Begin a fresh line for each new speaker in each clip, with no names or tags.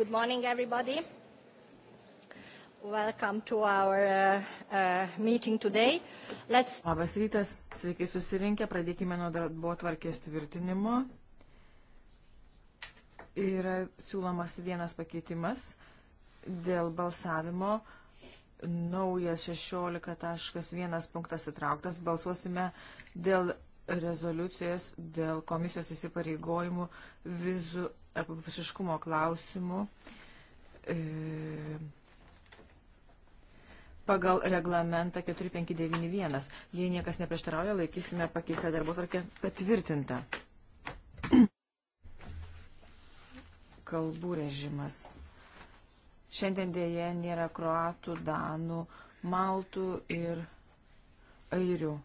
Good morning, everybody. Welcome to our uh, uh, meeting today. Let's... Labas rytas, sveiki susirinkę, pradėkime nuo darbo tvarkės tvirtinimo. Yra siūlomas vienas pakeitimas dėl balsavimo. Naujas 16.1 punktas įtrauktas. Balsuosime dėl rezoliucijas dėl komisijos įsipareigojimų vizų apipusiškumo klausimų e, pagal reglamentą 4591. Jei niekas neprieštarauja, laikysime pakeistą darbo tvarkę patvirtintą. Kalbų režimas. Šiandien dėje nėra kroatų, danų, maltų ir airių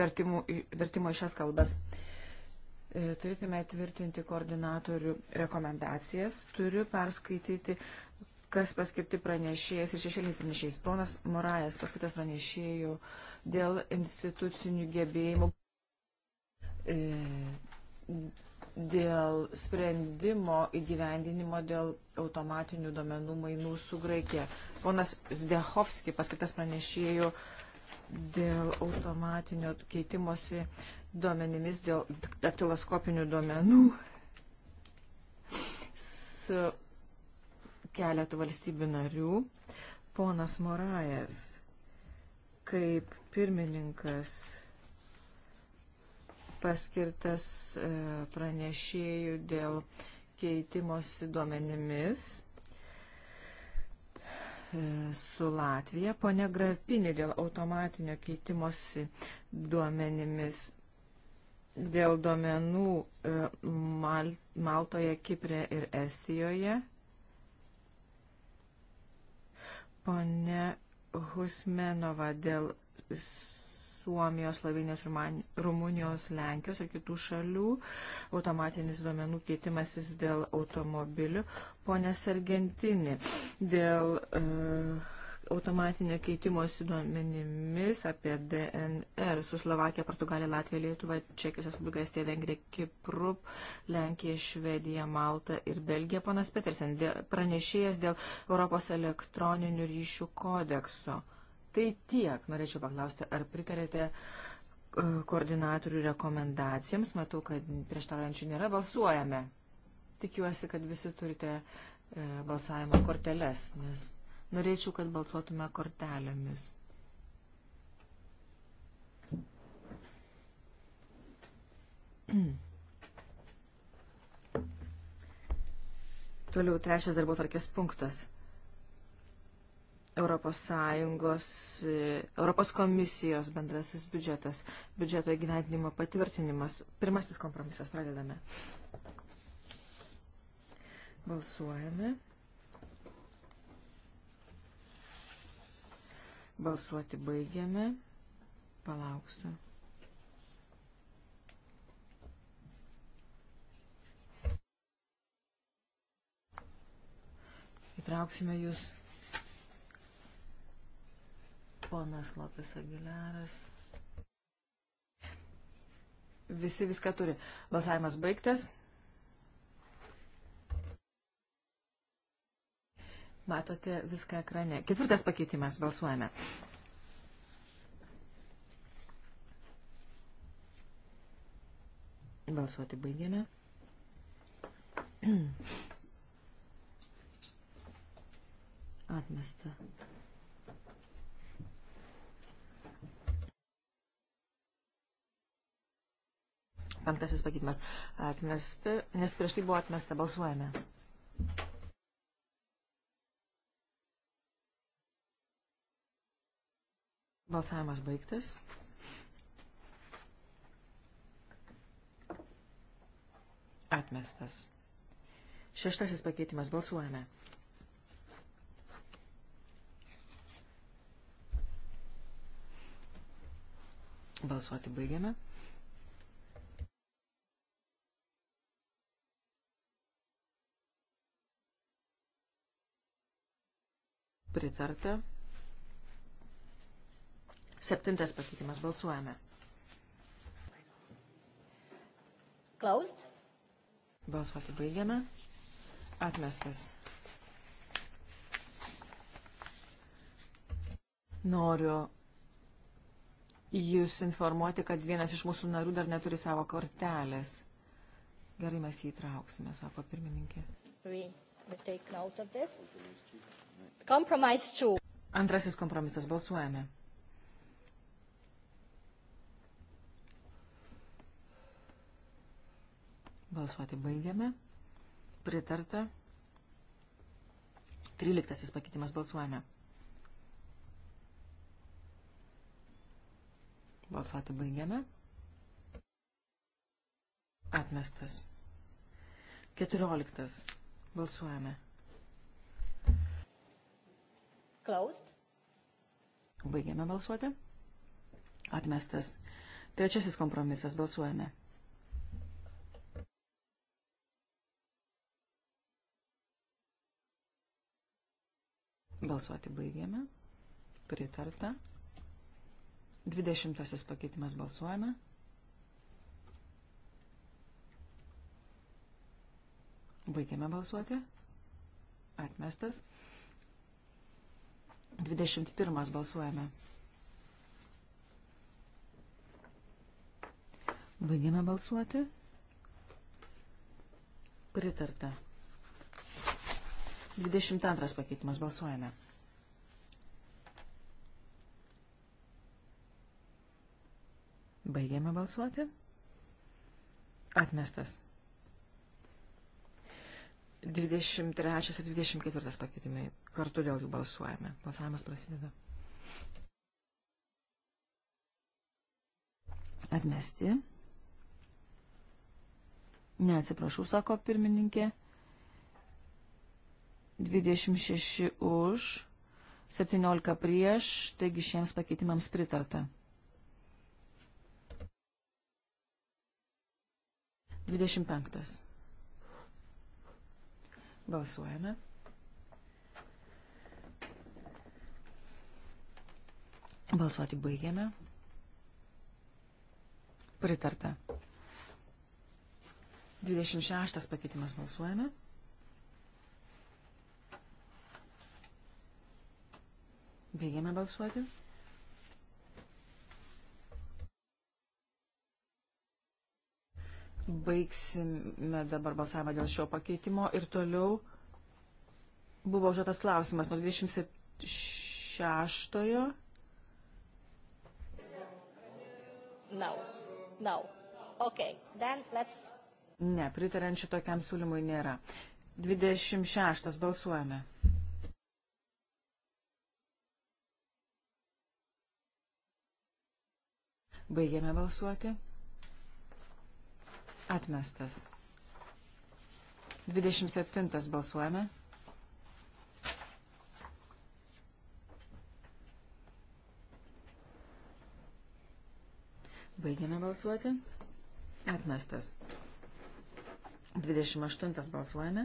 vertimų, vertimo į šias kalbas. E, turėtume tvirtinti koordinatorių rekomendacijas. Turiu perskaityti, kas paskirti pranešėjas ir šešėlinis pranešėjas. Ponas Morajas paskirtas pranešėjų dėl institucinių gebėjimų, e, dėl sprendimo įgyvendinimo, dėl automatinių domenų mainų su Graikija. Ponas Zdechovski paskirtas pranešėjų pranešėjų dėl automatinio keitimosi duomenimis, dėl daktiloskopinių duomenų su keletų valstybių narių. Ponas Morajas, kaip pirmininkas paskirtas e, pranešėjų dėl keitimosi duomenimis, E, su Latvija. Pone Grapinė dėl automatinio keitimosi duomenimis. Dėl duomenų e, Mal Maltoje, Kiprė ir Estijoje. Pone Husmenova dėl Suomijos, Slovenijos, Rumunijos, Lenkijos ir kitų šalių, automatinis duomenų keitimasis dėl automobilių, ponė Sargentini, dėl uh, automatinio keitimosi duomenimis apie DNR su Slovakija, Portugalija, Latvija, Lietuva, Čekijos Respublika, Estija, Vengrija, Kipru, Lenkija, Švedija, Malta ir Belgija. Panas Petersen, dėl, pranešėjas dėl Europos elektroninių ryšių kodekso. Uh, Tai tiek. Norėčiau paklausti, ar pritarėte e, koordinatorių rekomendacijams? Matau, kad prieštaraujančių nėra. Balsuojame. Tikiuosi, kad visi turite e, balsavimo korteles, nes norėčiau, kad balsuotume kortelėmis. Toliau trečias darbo tvarkės punktas. Europos Sąjungos, Europos komisijos bendrasis biudžetas, biudžeto įgyvendinimo patvirtinimas. Pirmasis kompromisas, pradedame. Balsuojame. Balsuoti baigiame. Palauksiu. Įtrauksime jūs Ponas Lopis Aguilaras. Visi viską turi. Balsavimas baigtas. Matote viską ekrane. Ketvirtas pakeitimas. Balsuojame. Balsuoti baigėme. Atmesta. Penktasis pakeitimas atmesta, nes prieš tai buvo atmesta. Balsuojame. Balsavimas baigtas. Atmestas. Šeštasis pakeitimas. Balsuojame. Balsuoti baigiame. Pritarta. Septintas pakeitimas. Balsuojame. Closed. Balsuoti baigiame. Atmestas. Noriu Jūs informuoti, kad vienas iš mūsų narių dar neturi savo kortelės. Gerai, mes jį įtrauksime, sako pirmininkė.
We will take note of this.
Antrasis kompromisas. Balsuojame. Balsuoti baigiame. Pritarta. Tryliktasis pakeitimas. Balsuojame. Balsuoti baigiame. Atmestas. Keturioliktas. Balsuojame. Closed. Baigėme balsuoti. Atmestas. Trečiasis kompromisas. Balsuojame. Balsuoti baigėme. Pritarta. Dvidešimtasis pakeitimas balsuojame. Baigėme balsuoti. Atmestas. 21 balsuojame. Baigėme balsuoti. Pritarta. 22 pakeitimas balsuojame. Baigėme balsuoti. Atmestas. 23 ir 24 pakeitimai. Kartu dėl jų balsuojame. Balsavimas prasideda. Atmesti. Neatsiprašau, sako pirmininkė. 26 už, 17 prieš, taigi šiems pakeitimams pritarta. 25. Balsuojame. Balsuoti baigiame. Pritarta. 26 pakeitimas balsuojame. Baigiame balsuoti. Baigsime dabar balsavimą dėl šio pakeitimo ir toliau buvo užduotas klausimas nuo 26.
Now. Now. Okay. Then let's...
Ne, pritarančių tokiam siūlymui nėra. 26. Balsuojame. Baigėme balsuoti. Atmestas. 27 balsuojame. Baigiame balsuoti. Atmestas. 28 balsuojame.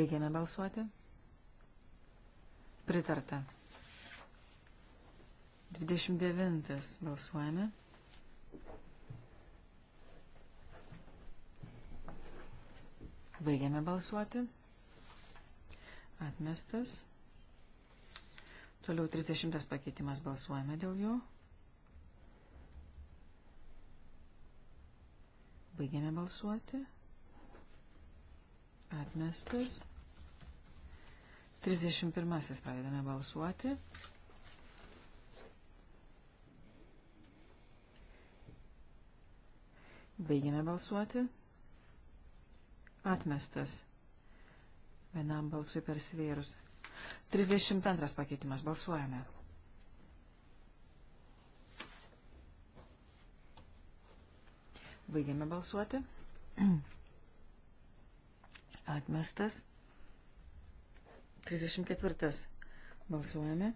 Baigiame balsuoti. Pritarta. 29 balsuojame. Baigiame balsuoti. Atmestas. Toliau 30 pakeitimas balsuojame dėl jo. Baigiame balsuoti. Atmestas. 31 pradedame balsuoti. Baigiame balsuoti. Atmestas. Vienam balsui persvėrus. 32 pakeitimas. Balsuojame. Baigiame balsuoti. Atmestas. 34. Balsuojame.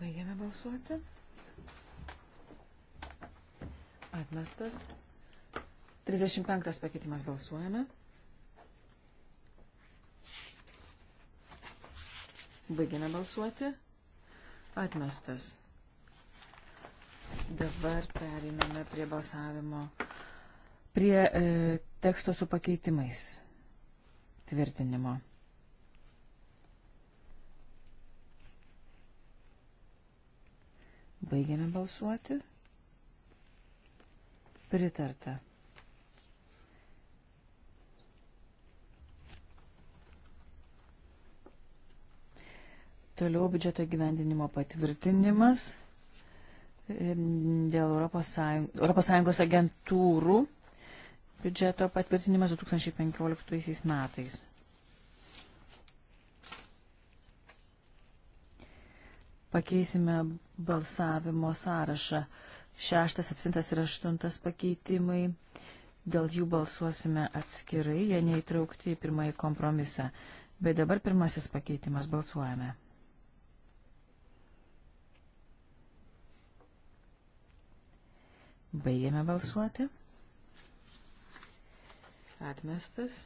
Baigiame balsuoti. Atmestas. 35 pakeitimas balsuojame. Baigiame balsuoti. Atmestas. Dabar periname prie balsavimo, prie e, teksto su pakeitimais tvirtinimo. Baigiame balsuoti. Pritarta. Toliau biudžeto gyvendinimo patvirtinimas dėl Europos, Sąjung, Europos Sąjungos agentūrų biudžeto patvirtinimas 2015 metais. Pakeisime balsavimo sąrašą. Šeštas, septintas ir aštuntas pakeitimai. Dėl jų balsuosime atskirai, jie neįtraukti į pirmąjį kompromisą. Bet dabar pirmasis pakeitimas balsuojame. Baigėme balsuoti. Atmestas.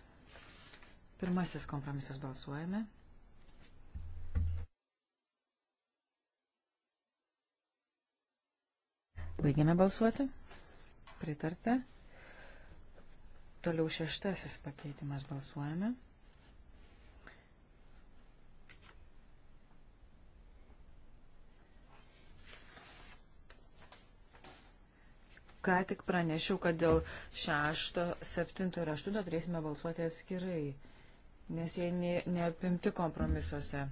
Pirmasis kompromisas balsuojame. Baigiame balsuoti. Pritarta. Toliau šeštasis pakeitimas balsuojame. Ką tik pranešiau, kad dėl šešto, septinto ir aštunto turėsime balsuoti atskirai, nes jie neapimti kompromisuose.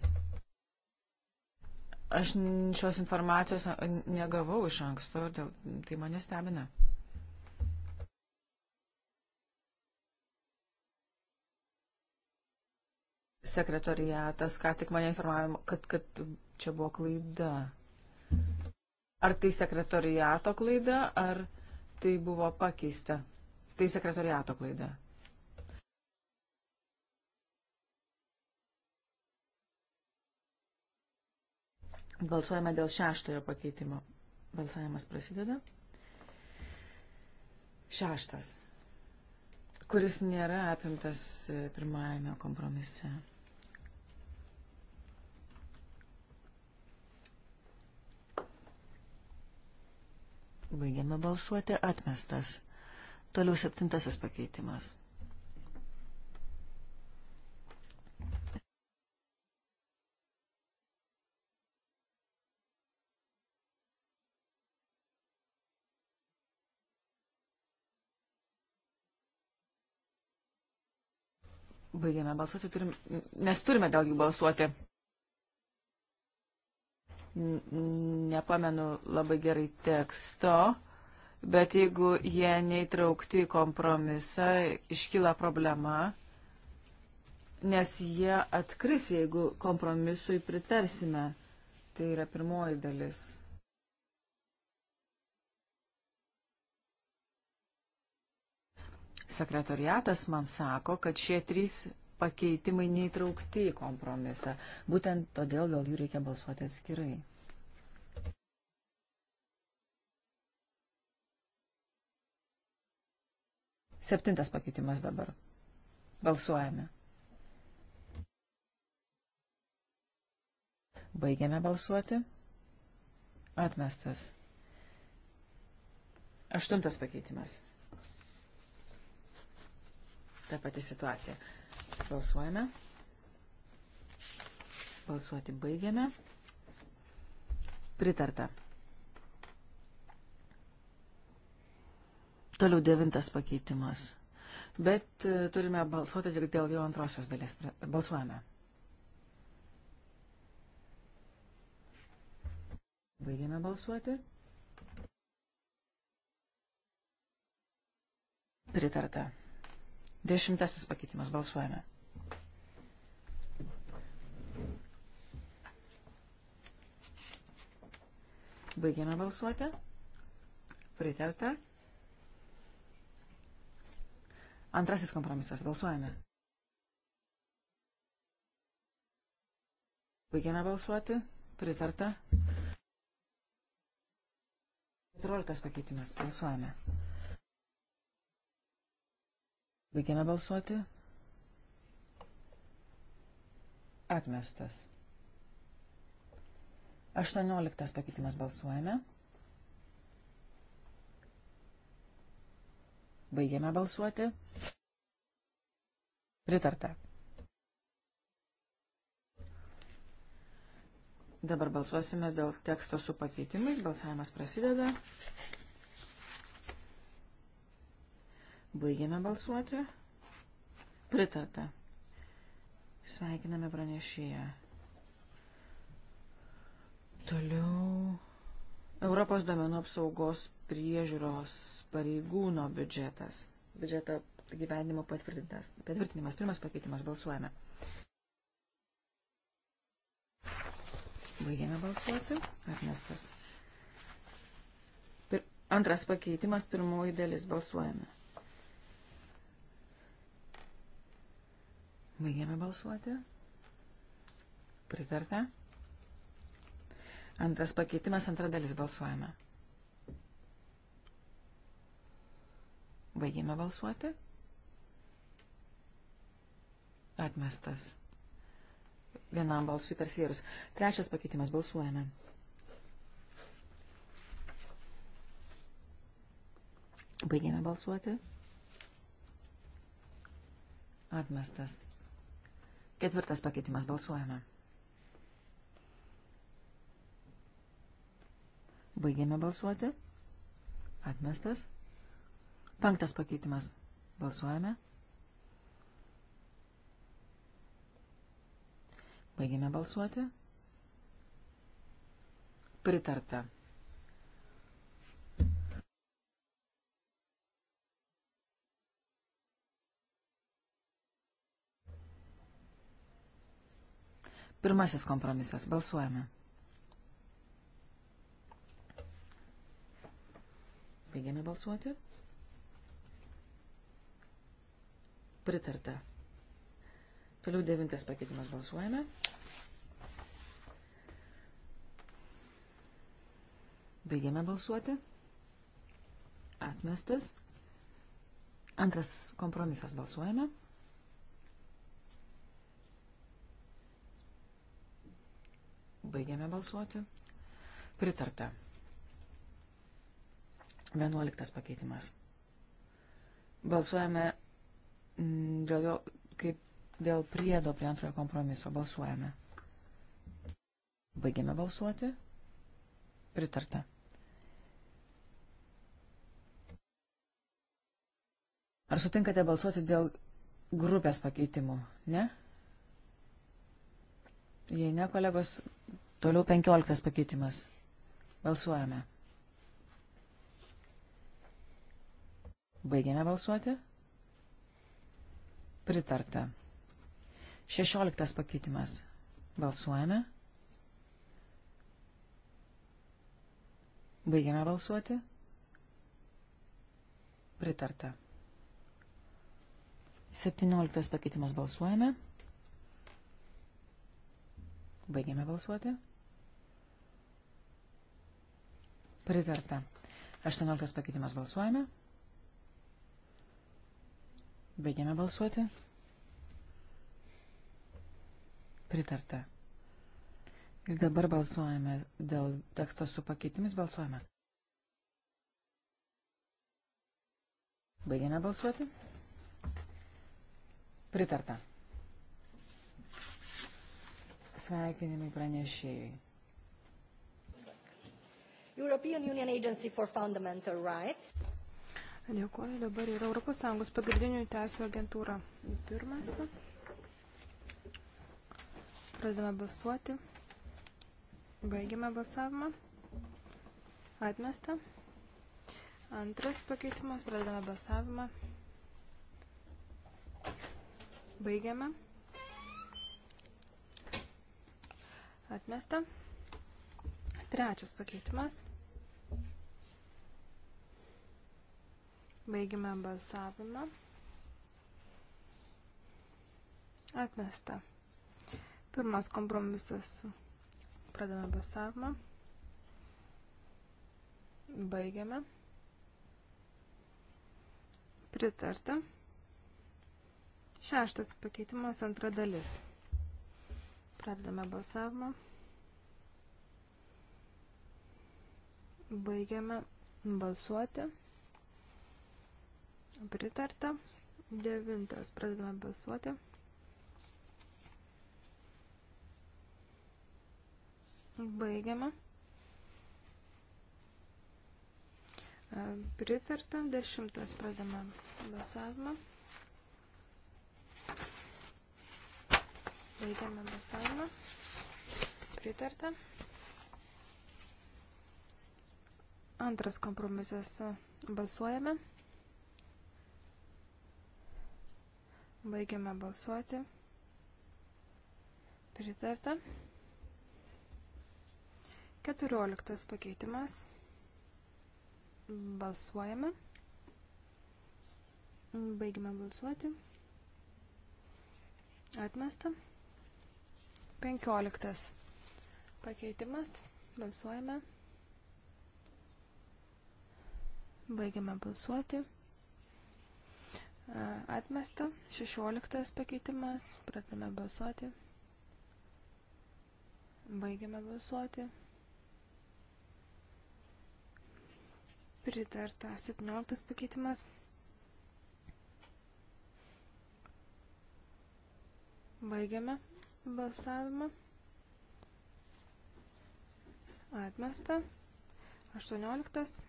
Aš šios informacijos negavau iš anksto ir tai mane stebina. Sekretoriatas ką tik mane informavo, kad, kad čia buvo klaida. Ar tai sekretoriato klaida, ar tai buvo pakeista? Tai sekretoriato klaida. Balsuojame dėl šeštojo pakeitimo. Balsavimas prasideda. Šeštas, kuris nėra apimtas e, pirmajame kompromise. Baigiame balsuoti atmestas. Toliau septintasis pakeitimas. Baigėme balsuoti, turim, nes turime dėl jų balsuoti. Nepamenu labai gerai teksto, bet jeigu jie neįtraukti į kompromisą, iškyla problema, nes jie atkris, jeigu kompromisui pritarsime. Tai yra pirmoji dalis. Sekretoriatas man sako, kad šie trys pakeitimai neįtraukti į kompromisą. Būtent todėl dėl jų reikia balsuoti atskirai. Septintas pakeitimas dabar. Balsuojame. Baigiame balsuoti. Atmestas. Aštuntas pakeitimas ta pati situacija. Balsuojame. Balsuoti baigiame. Pritarta. Toliau devintas pakeitimas. Bet e, turime balsuoti tik dėl jo antrosios dalies. Balsuojame. Baigiame balsuoti. Pritarta. Dešimtasis pakeitimas. Balsuojame. Baigiame balsuoti. Pritelta. Antrasis kompromisas. Balsuojame. Baigiame balsuoti. Pritarta. 14 pakeitimas. Balsuojame. Baigiame balsuoti. Atmestas. 18 pakeitimas balsuojame. Baigiame balsuoti. Pritarta. Dabar balsuosime dėl teksto su pakeitimais. Balsavimas prasideda. Baigėme balsuoti. Pritarta. Sveikiname pranešėją. Toliau. Europos domenų apsaugos priežiūros pareigūno biudžetas. Biudžeto gyvenimo patvirtintas. Patvirtinimas. Pirmas pakeitimas. Balsuojame. Baigėme balsuoti. Atmestas. Pir antras pakeitimas. Pirmoji dalis. Balsuojame. Baigėme balsuoti. Pritarta. Antras pakeitimas, antra dalis balsuojame. Baigėme balsuoti. Atmestas. Vienam balsui per svėrus. Trečias pakeitimas, balsuojame. Baigėme balsuoti. Atmestas. Ketvirtas pakeitimas balsuojame. Baigėme balsuoti. Atmestas. Penktas pakeitimas balsuojame. Baigėme balsuoti. Pritarta. Pirmasis kompromisas. Balsuojame. Baigiame balsuoti. Pritarta. Toliau devintas pakeitimas balsuojame. Baigiame balsuoti. Atmestas. Antras kompromisas balsuojame. Balsuojame. Baigiame balsuoti. Pritarta. Vienuoliktas pakeitimas. Balsuojame mm, dėl jo, kaip dėl priedo prie antrojo kompromiso. Balsuojame. Baigiame balsuoti. Pritarta. Ar sutinkate balsuoti dėl grupės pakeitimų? Ne? Jei ne, kolegos, Toliau 15 pakeitimas. Balsuojame. Baigėme balsuoti. Pritarta. 16 pakeitimas. Balsuojame. Baigėme balsuoti. Pritarta. 17 pakeitimas balsuojame. Baigėme balsuoti. Pritarta. 18 pakeitimas balsuojame. Baigiame balsuoti. Pritarta. Ir dabar balsuojame dėl teksto su pakeitimis. Balsuojame. Baigiame balsuoti. Pritarta. Sveikinimai pranešėjai.
European Union Agency for Fundamental Rights.
Dėkuoju, dabar yra ES pagrindinių teisų agentūra. Pirmas. Pradame balsuoti. Baigiame balsavimą. Atmesta. Antras pakeitimas. Pradame balsavimą. Baigiame. Atmesta. Trečias pakeitimas. Baigime balsavimą. Atmesta. Pirmas kompromisas. Pradame balsavimą. Baigiame. Pritarta. Šeštas pakeitimas antra dalis. Pradedame balsavimą. Baigiame balsuoti. Pritarta. Devintas. Pradedame balsuoti. Baigiame. E, pritarta. Dešimtas. Pradedame balsavimą. Baigiame balsavimą. Pritarta. Antras kompromisas. Balsuojame. Baigiame balsuoti. Pritarta. Keturioliktas pakeitimas. Balsuojame. Baigime balsuoti. Atmesta. Penkioliktas pakeitimas. Balsuojame. Balsuojame. Baigiame balsuoti. Atmesta. 16 pakeitimas. Pradame balsuoti. Baigiame balsuoti. Pritarta 17 pakeitimas. Baigiame balsavimą. Atmesta. 18.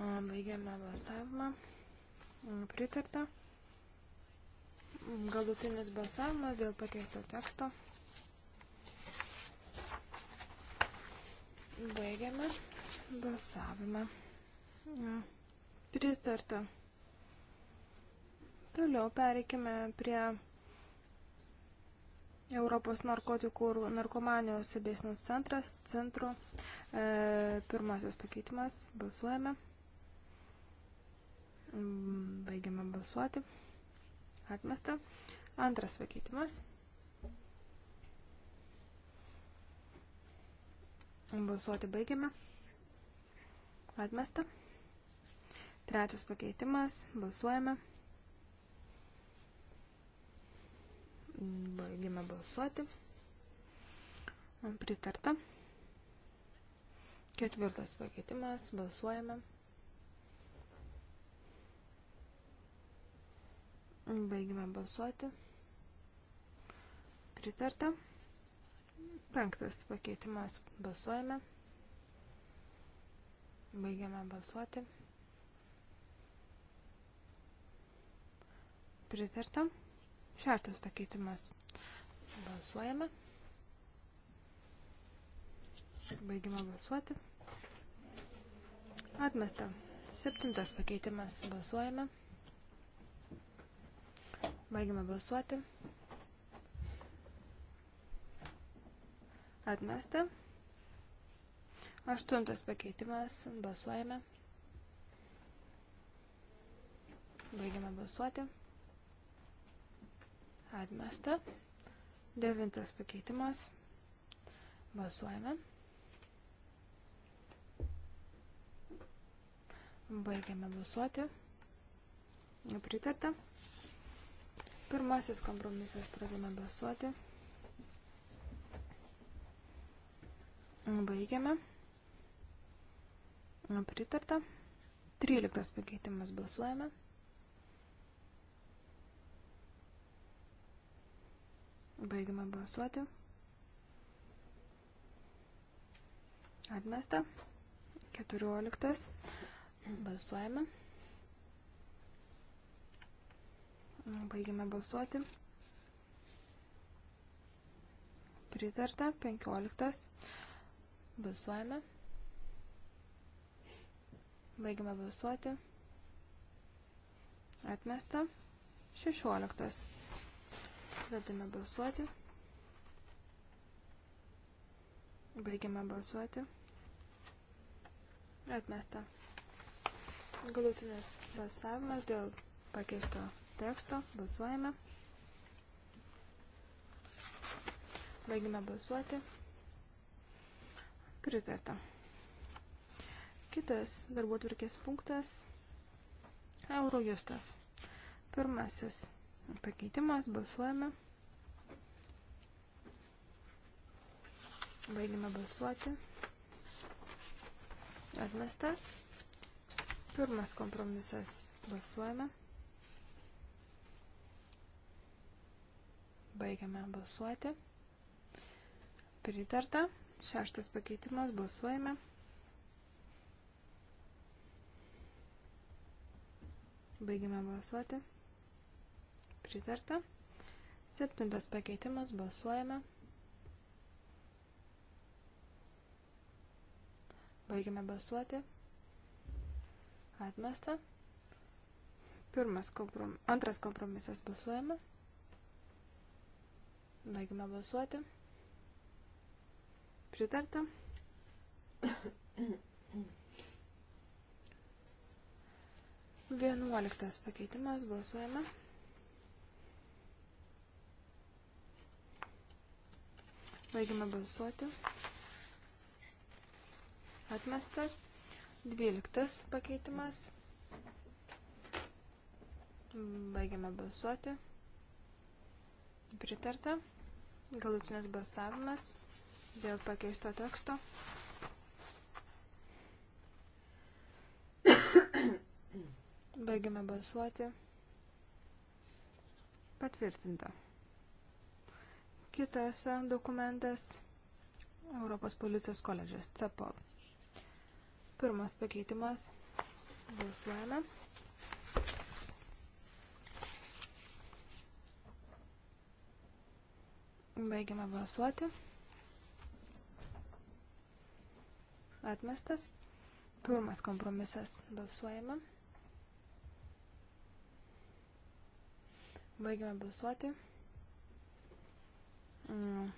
Baigiame balsavimą. Mm, pritarta. Mm, galutinis balsavimas dėl pakeisto teksto. Baigiame balsavimą. Mm, pritarta. Toliau pereikime prie Europos narkotikų ir narkomanijos stebėsinos centras, centro e, pirmasis pakeitimas. Balsuojame. Mm, baigiame balsuoti. Atmesta. Antras pakeitimas. Balsuoti baigiame. Atmesta. Trečias pakeitimas. Balsuojame. Baigime balsuoti. Pritarta. Ketvirtas pakeitimas. Balsuojame. Baigime balsuoti. Pritarta. Penktas pakeitimas. Balsuojame. Baigiame balsuoti. Pritarta. Šeštas pakeitimas. Balsuojame. Baigiame balsuoti. Atmesta. Septintas pakeitimas. Balsuojame. Balsuojame. Baigiame balsuoti. Atmesta. Aštuntas pakeitimas. Balsuojame. Baigiame balsuoti. Atmesta. Devintas pakeitimas. Balsuojame. Baigiame balsuoti. Pritarta. Pirmasis kompromisas pradėme balsuoti. Baigiame. Pritarta. Tryliktas pakeitimas balsuojame. Baigiame balsuoti. Atmesta. Keturioliktas. Balsuojame. Baigiame balsuoti. Pritarta. 15. Balsuojame. Baigiame balsuoti. Atmesta. 16. Pradame balsuoti. Baigiame balsuoti. Atmesta. Galutinis balsavimas dėl pakeisto teksto. Balsuojame. Baigime balsuoti. Pritarta. Kitas darbo tvarkės punktas. Eurojustas. Pirmasis pakeitimas. Balsuojame. Baigime balsuoti. Atmesta. Pirmas kompromisas. Balsuojame. Baigiame balsuoti. Pritarta. Šeštas pakeitimas. Balsuojame. Baigiame balsuoti. Pritarta. Septintas pakeitimas. Balsuojame. Baigiame balsuoti. Atmesta. Pirmas komprom... Antras kompromisas balsuojame. Baigime balsuoti. Pritarta. Vienuoliktas pakeitimas. Balsuojame. Baigime balsuoti. Atmestas. Dvyliktas pakeitimas. Baigime balsuoti. Pritarta. Galutinis balsavimas dėl pakeisto teksto. Baigiame balsuoti. Patvirtinta. Kitas dokumentas Europos policijos koledžas CEPOL. Pirmas pakeitimas. Balsuojame. Baigiame balsuoti. Atmestas. Pirmas kompromisas. Balsuojame. Baigiame balsuoti. Mm.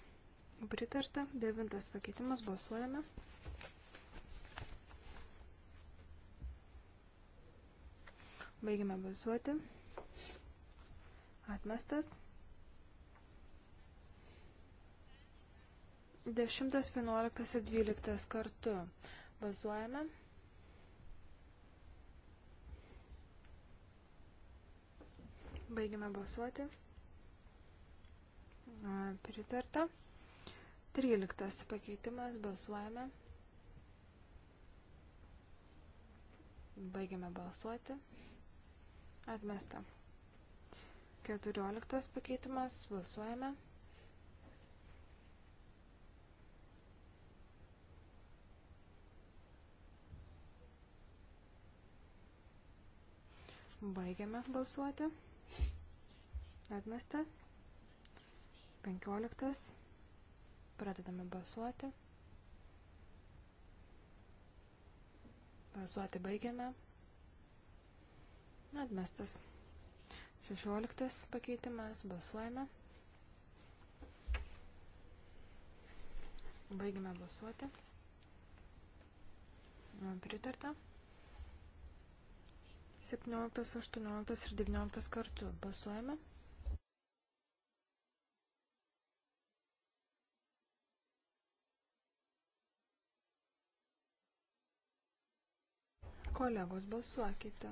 Pritarta. Devintas pakeitimas. Balsuojame. Baigiame balsuoti. Atmestas. 10, 11 ir 12 kartu. Balsuojame. Baigiame balsuoti. Pritarta. 13 pakeitimas. Balsuojame. Baigiame balsuoti. Atmesta. 14 pakeitimas. Balsuojame. Balsuojame. Baigiame balsuoti. Atmesta. 15. Pradedame balsuoti. Balsuoti baigiame. Atmestas. 16. Pakeitimas. Balsuojame. Baigiame balsuoti. Pritarta. 17, 18 ir 19 kartu. Balsuojame. Kolegos, balsuokite.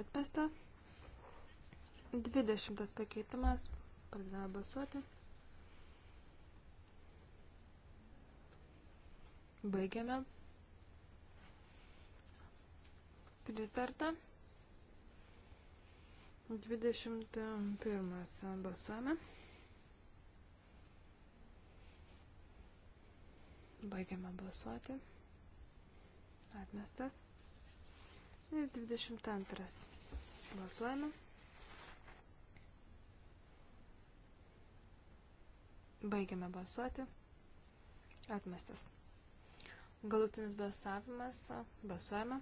Atmesta. 20 pakeitimas. Pradėjome balsuoti. Baigiame. Pritarta. 21 balsuojame. Baigiame balsuoti. Atmestas. Ir 22 balsuojame. Baigiame balsuoti. Atmestas. Galutinis balsavimas. Balsuojame.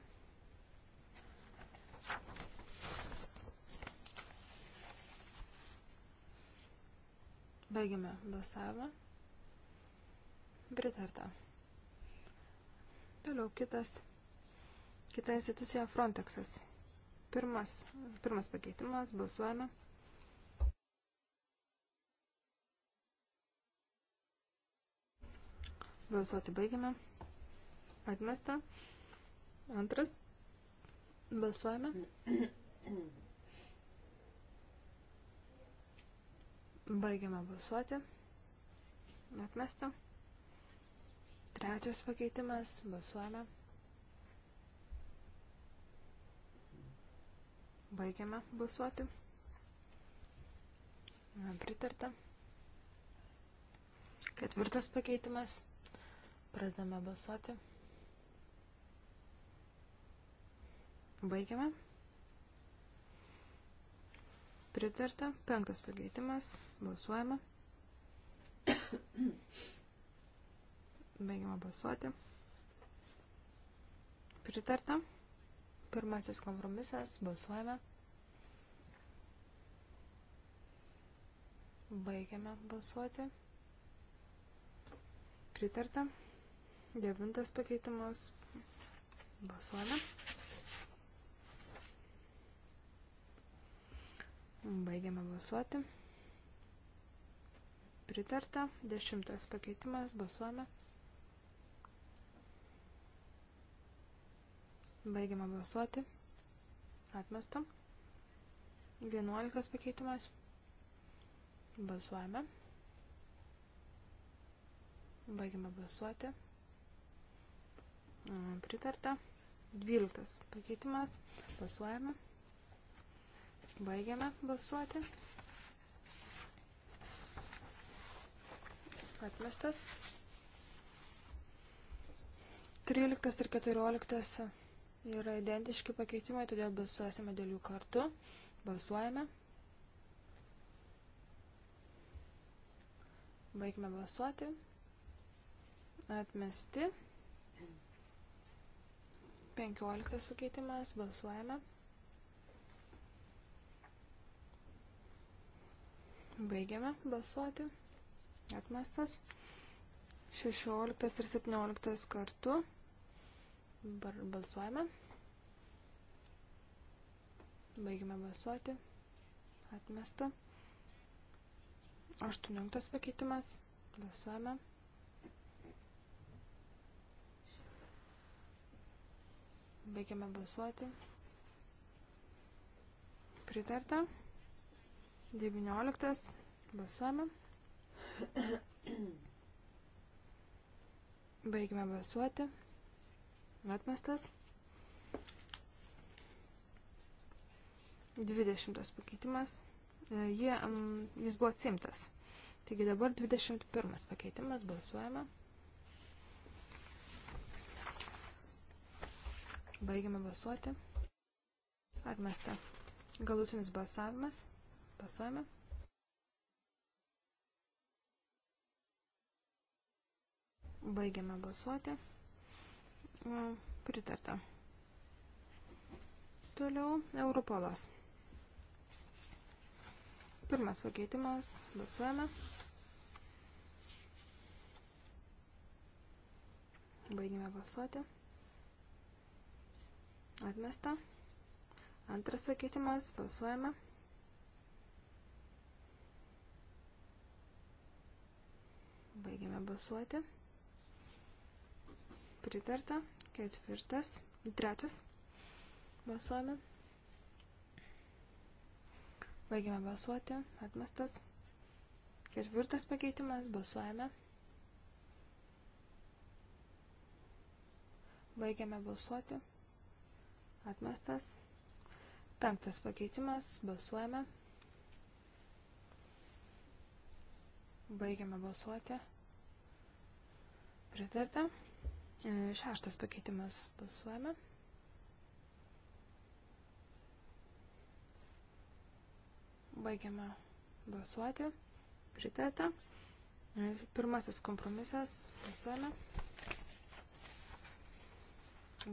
Baigiame balsavimą. Pritarta. Toliau kitas, kita institucija Frontexas. Pirmas, pirmas pakeitimas, balsuojame. Balsuoti baigiame. Atmesta. Antras. Balsuojame. Baigiame balsuoti. Atmesta. Trečias pakeitimas. Balsuojame. Baigiame balsuoti. Pritarta. Ketvirtas pakeitimas. Pradame balsuoti. Baigiame. Pritarta. Penktas pakeitimas. Balsuojame. Baigiame balsuoti. Pritarta. Pirmasis kompromisas. Balsuojame. Baigiame balsuoti. Pritarta. Devintas pakeitimas. Balsuojame. Baigiame balsuoti. Pritarta. Dešimtas pakeitimas. Balsuojame. Baigiame balsuoti. Atmestam. Vienuolikas pakeitimas. Balsuojame. Baigiame balsuoti. Mm, pritarta. Dvyliktas pakeitimas. Balsuojame. Balsuojame. Baigiame balsuoti. Atmestas. 13 ir 14 yra identiški pakeitimai, todėl balsuosime dėl jų kartu. Balsuojame. Baigime balsuoti. Atmesti. 15 pakeitimas. Balsuojame. Baigiame balsuoti. Atmestas. 16 ir 17 kartu. Bar balsuojame. Baigiame balsuoti. Atmesta. 18 pakeitimas. Balsuojame. Baigiame balsuoti. Pritarta. 19. Balsuojame. Baigime balsuoti. Atmestas. 20 pakeitimas. E, jie, jis buvo atsimtas. Taigi dabar 21 pakeitimas. Balsuojame. Baigime balsuoti. Atmesta. Galutinis balsavimas. Pasuojame. Baigiame balsuoti. Pritarta. Toliau Europolas. Pirmas pakeitimas. Balsuojame. Baigime balsuoti. Atmesta. Antras pakeitimas. Balsuojame. Balsuojame. Baigiame balsuoti. Pritarta. Ketvirtas. Trečias. Balsuojame. Baigiame balsuoti. Atmestas. Ketvirtas pakeitimas. Balsuojame. Baigiame balsuoti. Atmestas. Penktas pakeitimas. Balsuojame. Balsuojame. Baigiame balsuoti. Pritarta. E, šeštas pakeitimas balsuojame. Baigiame balsuoti. Pritarta. E, pirmasis kompromisas. Balsuojame.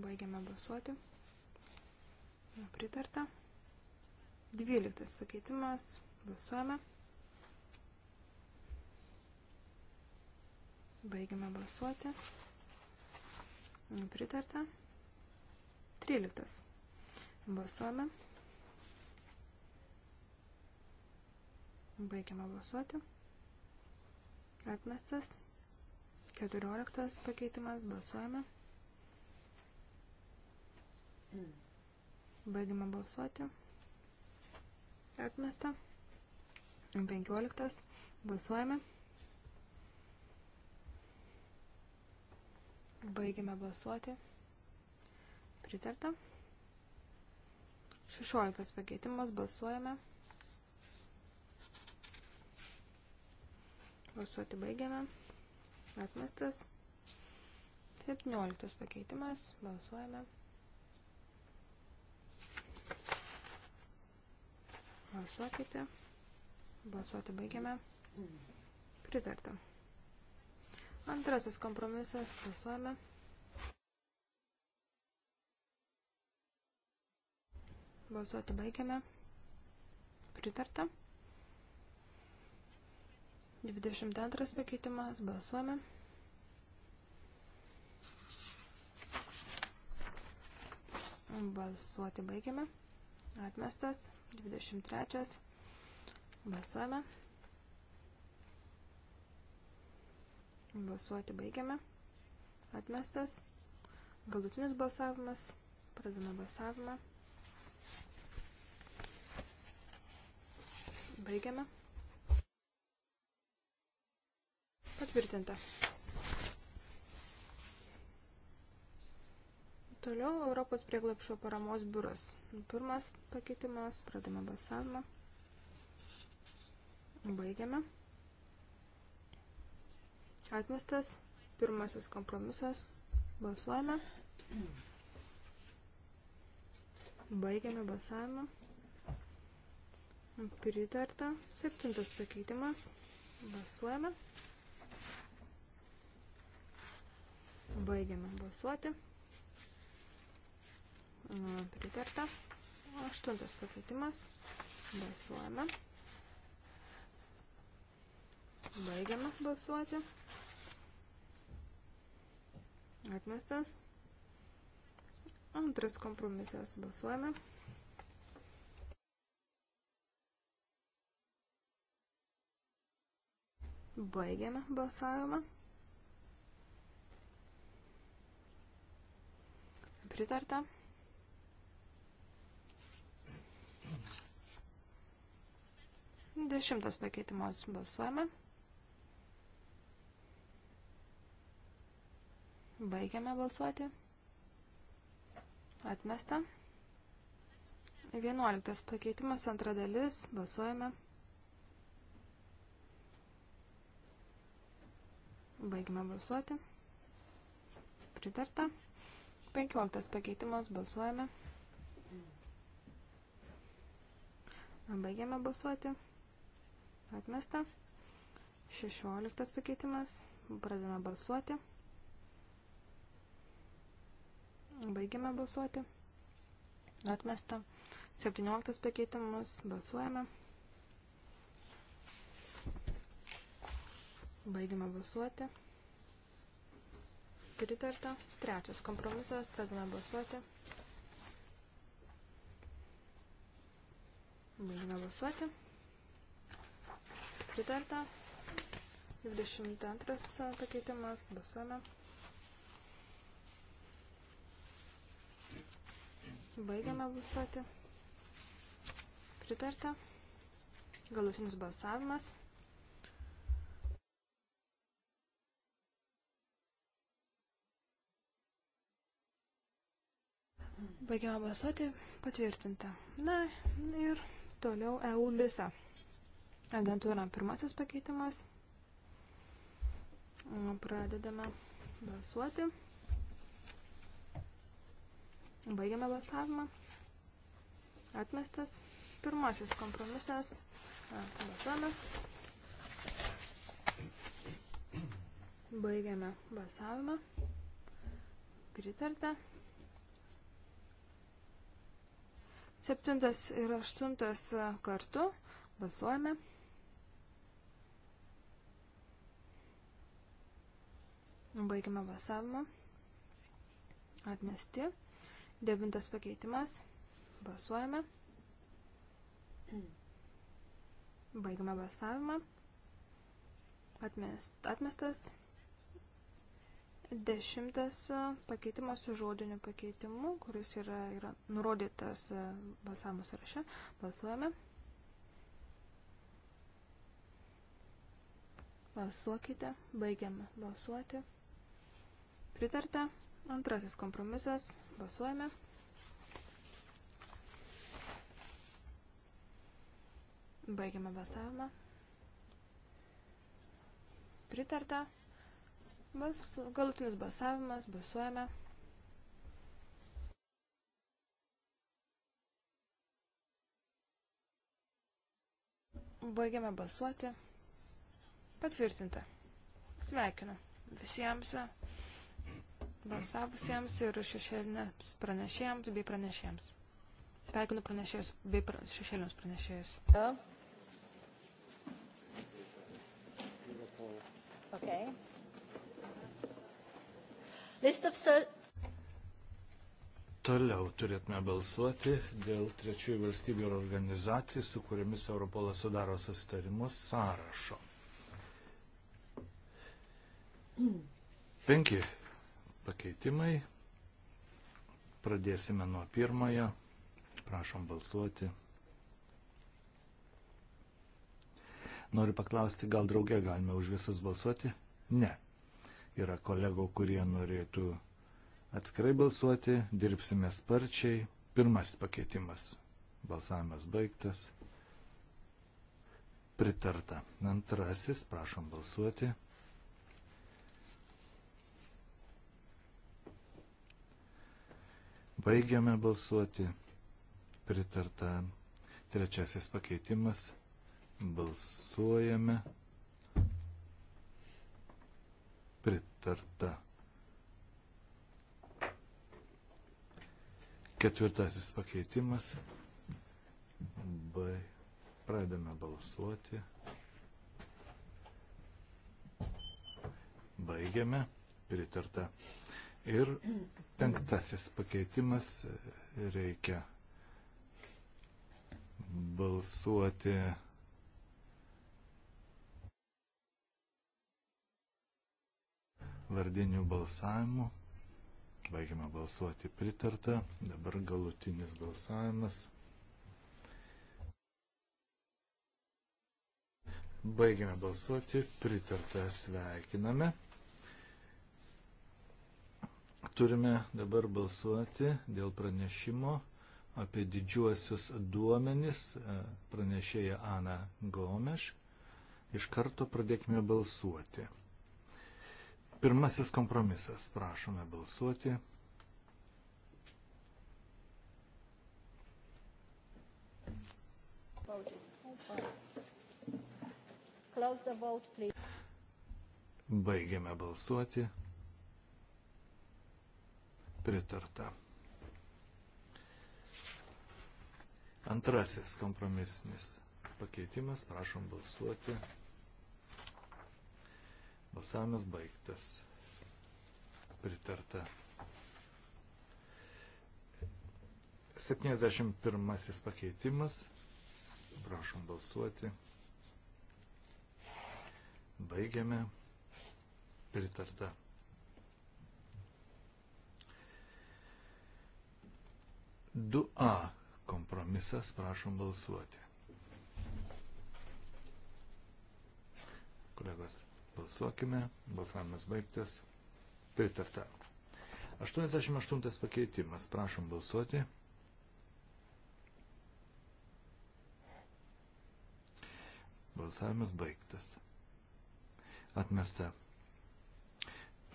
Baigiame balsuoti. Pritarta. Dvyliktas pakeitimas. Balsuojame. Balsuojame. Baigiame balsuoti. Pritarta. 13. Balsuojame. Baigiame balsuoti. Atmestas. 14 pakeitimas. Balsuojame. Baigiame balsuoti. Atmesta. 15. Balsuojame. Baigiame balsuoti. Pritarta. 16 pakeitimas. Balsuojame. Balsuoti baigiame. Atmestas. 17 pakeitimas. Balsuojame. Balsuokite. Balsuoti baigiame. Pritarta. Antrasis kompromisas. Balsuojame. Balsuoti baigiame. Pritarta. 22 pakeitimas. Balsuojame. Balsuoti baigiame. Atmestas. 23. Balsuojame. Balsuoti baigiame. Atmestas. Galutinis balsavimas. Pradame balsavimą. Baigiame. Patvirtinta. Toliau Europos prieglapšio paramos biuras. Pirmas pakeitimas. Pradame balsavimą. Baigiame. Atmestas. Pirmasis kompromisas. Balsuojame. Baigiame balsavimą. Pritarta. Septintas pakeitimas. Balsuojame. Baigiame balsuoti. Pritarta. Aštuntas pakeitimas. Balsuojame. Baigiame balsuoti. Atmestas. Antras kompromisas. Balsuojame. Baigiame balsavimą. Pritarta. Dešimtas pakeitimas balsuojame. Baigiame balsuoti. Atmesta. 11 pakeitimas, antra dalis. Balsuojame. Baigime balsuoti. Pritarta. 15 pakeitimas, balsuojame. Baigiame balsuoti. Atmesta. 16 pakeitimas. Pradame balsuoti. Baigiame balsuoti. Atmesta. 17 pakeitimas. Balsuojame. Baigiame balsuoti. Pritarta. Trečias kompromisas. Pradame balsuoti. Baigiame balsuoti. Pritarta. 22 pakeitimas. Balsuojame. Baigiame balsuoti. Pritarta. Galutinis balsavimas. Baigiame balsuoti. Patvirtinta. Na ir toliau EU lisa. Agentūra pirmasis pakeitimas. Pradedame balsuoti. Baigiame balsavimą. Atmestas. Pirmasis kompromisas. Balsuojame. Baigiame balsavimą. Pritarta. Septintas ir aštuntas kartu. Balsuojame. Baigiame balsavimą. Atmesti. Atmesti. Devintas pakeitimas. Balsuojame. Baigame balsavimą. Atmest, atmestas. Dešimtas e, pakeitimas su žodiniu pakeitimu, kuris yra, yra nurodytas e, balsavimo sąraše. Balsuojame. Balsuokite. Baigiame balsuoti. Pritarta. Antrasis kompromisas. Balsuojame. Baigiame balsavimą. Pritarta. Bas, galutinis balsavimas. Balsuojame. Baigiame balsuoti. Patvirtinta. Sveikinu visiems balsavusiems ir šešėlinėms pranešėjams bei pranešėjams. Sveikinu pranešėjus bei pra, šešėlinius pranešėjus. Ja.
Okay. List of Toliau turėtume balsuoti dėl trečiųjų valstybių ir organizacijų, su kuriamis Europolas sudaro susitarimus sąrašo. Penki pakeitimai. Pradėsime nuo pirmojo. Prašom balsuoti. Noriu paklausti, gal draugė galime už visus balsuoti? Ne. Yra kolegų, kurie norėtų atskirai balsuoti, dirbsime sparčiai. Pirmasis pakeitimas. Balsavimas baigtas. Pritarta. Antrasis, prašom balsuoti. Baigiame balsuoti. Pritarta. Trečiasis pakeitimas. Balsuojame. Pritarta. Ketvirtasis pakeitimas. B. Pradame balsuoti. Baigiame. Pritarta. Ir penktasis pakeitimas reikia balsuoti. Vardinių balsavimų. Baigime balsuoti pritarta. Dabar galutinis balsavimas. Baigime balsuoti pritarta. Sveikiname. Turime dabar balsuoti dėl pranešimo apie didžiuosius duomenis e, pranešėja Ana Gomeš. Iš karto pradėkime balsuoti. Pirmasis kompromisas. Prašome balsuoti. Baigiame balsuoti pritarta. Antrasis kompromisinis pakeitimas, prašom balsuoti. Balsavimas baigtas. Pritarta. 71 pakeitimas. Prašom balsuoti. Baigiame. Pritarta. 2A kompromisas, prašom balsuoti. Kolegos, balsuokime, balsavimas baigtas, pritarta. 88 pakeitimas, prašom balsuoti. Balsavimas baigtas. Atmesta.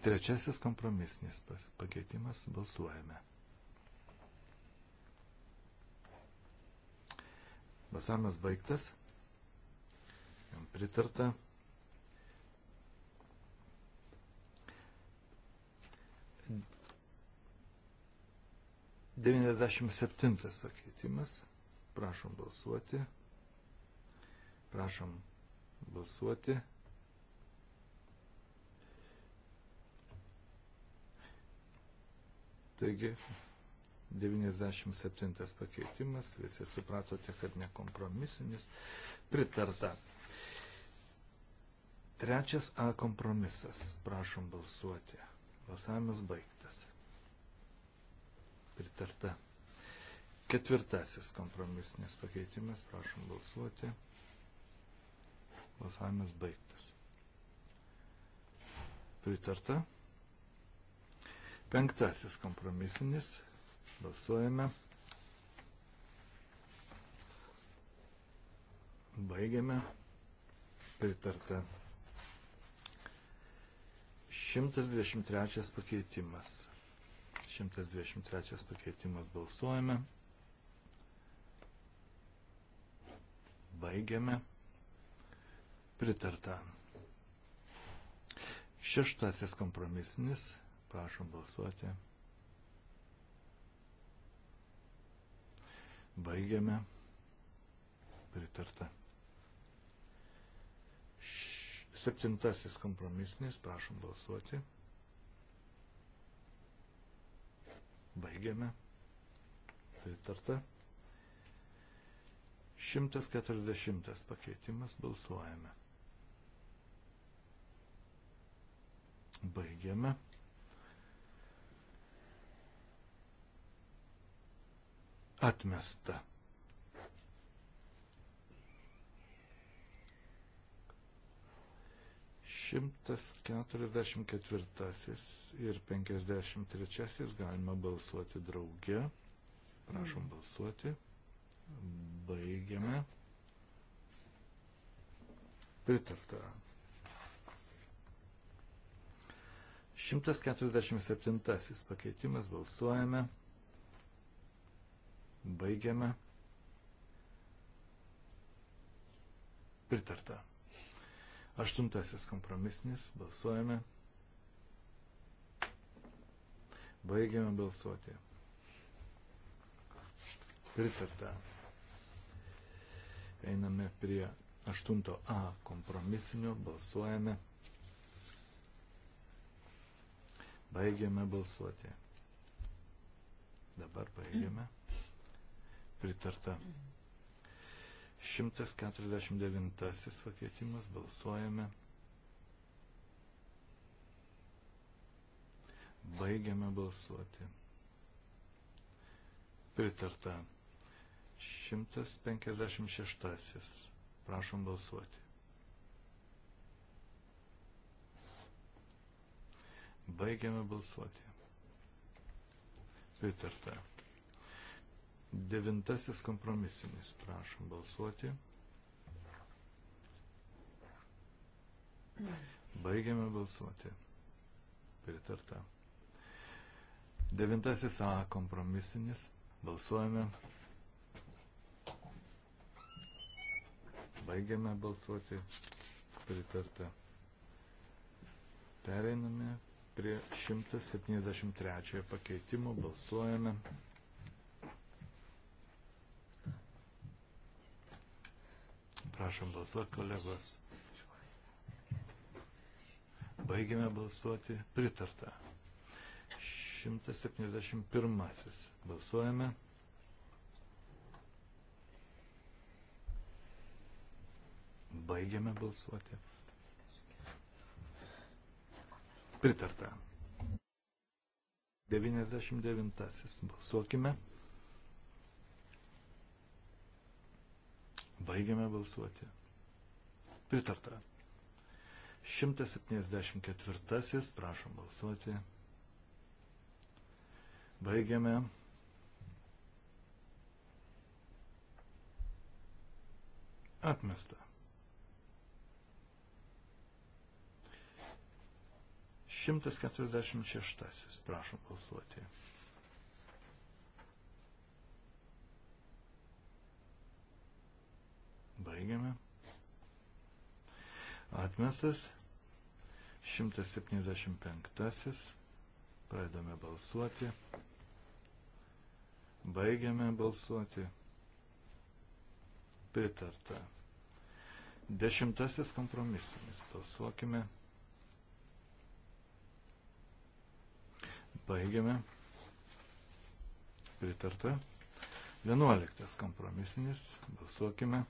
Trečiasis kompromisinis pakeitimas. Balsuojame. Balsavimas baigtas. Jam pritarta. Devyniasdešimt septintas pakeitimas. Prašom balsuoti. Prašom balsuoti. Taigi, 97 pakeitimas, visi supratote, kad nekompromisinis, pritarta. Trečias A kompromisas, prašom balsuoti. Balsavimas baigtas. Pritarta. Ketvirtasis kompromisinis pakeitimas, prašom balsuoti. Balsavimas baigtas. Pritarta. Penktasis kompromisinis Balsuojame. Baigiame. Pritarta. 123 pakeitimas. 123 pakeitimas balsuojame. Baigiame. Pritarta. Šeštasis kompromisinis. Prašom balsuoti. Baigiame. Pritarta. Septintasis kompromisinis, prašom balsuoti. Baigiame. Pritarta. 140 pakeitimas balsuojame. Baigiame. atmesta. Šimtas keturiasdešimt ketvirtasis ir penkiasdešimt trečiasis galima balsuoti drauge. Prašom balsuoti. Baigiame. Pritarta. 147 pakeitimas balsuojame. Baigiame. Pritarta. Aštuntasis kompromisnis. Balsuojame. Baigiame balsuoti. Pritarta. Einame prie 8a kompromisinio. Balsuojame. Baigiame balsuoti. Dabar baigiame. Mm pritarta. 149 pakeitimas balsuojame. Baigiame balsuoti. Pritarta. 156. Prašom balsuoti. Baigiame balsuoti. Pritarta. Devintasis kompromisinis. Prašom balsuoti. Baigiame balsuoti. Pritarta. Devintasis A kompromisinis. Balsuojame. Baigiame balsuoti. Pritarta. Pereiname prie 173 pakeitimo. Balsuojame. Balsuojame. Prašom balsuoti, kolegos. Baigiame balsuoti. Pritarta. 171. Balsuojame. Baigiame balsuoti. Pritarta. 99. Balsuokime. Baigiame balsuoti. Pritarta. 174. Prašom balsuoti. Baigiame. Atmesta. 146. Prašom balsuoti. Baigiame. Atmestas 175. Pradedame balsuoti. Baigiame balsuoti. Pritarta. Dešimtasis kompromisinis. Balsuokime. Baigiame. Pritarta. Vienuoliktas kompromisinis. Balsuokime. Balsuokime.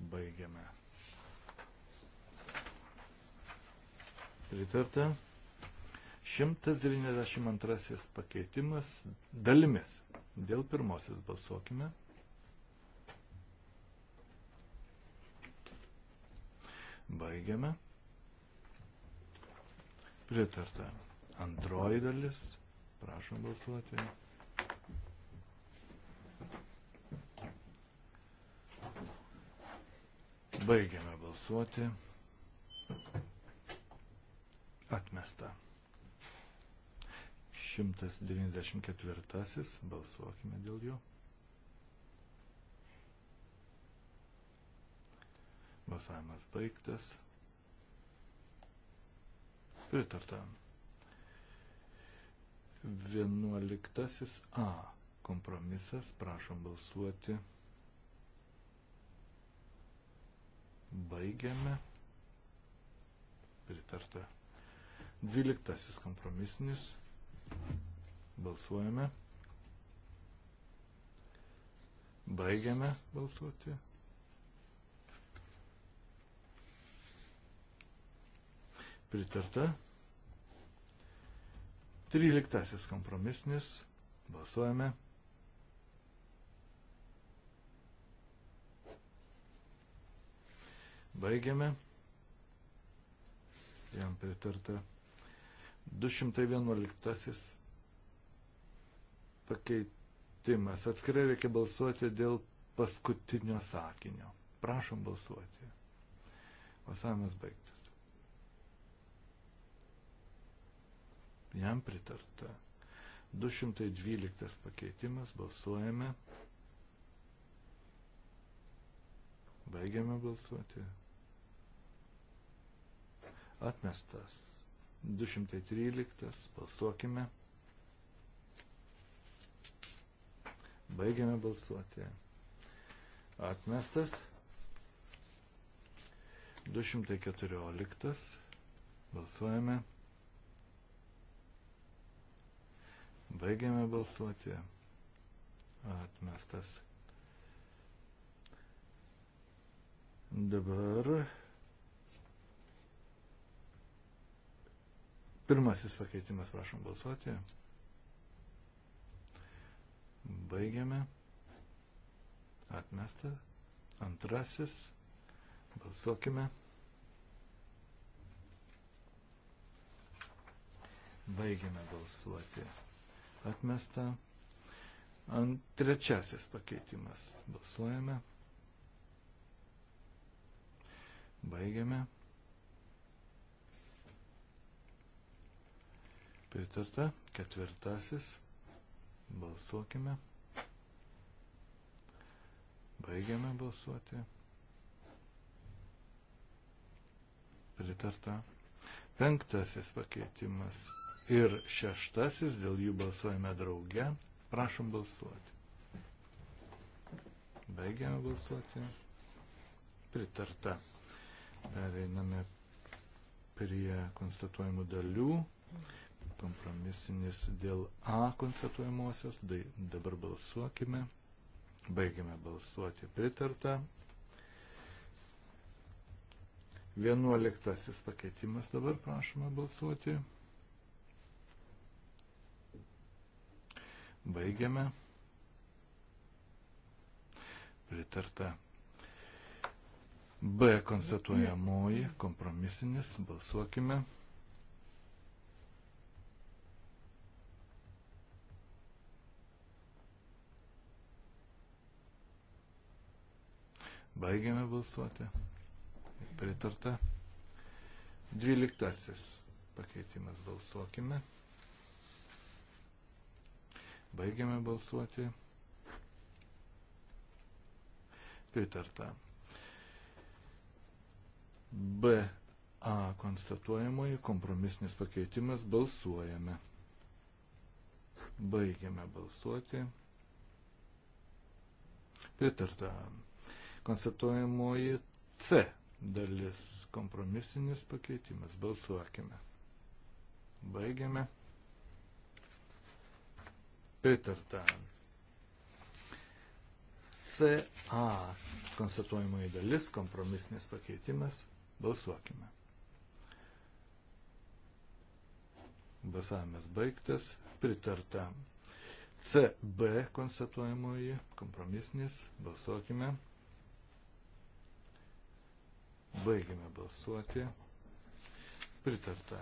Baigiame. Pritarta. 192 pakeitimas dalimis. Dėl pirmosios balsuokime. Baigiame. Pritarta. Antroji dalis. Prašom balsuoti. Baigiame balsuoti. Atmesta. 194. Balsuokime dėl jo. Balsavimas baigtas. Pritarta. 11. A. Kompromisas. Prašom balsuoti. Baigiame. Pritarta. Dvyliktasis kompromisinis. Balsuojame. Baigiame balsuoti. Pritarta. Tryliktasis kompromisinis. Balsuojame. Baigiame. Jam pritarta 211 pakeitimas. Atskirai reikia balsuoti dėl paskutinio sakinio. Prašom balsuoti. Balsavimas baigtas. Jam pritarta 212 pakeitimas. Balsuojame. Balsuojame. Baigiame balsuoti. Atmestas. 213. Balsuokime. Baigiame balsuoti. Atmestas. 214. Balsuojame. Baigiame balsuoti. Atmestas. Dabar pirmasis pakeitimas, prašom balsuoti. Baigiame. Atmesta. Antrasis. Balsuokime. Baigiame balsuoti. Atmesta. Ant trečiasis pakeitimas. Balsuojame. Baigiame. Pritarta. Ketvirtasis. Balsuokime. Baigiame balsuoti. Pritarta. Penktasis pakeitimas ir šeštasis, dėl jų balsuojame drauge. Prašom balsuoti. Baigiame balsuoti. Pritarta. Pereiname prie konstatuojamų dalių. Kompromisinis dėl A konstatuojamosios. Dabar balsuokime. Baigime balsuoti pritartą. Vienuoliktasis pakeitimas dabar prašoma balsuoti. Baigiame. Pritarta B konstatuojamoji, kompromisinis, balsuokime. Baigiame balsuoti. Pritarta. Dvyliktasis pakeitimas balsuokime. Baigiame balsuoti. Pritarta. BA konstatuojamoji kompromisinis pakeitimas balsuojame. Baigiame balsuoti. Pritarta. Konstatuojamoji C dalis kompromisinis pakeitimas. Balsuokime. Baigiame. Pritarta. CA konstatuojamoji dalis, kompromisinis pakeitimas, Balsuokime. Balsavimas baigtas, pritarta. CB konstatuojamoji, kompromisnis, balsuokime. Baigime balsuoti. Pritarta.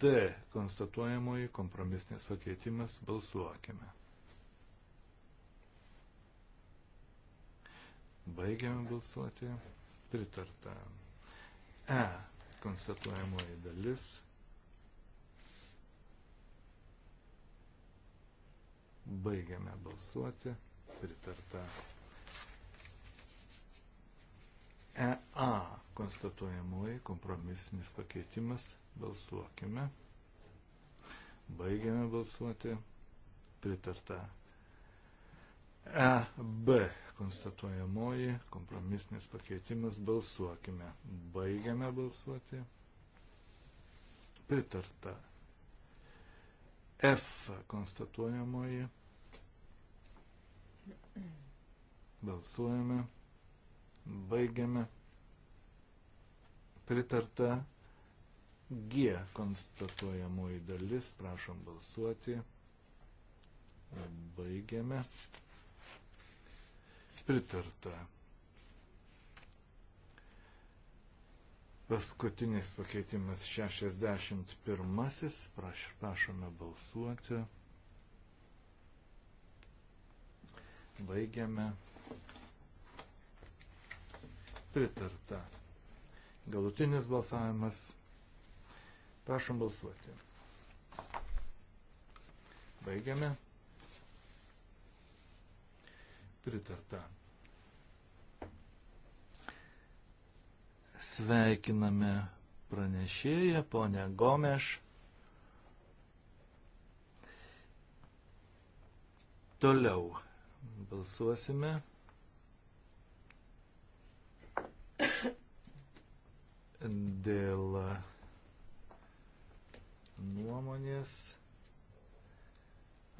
D konstatuojamoji kompromisnis pakeitimas balsuokime. Baigiame balsuoti. Pritarta. E. Konstatuojamoji dalis. Baigiame balsuoti. Pritarta. EA. Konstatuojamoji kompromisinis pakeitimas. Balsuokime. Baigiame balsuoti. Pritarta. EB konstatuojamoji kompromisnis pakeitimas balsuokime. Baigiame balsuoti. Pritarta. F konstatuojamoji. Balsuojame. Baigiame. Pritarta. G konstatuojamoji dalis. Prašom balsuoti. Baigiame pritarta. Paskutinis pakeitimas 61. Praš, prašome balsuoti. Baigiame. Pritarta. Galutinis balsavimas. Prašom balsuoti. Baigiame pritarta. Sveikiname pranešėją, ponę Gomeš. Toliau balsuosime. Dėl nuomonės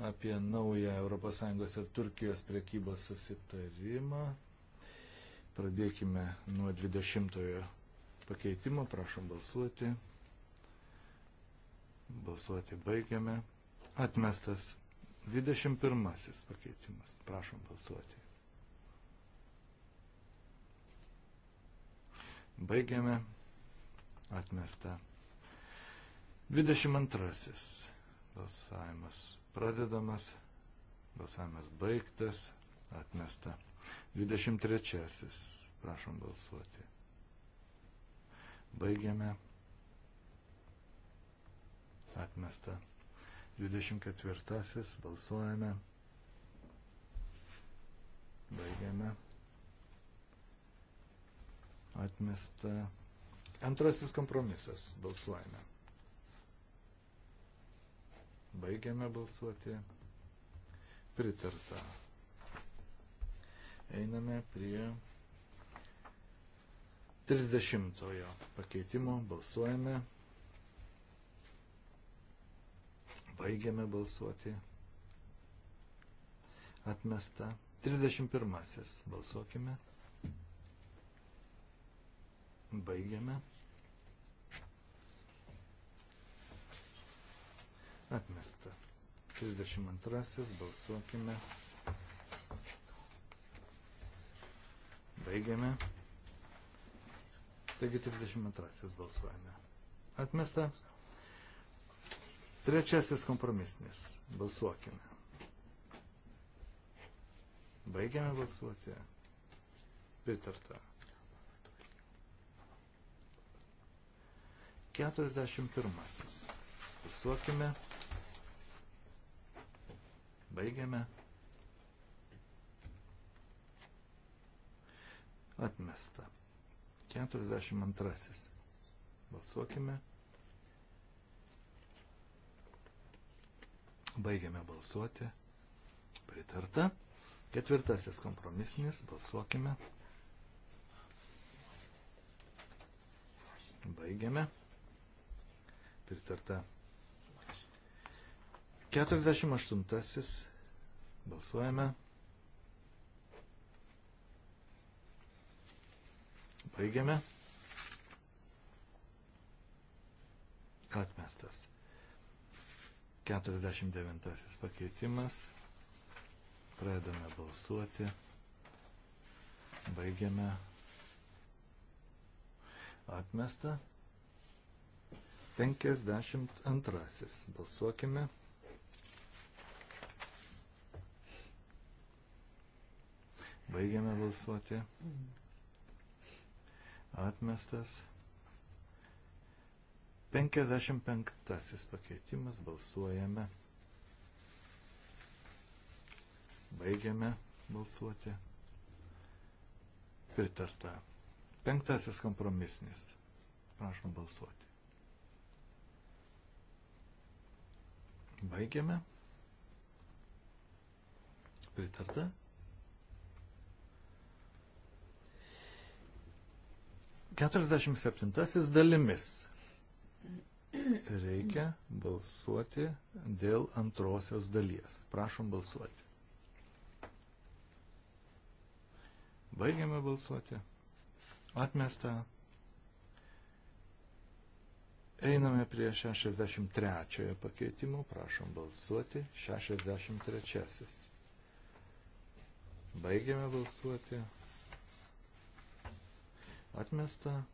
apie naują ES ir Turkijos prekybos susitarimą. Pradėkime nuo 20 pakeitimo, prašom balsuoti. Balsuoti baigiame. Atmestas 21 pakeitimas, prašom balsuoti. Baigiame. Atmesta. 22 balsavimas pradedamas, balsavimas baigtas, atmesta. 23. Prašom balsuoti. Baigiame. Atmesta. 24. Balsuojame. Baigiame. Atmesta. Antrasis kompromisas. Balsuojame. Baigiame balsuoti. Pritarta. Einame prie 30 pakeitimo. Balsuojame. Baigiame balsuoti. Atmesta. 31. Balsuokime. Baigiame. Atmesta. 32. Balsuokime. Baigiame. Taigi 32 balsuojame. Atmesta. Trečiasis kompromisnis. Balsuokime. Baigiame balsuoti. Pritarta. 41. Balsuokime. Baigiame. Atmesta. 42. Balsuokime. Baigiame balsuoti. Pritarta. Ketvirtasis kompromisinis. Balsuokime. Baigiame. Pritarta. 48. Balsuojame. Baigiame. Atmestas. 49 pakeitimas. Pradedame balsuoti. Baigiame. Atmesta. 52. Balsuokime. Baigiame balsuoti. Atmestas. 55 pakeitimas. Balsuojame. Baigiame balsuoti. Pritarta. Penktasis kompromisnis. Prašom balsuoti. Baigiame. Pritarta. 47 dalimis. Reikia balsuoti dėl antrosios dalies. Prašom balsuoti. Baigiame balsuoti. Atmesta. Einame prie 63 pakeitimo. Prašom balsuoti. 63. Baigiame balsuoti atmesta.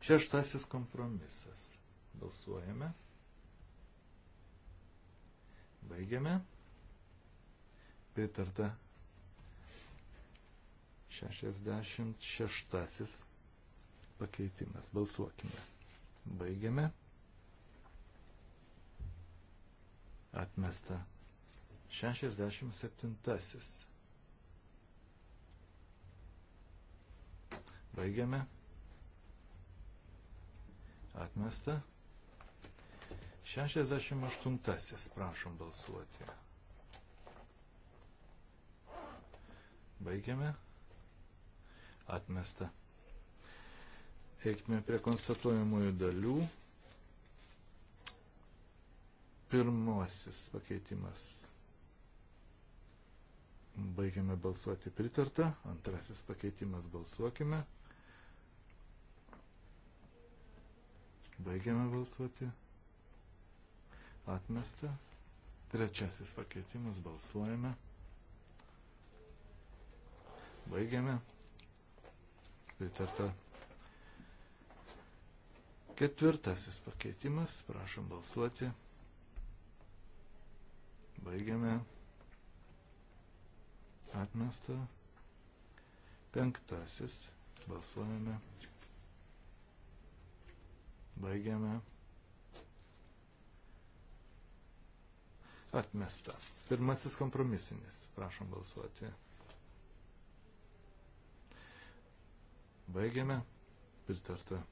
Šeštasis kompromisas. Balsuojame. Baigiame. Pritarta 66 pakeitimas. Balsuokime. Baigiame. Atmesta 67. Baigiame. Atmesta. 68. Prašom balsuoti. Baigiame. Atmesta. Eikime prie konstatuojamųjų dalių. Pirmasis pakeitimas. Baigiame balsuoti pritarta. Antrasis pakeitimas balsuokime. Balsuokime. Baigiame balsuoti. Atmesta. Trečiasis pakeitimas. Balsuojame. Baigiame. Pritarta. Ketvirtasis pakeitimas. Prašom balsuoti. Baigiame. Atmesta. Penktasis. Balsuojame. Baigiame. Atmesta. Pirmasis kompromisinis. Prašom balsuoti. Baigiame. Pritarta.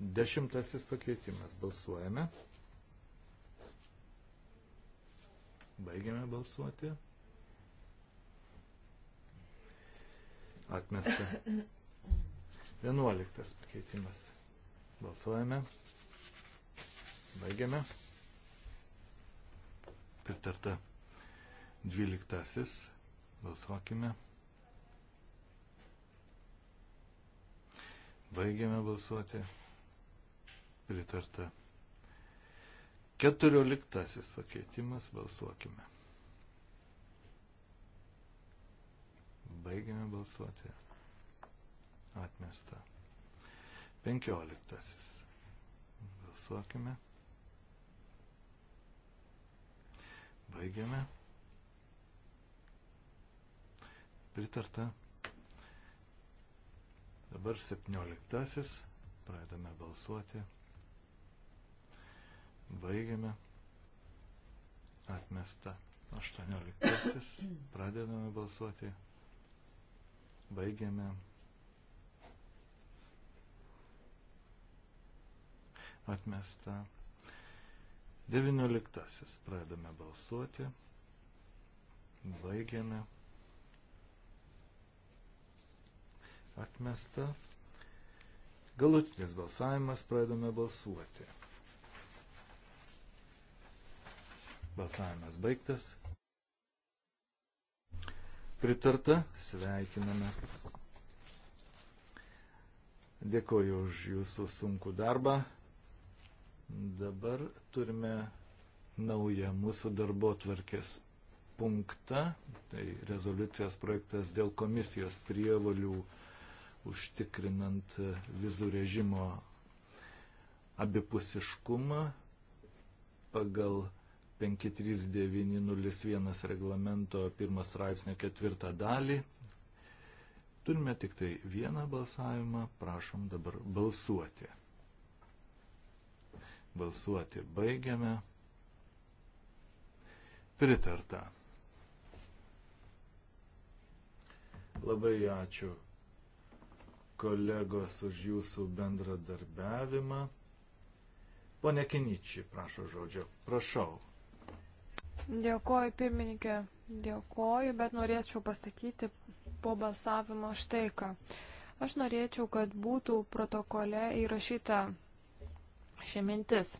Dešimtasis pakeitimas. Balsuojame. Baigiame balsuoti. Atmesta. Vienuoliktas pakeitimas. Balsuojame. Baigiame. Pritarta dvyliktasis. Balsuokime. Baigiame balsuoti. Pritarta. Keturioliktasis pakeitimas. Balsuokime. Baigiame balsuoti. Atmesta. Penkioliktasis. Balsuokime. Baigiame. Pritarta. Dabar septynioliktasis. Pradedame balsuoti. Baigiame. Atmesta. Aštuonioliktasis. Pradedame balsuoti. Baigiame atmesta. 19. Pradame balsuoti. Baigiame. Atmesta. Galutinis balsavimas. Pradame balsuoti. Balsavimas baigtas. Pritarta. Sveikiname. Dėkoju už jūsų sunkų darbą. Dabar turime naują mūsų darbo tvarkės punktą, tai rezoliucijos projektas dėl komisijos prievalių užtikrinant vizų režimo abipusiškumą pagal 53901 reglamento 1 straipsnio 4 dalį. Turime tik tai vieną balsavimą, prašom dabar balsuoti. Balsuoti baigiame. Pritarta. Labai ačiū kolegos už jūsų bendradarbiavimą. Pone Kiničiai, prašau žodžio. Prašau.
Dėkoju, pirmininkė. Dėkoju, bet norėčiau pasakyti po balsavimo štai ką. Aš norėčiau, kad būtų protokole įrašyta ši mintis.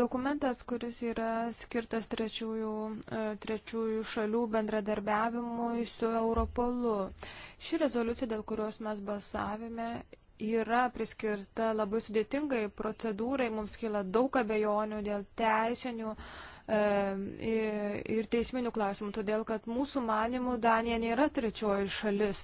Dokumentas, kuris yra skirtas trečiųjų, e, trečiųjų šalių bendradarbiavimui su Europolu. Ši rezoliucija, dėl kurios mes balsavime, yra priskirta labai sudėtingai procedūrai, mums kyla daug abejonių dėl teisinių uh, ir teisminių klausimų, todėl kad mūsų manimų Danija nėra trečioji šalis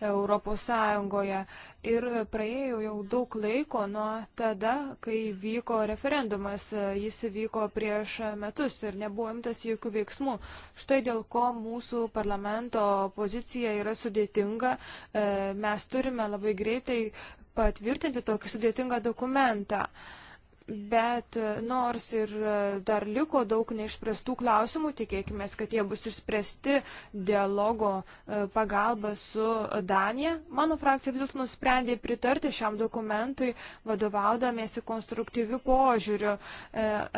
Europos Sąjungoje. Ir praėjo jau daug laiko nuo tada, kai vyko referendumas. Jis įvyko prieš metus ir nebuvo imtas jokių veiksmų. Štai dėl ko mūsų parlamento pozicija yra sudėtinga. Mes turime labai greitai patvirtinti tokį sudėtingą dokumentą. Uh, Bet e, nors ir e, dar liko daug neišspręstų klausimų, tikėkime, kad jie bus išspręsti dialogo e, pagalba su Danija. Mano frakcija vis dėlto nusprendė pritarti šiam dokumentui, vadovaudamėsi konstruktyviu požiūriu,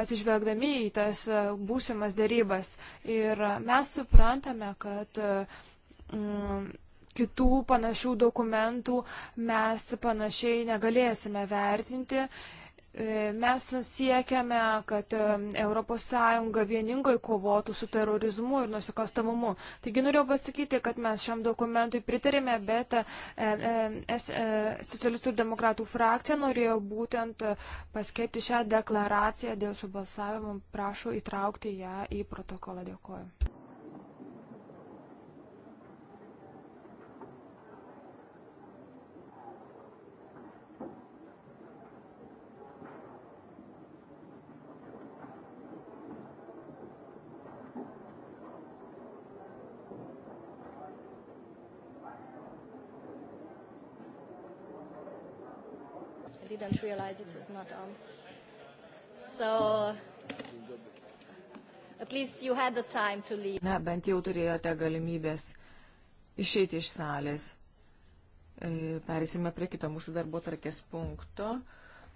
atsižvelgdami į tas būsimas darybas. Ir mes suprantame, kad. Mm, kitų panašių dokumentų mes panašiai negalėsime vertinti E, mes siekiame, kad ES vieningai kovotų su terorizmu ir nusikastamumu. Taigi norėjau pasakyti, kad mes šiam dokumentui pritarėme, bet e, e, socialistų ir demokratų frakcija norėjo būtent paskelbti šią deklaraciją dėl šio balsavimo. Prašau įtraukti ją į protokolą. Dėkuoju.
didn't realize it was not on. So, at least you had the time to leave.
Na, bent jau turėjote galimybės išeiti iš salės. E, Perėsime prie kito mūsų darbo tarkės punkto.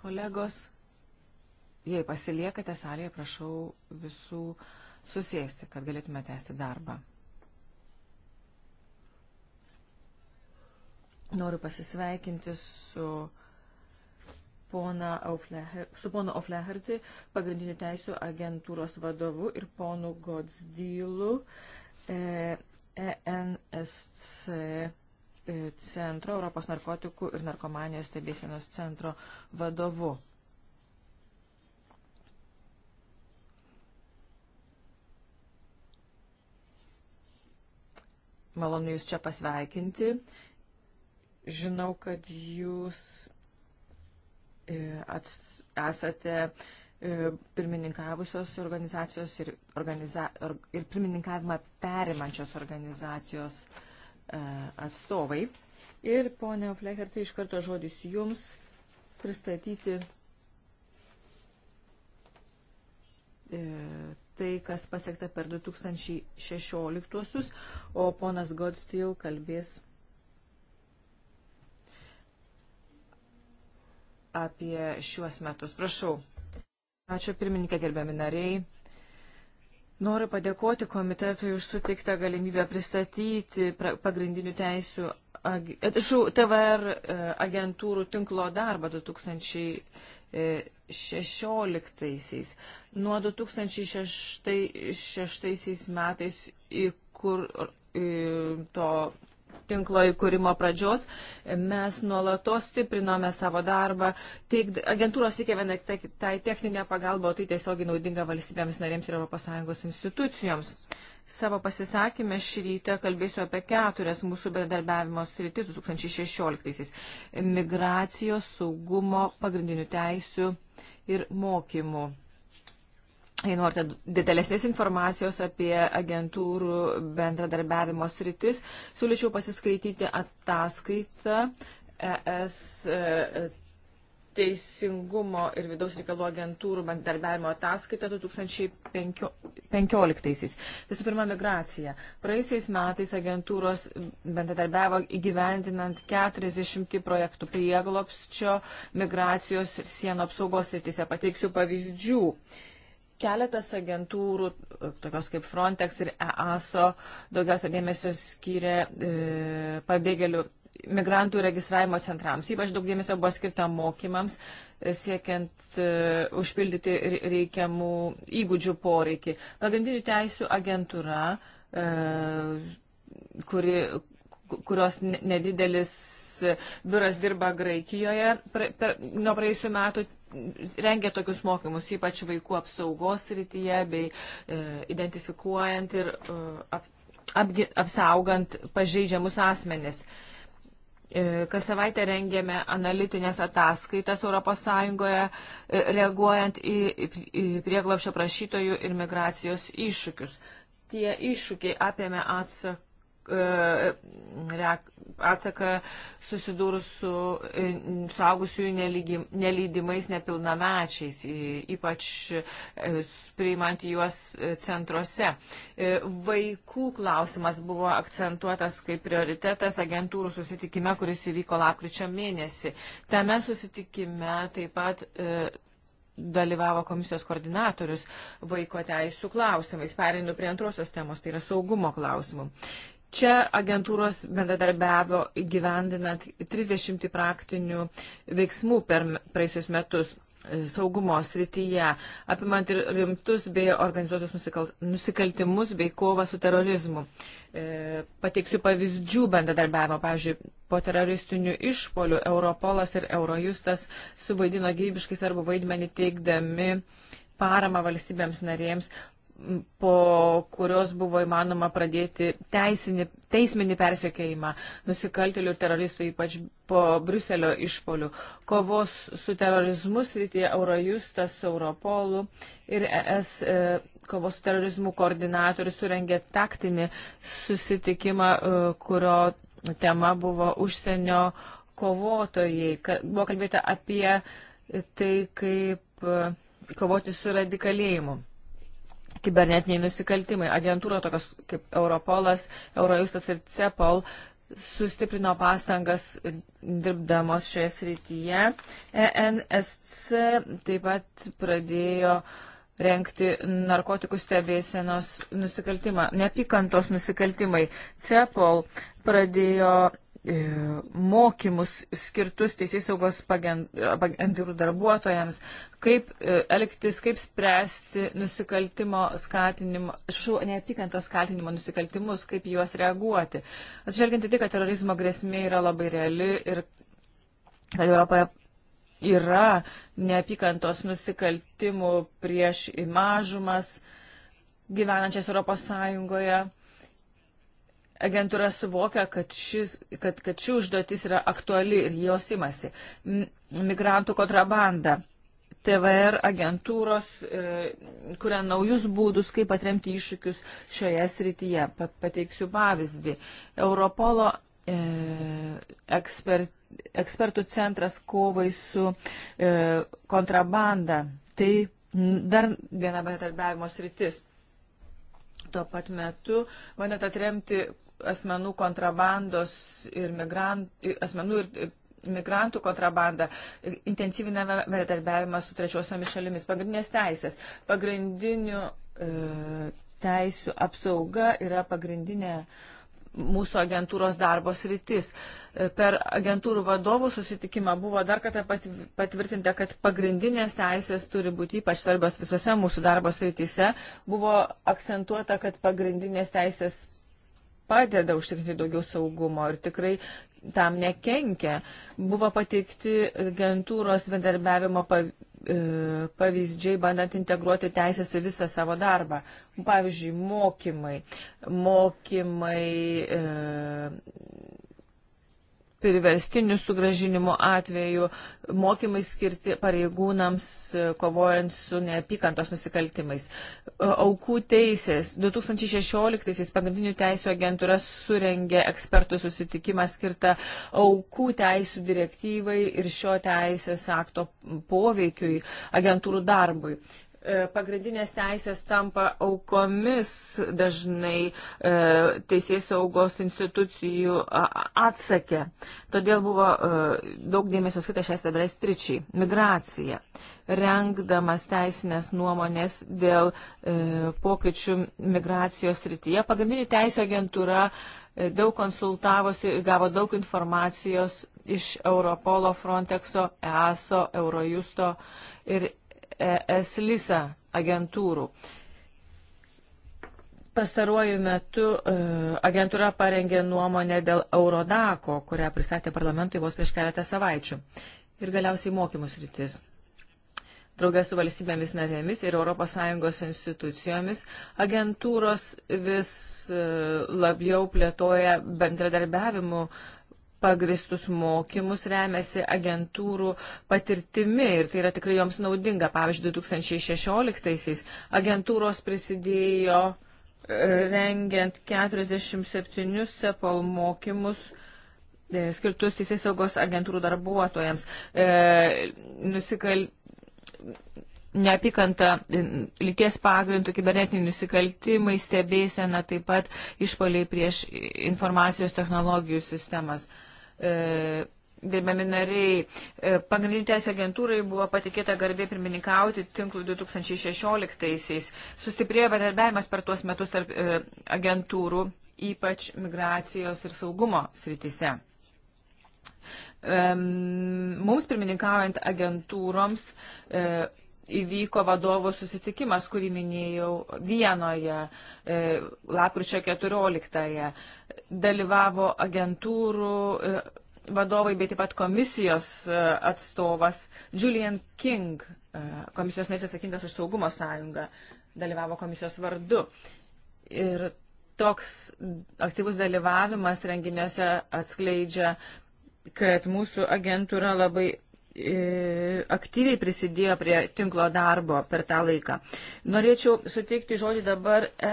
Kolegos, jei pasiliekate salėje, prašau visų susėsti, kad galėtume tęsti darbą. Noriu pasisveikinti su su ponu Ofleherty, pagrindinių teisų agentūros vadovu ir ponu Godsdylu, e, ENSC e, centro, Europos narkotikų ir narkomanijos stebėsienos centro vadovu. Malonu Jūs čia pasveikinti. Žinau, kad Jūs E, esate e, pirmininkavusios organizacijos ir, organiza, ir pirmininkavimą perimančios organizacijos e, atstovai. Ir ponia Flecher, tai iš karto žodis jums pristatyti tai, kas pasiekta per 2016, o ponas Godsteel kalbės apie šiuos metus. Prašau. Ačiū pirmininkė gerbiami nariai. Noriu padėkoti komitetui už suteiktą galimybę pristatyti pagrindinių teisių atsiprašau, e, TVR e, agentūrų tinklo darbą 2016. E, Nuo 2006 metais, kur to tinklo įkūrimo pradžios mes nuolatos stiprinome savo darbą. Teik, agentūros teikia vieną tai, tai techninę pagalbą, o tai tiesiogiai naudinga valstybėms narėms ir ES institucijoms. Savo pasisakymę šį rytą kalbėsiu apie keturias mūsų bendarbiavimo sritis 2016-aisiais - migracijos, saugumo, pagrindinių teisių ir mokymų. Jei norite didelesnės informacijos apie agentūrų bendradarbiavimo sritis, siūlyčiau pasiskaityti ataskaitą ES e, teisingumo ir vidaus reikalų agentūrų bendradarbiavimo ataskaitą 2015. Visų pirma, migracija. Praeisiais metais agentūros bendradarbiavo įgyvendinant 40 projektų prieglopščio migracijos sienų apsaugos srityse. Pateiksiu pavyzdžių. Keletas agentūrų, tokios kaip Frontex ir EASO, daugiausia dėmesio skyrė e, pabėgėlių migrantų registravimo centrams. Ypač daug dėmesio buvo skirta mokymams, e, siekiant e, užpildyti reikiamų įgūdžių poreikį. Pagrindinių teisų agentūra, e, kuri, kurios nedidelis biuras dirba Graikijoje, pra, per, nuo praėjusių metų rengia tokius mokymus, ypač vaikų apsaugos rytyje, bei e, identifikuojant ir e, ap, apgi, apsaugant pažeidžiamus asmenis. E, kas savaitę rengėme analitinės ataskaitas ES, e, reaguojant į, į prieglapšio prašytojų ir migracijos iššūkius. Tie iššūkiai apėmė atsaką E, reak, atsaką susidūrus su e, suaugusiųjų nelydimais nepilnamečiais, ypač e, priimant juos centruose. Vaikų klausimas buvo akcentuotas kaip prioritetas agentūrų susitikime, kuris įvyko lapkričio mėnesį. Tame susitikime taip pat dalyvavo komisijos koordinatorius vaiko teisų klausimais. Perinu prie antrosios temos, tai yra saugumo klausimų. Čia agentūros bendradarbiavo gyvendinant 30 praktinių veiksmų per praeisius metus e, saugumo srityje, apimant ir rimtus bei organizuotus nusikal, nusikaltimus bei kovą su terorizmu. E, pateiksiu pavyzdžių bendradarbiavimo. Pavyzdžiui, po teroristinių išpolių Europolas ir Eurojustas suvaidino gyvybiškai svarbu vaidmenį teikdami paramą valstybėms narėms, po kurios buvo įmanoma pradėti teisinį, teisminį persiekėjimą nusikaltelių ir teroristų, ypač po Bruselio išpolių, kovos su terorizmu srityje Eurojustas, Europolu ir ES e, kovos su terorizmu koordinatorius surengė taktinį susitikimą, e, kurio tema buvo užsienio kovotojai. Ka, buvo kalbėta apie tai, kaip e, kovoti su radikalėjimu kibernetiniai nusikaltimai. Agentūra tokios kaip Europolas, Eurojustas ir CEPOL sustiprino pastangas dirbdamos šioje srityje. ENSC taip pat pradėjo renkti narkotikų stebėsenos nusikaltimą, neapykantos nusikaltimai. CEPOL pradėjo E, mokymus skirtus teisės saugos agentūrų darbuotojams, kaip e, elgtis, kaip spręsti nusikaltimo skatinimo, šau, neapykantos skatinimo nusikaltimus, kaip juos reaguoti. Atsižvelgiant į tai, kad terorizmo grėsmė yra labai reali ir kad Europoje yra neapykantos nusikaltimų prieš mažumas gyvenančias Europos Sąjungoje agentūra suvokia, kad, šis, kad, kad ši užduotis yra aktuali ir jos imasi. Migrantų kontrabanda. TVR agentūros e, kuria naujus būdus, kaip atremti iššūkius šioje srityje. Pateiksiu pavyzdį. Europolo e, ekspert, ekspertų centras kovai su e, kontrabanda. Tai dar viena bendradarbiavimo sritis. Tuo pat metu bandėt atremti asmenų kontrabandos ir migrantų, asmenų ir migrantų kontrabandą, intensyviname bendradarbiavimą su trečiosiomis šalimis, pagrindinės teisės. Pagrindinių e, teisų apsauga yra pagrindinė mūsų agentūros darbo sritis. E, per agentūrų vadovų susitikimą buvo dar kartą patvirtinta, kad pagrindinės teisės turi būti ypač svarbios visose mūsų darbo srityse. Buvo akcentuota, kad pagrindinės teisės padeda užtikrinti daugiau saugumo ir tikrai tam nekenkia. Buvo pateikti agentūros bendarbiavimo e, pavyzdžiai, bandant integruoti teisės į visą savo darbą. Pavyzdžiui, mokymai, mokymai e, priverstinių sugražinimų atveju, mokymai skirti pareigūnams e, kovojant su neapykantos nusikaltimais. E, aukų teisės. 2016-aisiais pagrindinių teisų agentūra surengė ekspertų susitikimą skirtą aukų teisų direktyvai ir šio teisės akto poveikiui agentūrų darbui. E, pagrindinės teisės tampa aukomis dažnai e, teisės saugos institucijų atsakė. Todėl buvo e, daug dėmesio skirta šiais tabelės tričiai - migracija. Rengdamas teisinės nuomonės dėl e, pokyčių migracijos rytyje, pagrindinė teisė agentūra e, daug konsultavosi ir gavo daug informacijos iš Europolo, Frontexo, EASO, Eurojusto ir ES LISA agentūrų. Pastaruoju metu e, agentūra parengė nuomonę dėl Eurodako, kurią pristatė parlamentui vos prieš keletą savaičių. Ir galiausiai mokymus rytis. Draugės su valstybėmis narėmis ir ES institucijomis agentūros vis e, labiau plėtoja bendradarbiavimu pagristus mokymus remiasi agentūrų patirtimi ir tai yra tikrai joms naudinga. Pavyzdžiui, 2016-aisiais agentūros prisidėjo e, rengiant 47 SEPOL mokymus e, skirtus teisės saugos agentūrų darbuotojams. E, nusikal neapykanta lyties pagrindų, kibernetiniai nusikaltimai, stebėsena, taip pat išpoliai prieš informacijos technologijų sistemas. E, Gerbiami nariai, e, pagrindinė teisė agentūrai buvo patikėta garbė pirmininkauti tinklų 2016-aisiais. Sustiprėjo bendarbiavimas per tuos metus tarp e, agentūrų, ypač migracijos ir saugumo srityse. Mums pirmininkaujant agentūroms e, įvyko vadovų susitikimas, kurį minėjau Vienoje, e, lapkričio 14-ąją. Dalyvavo agentūrų e, vadovai, bet taip pat komisijos e, atstovas Julian King, e, komisijos narys atsakingas už saugumo sąjungą, dalyvavo komisijos vardu. Ir toks aktyvus dalyvavimas renginiuose atskleidžia, kad mūsų agentūra labai E, aktyviai prisidėjo prie tinklo darbo per tą laiką. Norėčiau suteikti žodį dabar e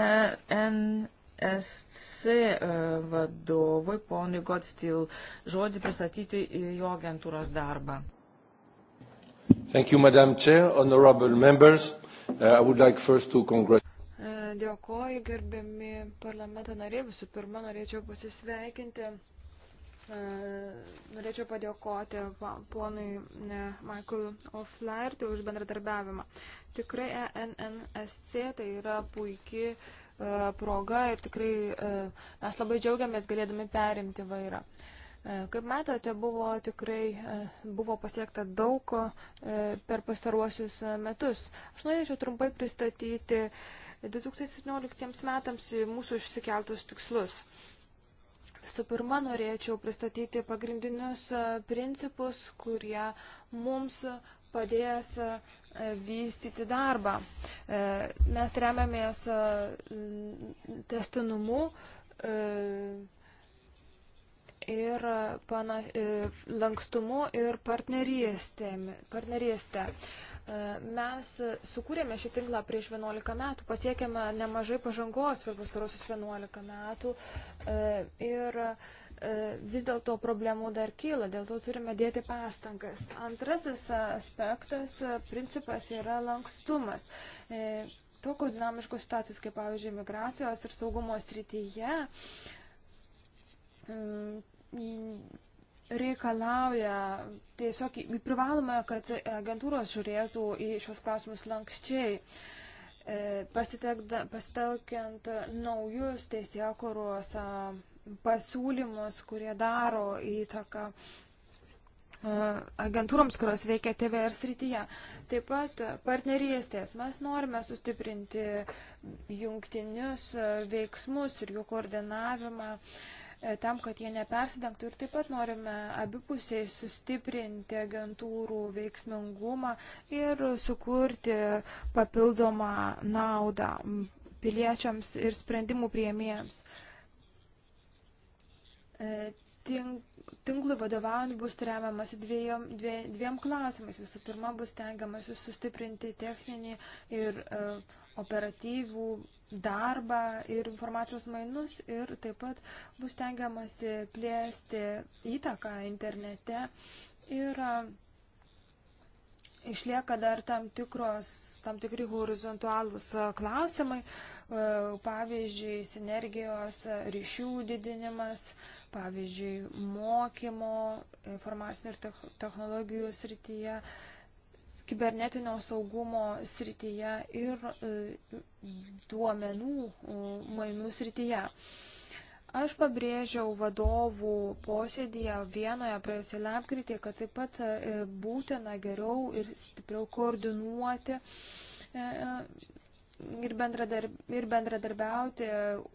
NSC e, vadovui, ponui Godstil, žodį pristatyti jo agentūros darbą.
Thank you, Madam Chair, honorable members. Uh, I would like first to congratulate.
Dėkoju, gerbiami parlamento nariai. Visų pirma, norėčiau pasisveikinti E, norėčiau padėkoti ponui e, Michael O'Flaherty už bendradarbiavimą. Tikrai ENNSC tai yra puikiai e, proga ir tikrai mes labai džiaugiamės galėdami perimti vairą. Kaip matote, buvo tikrai buvo pasiekta daug per pastaruosius metus. Aš norėčiau trumpai pristatyti 2017 metams mūsų išsikeltus tikslus. Su pirma norėčiau pristatyti pagrindinius e, principus, kurie mums padės e, vystyti darbą. E, mes remiamės testinumu ir pana, lankstumu ir partnerystė. partnerystė. Mes sukūrėme šį tinklą prieš 11 metų, pasiekėme nemažai pažangos per pasarusius 11 metų e, ir e, vis dėlto problemų dar kyla, dėl to turime dėti pastangas. Antrasis aspektas, principas yra lankstumas. E, tokios dinamiškos situacijos, kaip pavyzdžiui, migracijos ir saugumo srityje reikalauja tiesiog privalome, kad agentūros žiūrėtų į šios klausimus lankščiai, e, pasitelkiant naujus teisėkuros pasiūlymus, kurie daro įtaką agentūroms, kurios veikia TVR srityje. Taip pat partnerystės. Mes norime sustiprinti jungtinius veiksmus ir jų koordinavimą. Uh, E, tam, kad jie nepersidengtų. Ir taip pat norime abipusiai sustiprinti agentūrų veiksmingumą ir sukurti papildomą naudą piliečiams ir sprendimų prieimėjams. E, tinklui vadovaujant bus remiamas dviejom, dvie, dviem klausimais. Visų pirma, bus tengiamas sustiprinti techninį ir e, operatyvų darbą ir informacijos mainus ir taip pat bus tengiamasi plėsti įtaką internete ir išlieka dar tam, tikros, tam tikri horizontualūs klausimai, pavyzdžiui, sinergijos ryšių didinimas, pavyzdžiui, mokymo informacinių ir technologijų srityje kibernetinio saugumo srityje ir e, duomenų e, mainų srityje. Aš pabrėžiau vadovų posėdėje vienoje praėjusią lapkritį, kad taip pat e, būtina geriau ir stipriau koordinuoti ir, bendradarb, ir bendradarbiauti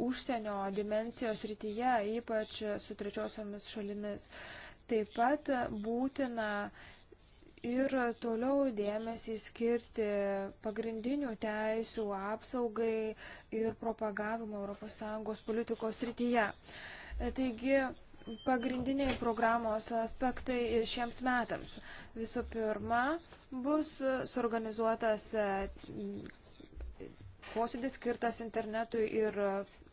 užsienio dimensijos rytyje, ypač su trečiosiomis šalimis. Taip pat būtina uh, ir toliau dėmesį skirti pagrindinių teisų apsaugai ir propagavimo ES politikos srityje. Taigi, pagrindiniai programos aspektai šiems metams. Visų pirma, bus suorganizuotas e, posėdis skirtas internetui ir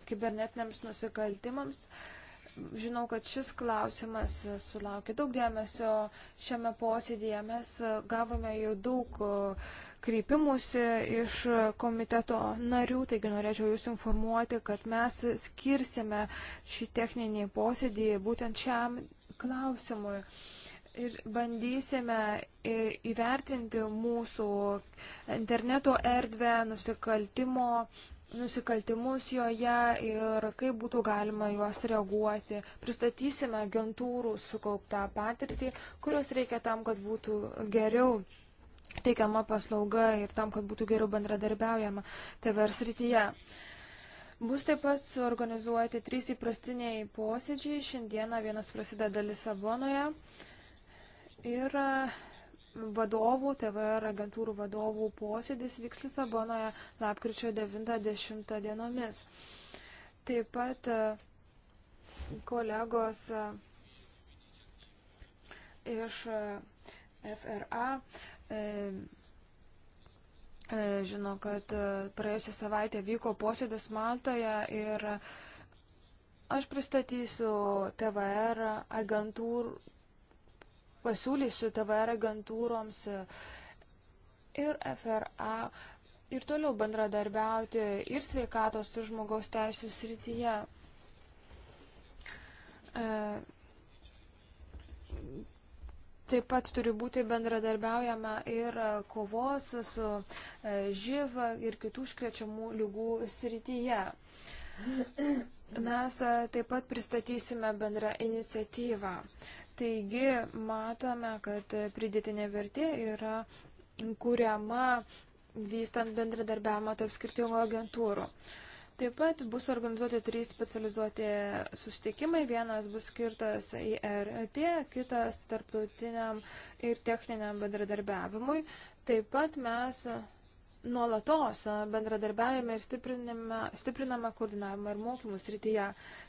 kibernetiniams nusikaltimams. Uh, žinau, kad šis klausimas sulaukė daug dėmesio šiame posėdėje. Mes gavome jau daug e, kreipimusi iš komiteto narių, taigi norėčiau Jūs informuoti, kad mes skirsime šį techninį posėdį būtent šiam klausimui. Ir bandysime e, įvertinti mūsų interneto erdvę, nusikaltimo nusikaltimus joje ir kaip būtų galima juos reaguoti. Pristatysime agentūrų sukauptą patirtį, kurios reikia tam, kad būtų geriau teikiama paslauga ir tam, kad būtų geriau bendradarbiaujama TVR srityje. Bus taip pat suorganizuoti trys įprastiniai posėdžiai. Šiandieną vienas prasideda Lisabonoje. Ir vadovų, TVR agentūrų vadovų posėdis vyks Lisabonoje lapkričio 90 dienomis. Taip pat e, kolegos e, iš e, FRA žino, kad praėjusią savaitę vyko posėdis Maltoje ir aš pristatysiu TVR agentūrų pasiūlysiu TVR agentūroms ir FRA ir toliau bendradarbiauti ir sveikatos, ir žmogaus teisų srityje. E, taip pat turi būti bendradarbiaujama ir kovos su e, živ ir kitų užkrečiamų lygų srityje. Mes e, taip pat pristatysime bendrą iniciatyvą. Taigi matome, kad pridėtinė vertė yra kuriama vystant bendradarbiavimą tarp skirtingų agentūrų. Taip pat bus organizuoti trys specializuoti susitikimai. Vienas bus skirtas IRT, kitas tarptautiniam ir techniniam bendradarbiavimui. Taip pat mes nuolatos bendradarbiavime ir stipriname, stipriname koordinavimą ir mokymus rytyje.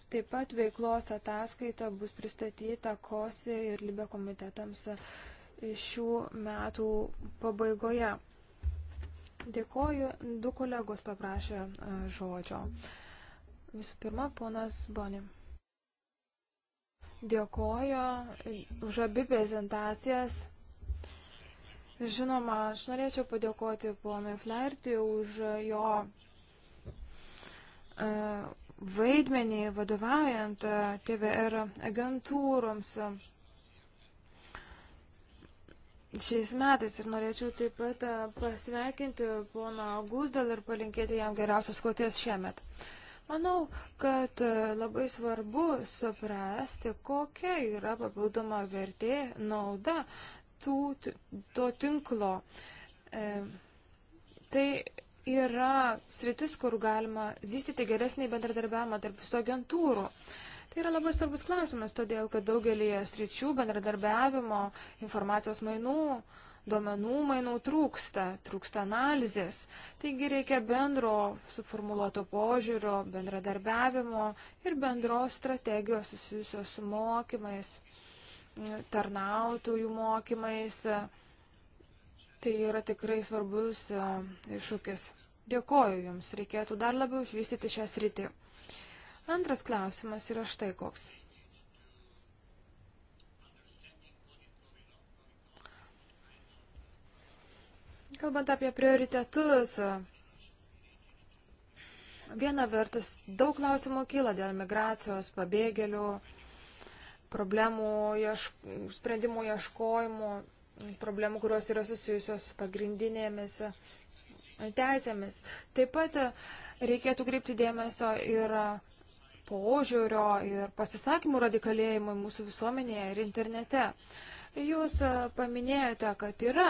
Taip pat veiklos ataskaita bus pristatyta KOSI ir LIBE komitetams šių metų pabaigoje. Dėkoju, du kolegos paprašė žodžio. Visų pirma, ponas Bonim. Dėkoju už abi prezentacijas. Žinoma, aš norėčiau padėkoti ponui Flertį už jo e, vaidmenį vadovaujant e, TVR agentūroms šiais metais ir norėčiau taip pat e, pasveikinti poną Guzdal ir palinkėti jam geriausios kloties šiemet. Manau, kad labai svarbu suprasti, kokia yra papildoma vertė nauda tų, to tinklo. E, tai yra sritis, kur galima vystyti geresnį bendradarbiavimą tarp visų agentūrų. Tai yra labai svarbus klausimas, todėl kad daugelį sričių bendradarbiavimo, informacijos mainų, duomenų mainų trūksta, trūksta analizės. Taigi reikia bendro suformuoluoto požiūrio, bendradarbiavimo ir bendros strategijos susijusios su mokymais tarnautojų mokymais. Tai yra tikrai svarbus e, iššūkis. Dėkoju Jums, reikėtų dar labiau išvystyti šią sritį. Antras klausimas yra štai koks. Kalbant apie prioritetus, viena vertus daug klausimų kyla dėl migracijos, pabėgėlių, problemų iešk, sprendimų ieškojimų, problemų, kurios yra susijusios su pagrindinėmis teisėmis. Taip pat reikėtų kreipti dėmesio ir požiūrio ir pasisakymų radikalėjimui mūsų visuomenėje ir internete. Jūs paminėjote, kad yra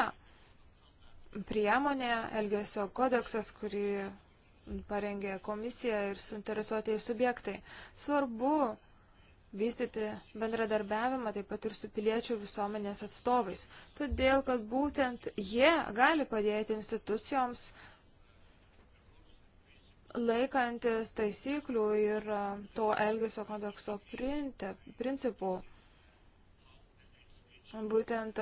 priemonė, Elgesio kodeksas, kurį parengė komisija ir suinteresuotieji subjektai. Svarbu vystyti bendradarbiavimą taip pat ir su piliečių visuomenės atstovais. Todėl, kad būtent jie gali padėti institucijoms laikantis taisyklių ir to elgesio kodekso principų. Būtent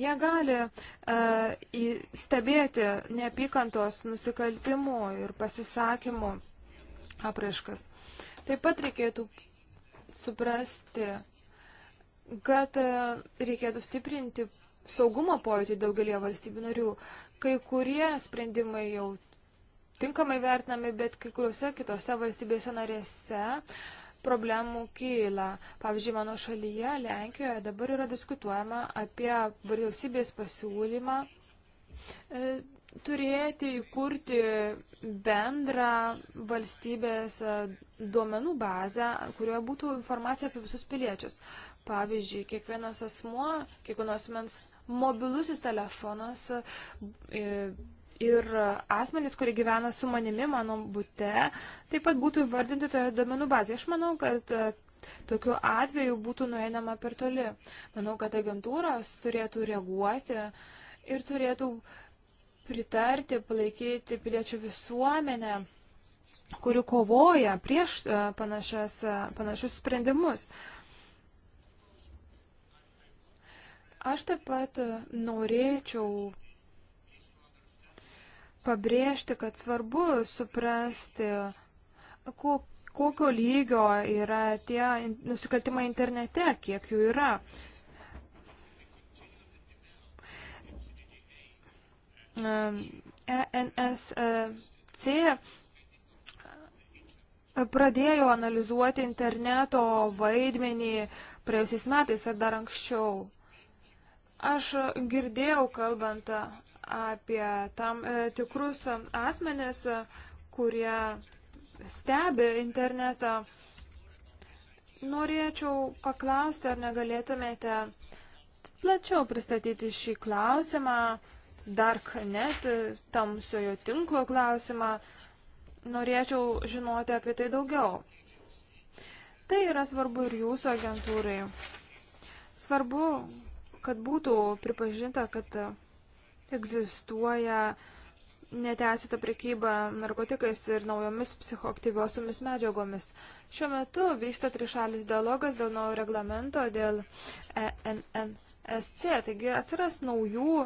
jie gali uh, stebėti neapykantos nusikaltimų ir pasisakymų apraiškas. Taip pat reikėtų suprasti, kad e, reikėtų stiprinti saugumo pojūtį daugelie valstybių narių. Kai kurie sprendimai jau tinkamai vertinami, bet kai kuriuose kitose valstybėse narėse problemų kyla. Pavyzdžiui, mano šalyje, Lenkijoje, dabar yra diskutuojama apie vyriausybės pasiūlymą e, turėti įkurti bendrą valstybės e, duomenų bazę, kurioje būtų informacija apie visus piliečius. Pavyzdžiui, kiekvienas asmuo, kiekvienos mens mobilusis telefonas e, ir asmenys, kurie gyvena su manimi mano bute, taip pat būtų įvardinti toje duomenų bazėje. Aš manau, kad e, tokiu atveju būtų nueinama per toli. Manau, kad agentūros turėtų reaguoti ir turėtų uh, pritarti, palaikyti piliečių visuomenę, kuri kovoja prieš e, panašias, e, panašius sprendimus. Aš taip pat norėčiau pabrėžti, kad svarbu suprasti, kokio lygio yra tie nusikaltimai internete, kiek jų yra. ENSC pradėjo analizuoti interneto vaidmenį praėjusiais metais ar dar anksčiau. Aš girdėjau kalbant apie tam e, tikrus asmenis, kurie stebi internetą. Norėčiau paklausti, ar negalėtumėte plačiau pristatyti šį klausimą, Darknet, e, tamsiojo tinklo klausimą. Norėčiau žinoti apie tai daugiau. Tai yra svarbu ir jūsų agentūrai. Svarbu, kad būtų pripažinta, kad egzistuoja neteisėta prekyba narkotikais ir naujomis psichoktyviosiomis medžiagomis. Šiuo metu vyksta trišalis dialogas dėl naujo reglamento, dėl ENNSC, taigi atsiras naujų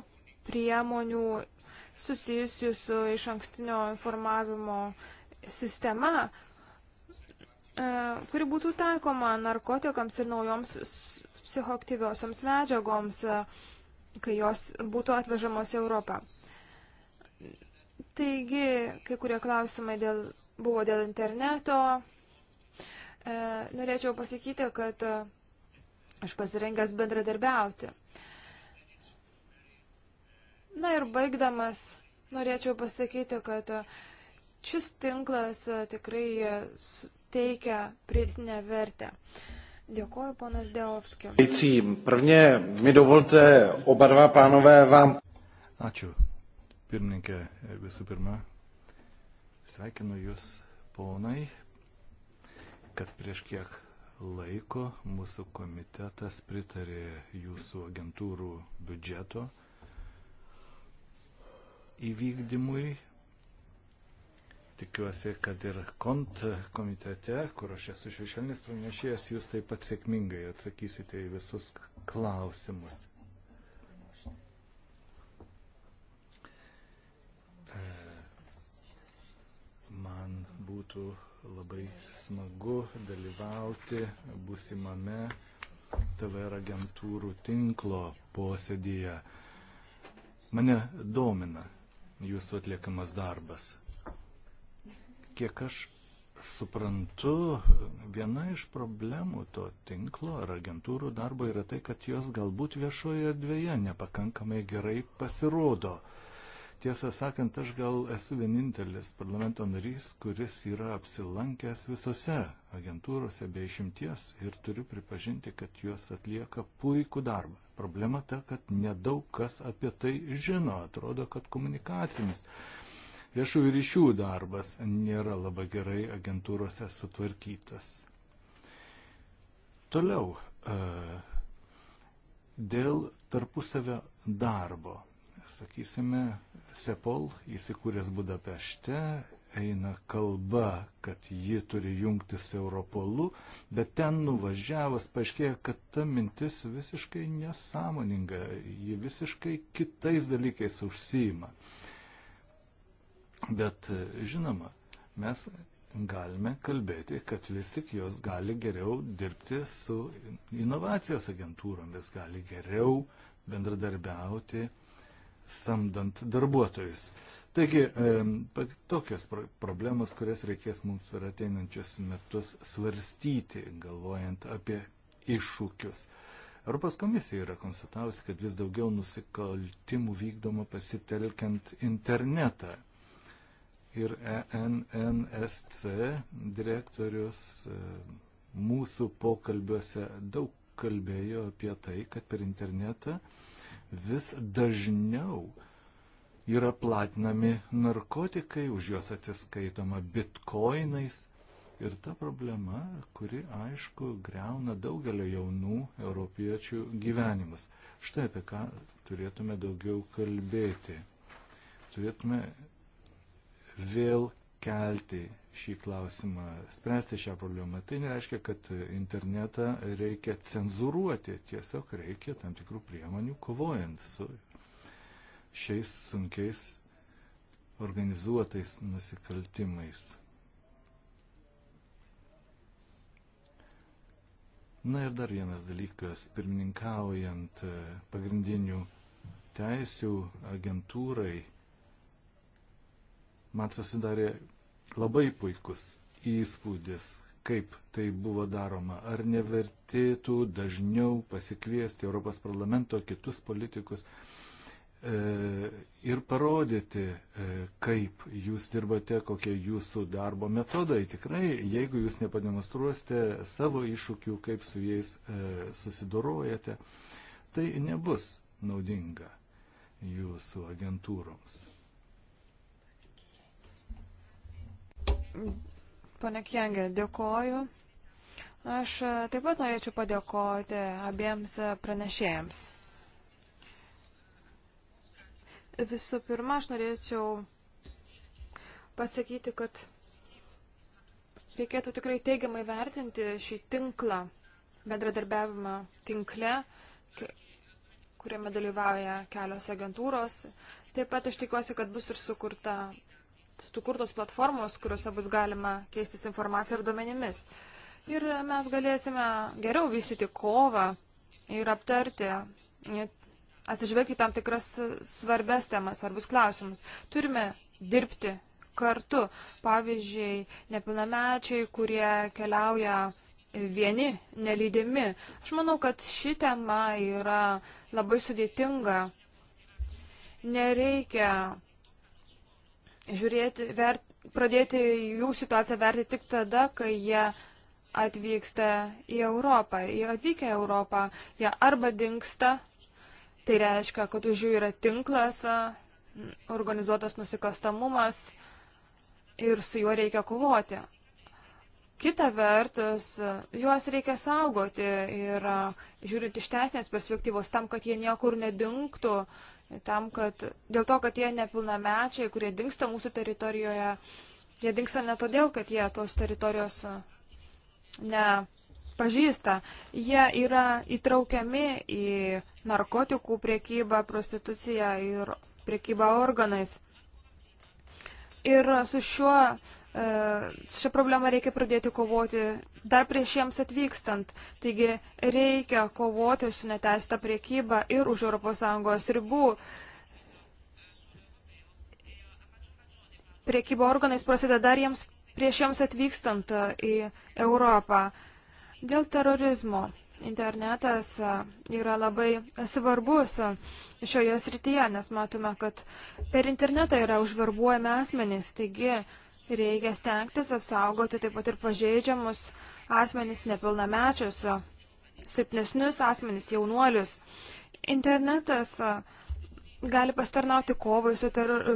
priemonių susijusių su iš ankstinio informavimo sistema, e, kuri būtų taikoma narkotikams ir naujoms psichoktyviosioms medžiagoms, kai jos būtų atvežamos į Europą. Taigi, kai kurie klausimai dėl, buvo dėl interneto. E, norėčiau pasakyti, kad e, aš pasirengęs bendradarbiauti. Na ir baigdamas, norėčiau pasakyti, kad šis tinklas e, tikrai e, teikia pridėtinę vertę. Děkuji, pane Zdelovský.
Prvně mi dovolte oba dva pánové vám. Ačiū. Pirmininkė, visų pirma, sveikinu Jūs, ponai, kad prieš kiek laiko mūsų komitetas pritarė Jūsų agentūrų biudžeto įvykdymui. Tikiuosi, kad ir kont komitete, kur aš esu šešėlinis pranešėjas, jūs taip pat sėkmingai atsakysite į visus klausimus. E, man būtų labai smagu dalyvauti būsimame TVR agentūrų tinklo posėdėje. Mane domina jūsų atliekamas darbas. Kiek aš suprantu, viena iš problemų to tinklo ar agentūrų darbo yra tai, kad jos galbūt viešoje erdvėje nepakankamai gerai pasirodo. Uh, Tiesą sakant, aš gal esu vienintelis parlamento narys, kuris yra apsilankęs visose agentūrose be išimties ir turiu pripažinti, kad juos atlieka puikų darbą. Problema ta, kad nedaug kas apie tai žino. Atrodo, kad komunikacinis viešųjų ryšių darbas nėra labai gerai agentūrose sutvarkytas. Toliau, e, dėl tarpusavio darbo sakysime, Sepol įsikūręs Budapešte, eina kalba, kad ji turi jungtis Europolu, bet ten nuvažiavęs paaiškėjo, kad ta mintis visiškai nesąmoninga, ji visiškai kitais dalykais užsijima. Bet žinoma, mes galime kalbėti, kad vis tik jos gali geriau dirbti su inovacijos agentūromis, gali geriau bendradarbiauti samdant darbuotojus. Taigi, e, tokios problemos, kurias reikės mums per ateinančius metus svarstyti, galvojant apie iššūkius. Europos komisija yra konstatavusi, kad vis daugiau nusikaltimų vykdoma pasitelkiant internetą. Ir ENNSC direktorius e, mūsų pokalbiuose daug kalbėjo apie tai, kad per internetą uh, vis dažniau yra platinami narkotikai, už juos atsiskaitoma bitkoinais. Ir ta problema, kuri aišku greuna daugelio jaunų europiečių gyvenimus. Štai apie ką turėtume daugiau kalbėti. Turėtume vėl kelti šį klausimą, spręsti šią problemą. Tai nereiškia, kad internetą reikia cenzūruoti, tiesiog reikia tam tikrų priemonių kovojant su šiais sunkiais organizuotais nusikaltimais. Na ir dar vienas dalykas, pirmininkaujant e, pagrindinių teisių agentūrai man susidarė labai puikus įspūdis, kaip tai buvo daroma. Ar nevertėtų dažniau pasikviesti Europos parlamento kitus politikus e, ir parodyti, e, kaip jūs dirbate, kokie jūsų darbo metodai. Tikrai, jeigu jūs nepademonstruosite savo iššūkių, kaip su jais e, susidorojate, tai nebus naudinga jūsų agentūroms.
Pane Kengė, dėkoju. Aš e, taip pat norėčiau padėkoti abiems e, pranešėjams. Visų pirma, aš norėčiau pasakyti, kad reikėtų tikrai teigiamai vertinti šį tinklą, bendradarbiavimą tinkle, kuriame dalyvauja kelios agentūros. Taip pat aš tikiuosi, kad bus ir sukurta sukurtos platformos, kuriuose bus galima keistis informaciją ir duomenimis. Ir mes galėsime geriau vystyti kovą ir aptarti, atsižvelgti tam tikras svarbes temas, svarbus klausimus. Turime dirbti kartu. Pavyzdžiui, nepilnamečiai, kurie keliauja vieni, nelydimi. Aš manau, kad ši tema yra labai sudėtinga. Nereikia žiūrėti, vert, pradėti jų situaciją verti tik tada, kai jie atvyksta į Europą. Jie atvykę į Europą, jie arba dinksta, tai reiškia, kad už jų yra tinklas, organizuotas nusikastamumas ir su juo reikia kovoti. Kita vertus, juos reikia saugoti ir žiūrint iš teisinės perspektyvos tam, kad jie niekur nedingtų, uh, tam, kad dėl to, kad tie nepilnamečiai, kurie dinksta mūsų teritorijoje, jie dinksta ne todėl, kad jie tos teritorijos e, nepažįsta. Jie yra įtraukiami į narkotikų priekybą, prostituciją ir priekybą organais. Ir su šiuo E, šią problemą reikia pradėti kovoti dar prieš jiems atvykstant. Taigi reikia kovoti su neteista priekyba ir už ES ribų. Priekyba organais prasideda dar jiems prieš jiems atvykstant į Europą. Dėl terorizmo internetas e, yra labai svarbus šioje srityje, nes matome, kad per internetą yra užverbuojami asmenys, taigi reikia stengtis apsaugoti taip pat ir pažeidžiamus asmenys nepilnamečius, silpnesnius asmenys, jaunuolius. Internetas gali pastarnauti kovai su, teror,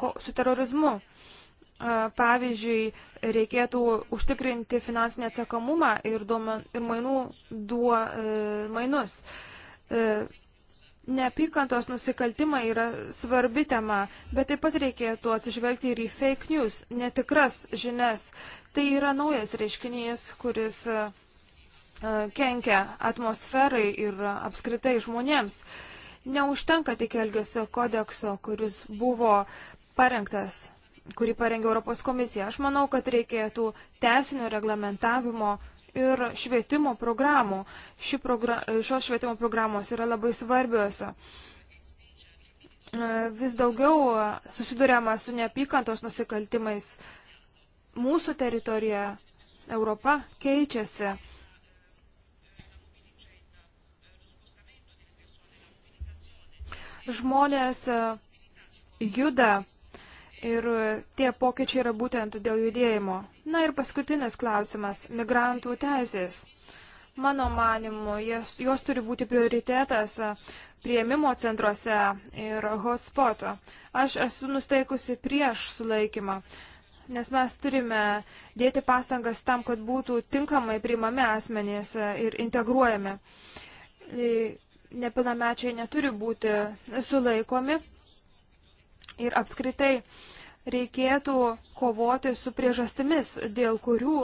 ko, su terorizmu. Pavyzdžiui, reikėtų užtikrinti finansinį atsakomumą ir, duomen, ir mainų, duo, e, mainus. E, Neapykantos nusikaltimai yra svarbi tema, bet taip pat reikėtų atsižvelgti ir į fake news, netikras žinias. Tai yra naujas reiškinys, kuris e, e, kenkia atmosferai ir apskritai žmonėms. Neužtenka tik Elgesio kodekso, kuris buvo parengtas kurį parengė Europos komisija. Aš manau, kad reikėtų teisinio reglamentavimo ir švietimo programų. Ši progra šios švietimo programos yra labai svarbios. E, vis daugiau susidurėma su neapykantos nusikaltimais. Mūsų teritorija, Europa, keičiasi. Žmonės e, juda Ir tie pokyčiai yra būtent dėl judėjimo. Na ir paskutinis klausimas - migrantų teisės. Mano manimu, jos, jos turi būti prioritetas prieimimo centruose ir hotspoto. Aš esu nusteikusi prieš sulaikymą, nes mes turime dėti pastangas tam, kad būtų tinkamai priimami asmenys ir integruojami. Nepilnamečiai neturi būti sulaikomi Ir apskritai reikėtų kovoti su priežastimis, dėl kurių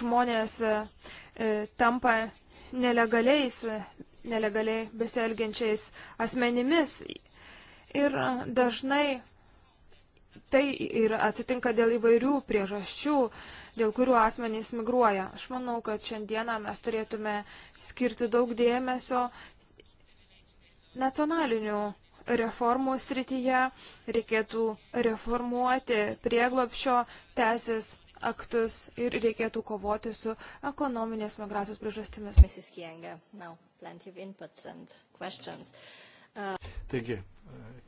žmonės e, tampa nelegaliais, nelegaliai besielgiančiais asmenimis. Ir dažnai tai ir atsitinka dėl įvairių priežasčių, dėl kurių asmenys migruoja. Aš manau, kad šiandieną mes turėtume skirti daug dėmesio nacionalinių reformų srityje, reikėtų reformuoti prieglopšio teisės aktus ir reikėtų kovoti su ekonominės migracijos priežastimis. Uh,
Taigi,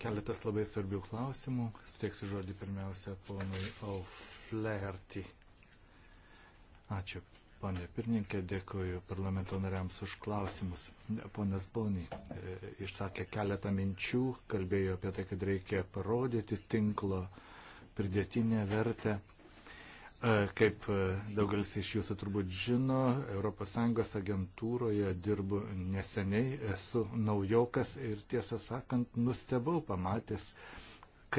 keletas labai svarbių klausimų. Suteiksiu žodį pirmiausia ponui O'Flaherty. Ačiū, Pane pirmininkė, dėkoju parlamento nariams už klausimus. Ponas Bonį e, išsakė keletą minčių, kalbėjo apie tai, kad reikia parodyti tinklo pridėtinę vertę. E, kaip e, daugelis iš jūsų turbūt žino, ES agentūroje dirbu neseniai, esu naujokas ir tiesą sakant, nustebau pamatęs,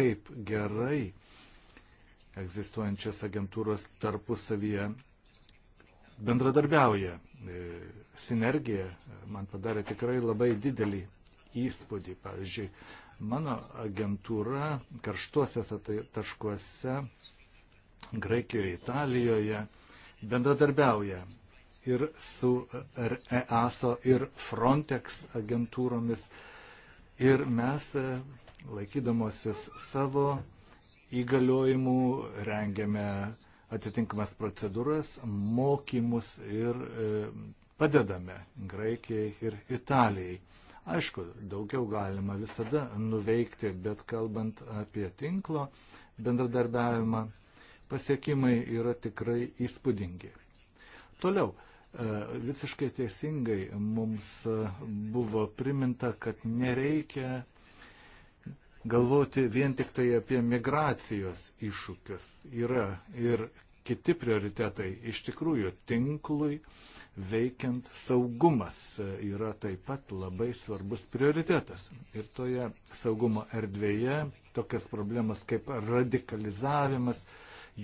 kaip gerai egzistuojančios agentūros tarpusavyje bendradarbiauja. E, sinergija e, man padarė tikrai labai didelį įspūdį. Pavyzdžiui, mano agentūra karštuosiuose tai taškuose Graikijoje, Italijoje bendradarbiauja ir su EASO ir Frontex agentūromis. Ir mes, e, laikydamosis savo įgaliojimų, rengiame uh, atitinkamas procedūras, mokymus ir e, padedame Graikijai ir Italijai. Aišku, daugiau galima visada nuveikti, bet kalbant apie tinklo bendradarbiavimą, pasiekimai yra tikrai įspūdingi. Toliau, e, visiškai teisingai mums e, buvo priminta, kad nereikia galvoti vien tik tai apie migracijos iššūkius. Yra ir kiti prioritetai. Iš tikrųjų, tinklui veikiant saugumas yra taip pat labai svarbus prioritetas. Ir toje saugumo erdvėje tokias problemas kaip radikalizavimas,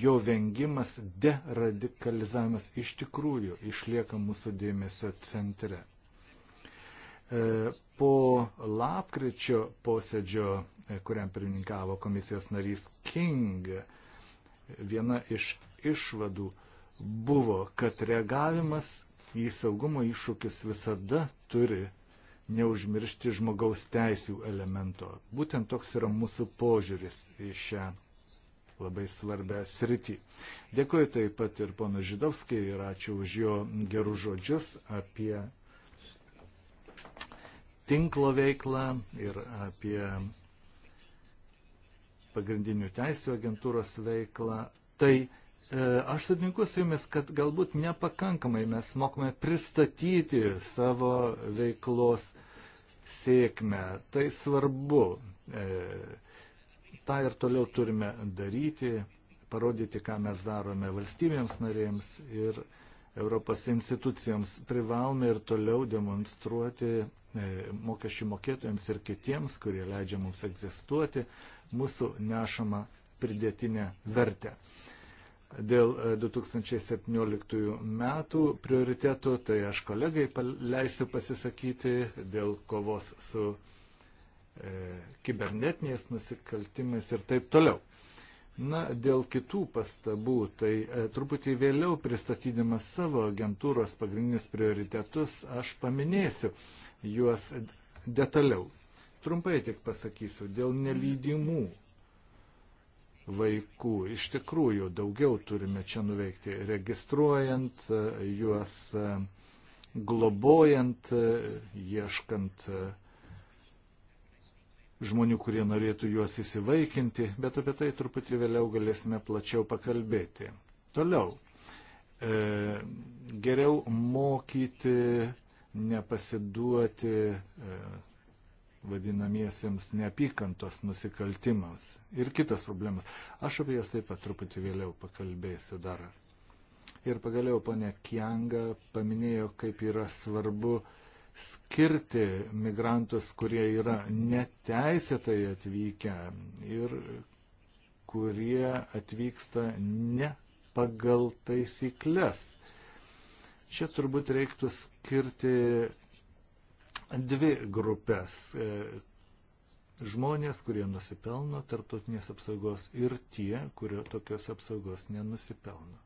jo vengimas, deradikalizavimas iš tikrųjų išlieka mūsų dėmesio centre. E, po lapkričio posėdžio, e, kuriam pirmininkavo komisijos narys King, viena iš išvadų buvo, kad reagavimas į saugumo iššūkius visada turi neužmiršti žmogaus teisų elemento. Būtent toks yra mūsų požiūris į šią labai svarbę sritį. Dėkuoju taip pat ir pono Židovskiai ir ačiū už jo gerus žodžius apie tinklo veiklą ir apie pagrindinių teisų agentūros veiklą. Tai e, aš sutinku su jumis, kad galbūt nepakankamai mes mokome pristatyti savo veiklos sėkmę. Tai svarbu. E, tą ir toliau turime daryti, parodyti, ką mes darome valstybėms narėms ir e, Europos institucijoms. Privalome ir toliau demonstruoti e, mokesčių mokėtojams ir kitiems, kurie leidžia mums egzistuoti, mūsų nešamą pridėtinę vertę. Dėl 2017 e, metų prioritetų, tai aš kolegai leisiu pasisakyti dėl kovos su e, kibernetiniais nusikaltimais ir taip toliau. Na, dėl kitų pastabų, tai e, truputį vėliau pristatydamas savo agentūros pagrindinius prioritetus, aš paminėsiu juos detaliau. Trumpai tik pasakysiu, dėl nelydimų vaikų iš tikrųjų daugiau turime čia nuveikti, registruojant e, juos, e, globojant, e, ieškant žmonių, kurie norėtų juos įsivaikinti, bet apie tai truputį vėliau galėsime plačiau pakalbėti. Toliau. E, geriau mokyti, nepasiduoti e, vadinamiesiems neapykantos nusikaltimams ir kitas problemas. Aš apie jas taip pat truputį vėliau pakalbėsiu dar. Ir pagaliau ponė Kianga paminėjo, kaip yra svarbu e, skirti migrantus, kurie yra neteisėtai atvykę ir kurie atvyksta ne pagal taisyklės. Čia turbūt reiktų skirti dvi grupės. E, žmonės, kurie nusipelno tarptautinės apsaugos ir tie, kurio tokios apsaugos nenusipelno.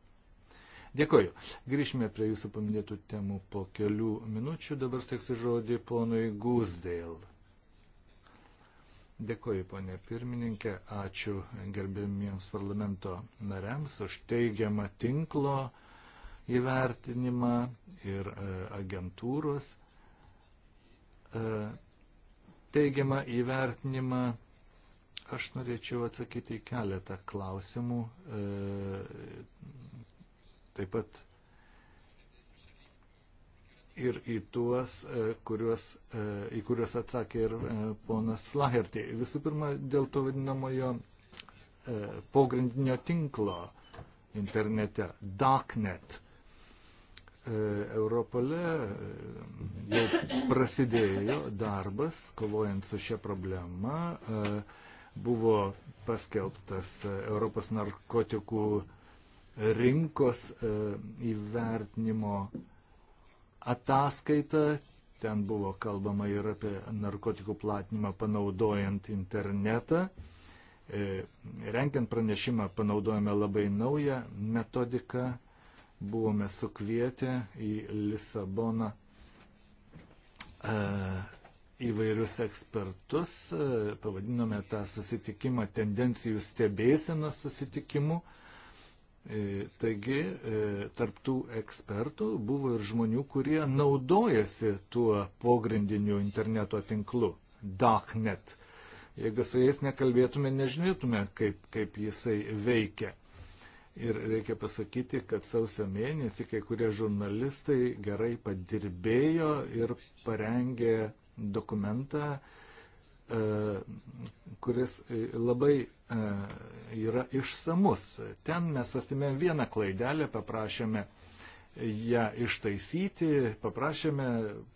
Dėkoju. Grįžime prie jūsų paminėtų temų po kelių minučių. Dabar steksiu žodį ponui Gusdale. Dėkoju, ponė pirmininkė. Ačiū gerbėmiems parlamento nariams už teigiamą tinklo įvertinimą ir e, agentūros e, teigiamą įvertinimą, aš norėčiau atsakyti į keletą klausimų. E, taip pat ir į tuos, e, kuriuos, e, į kuriuos atsakė ir e, ponas Flaherty. Visų pirma, dėl to vadinamojo pogrindinio tinklo internete, darknet. Europole jau prasidėjo darbas, kovojant su šia problema. Buvo paskelbtas Europos narkotikų rinkos e, įvertinimo ataskaitą. Ten buvo kalbama ir apie narkotikų platinimą panaudojant internetą. E, renkiant pranešimą panaudojame labai naują metodiką. Buvome sukvietę į Lisaboną e, įvairius ekspertus, pavadinome tą susitikimą tendencijų stebėseną susitikimu. E, taigi, e, tarptų ekspertų buvo ir žmonių, kurie naudojasi tuo pogrindiniu interneto tinklu, DACnet. Jeigu su jais nekalbėtume, nežinėtume, kaip, kaip jisai veikia. Ir reikia pasakyti, kad sausio mėnesį kai kurie žurnalistai gerai padirbėjo ir parengė dokumentą, E, kuris labai e, yra išsamus. Ten mes pastimėm vieną klaidelę, paprašėme ją ištaisyti, paprašėme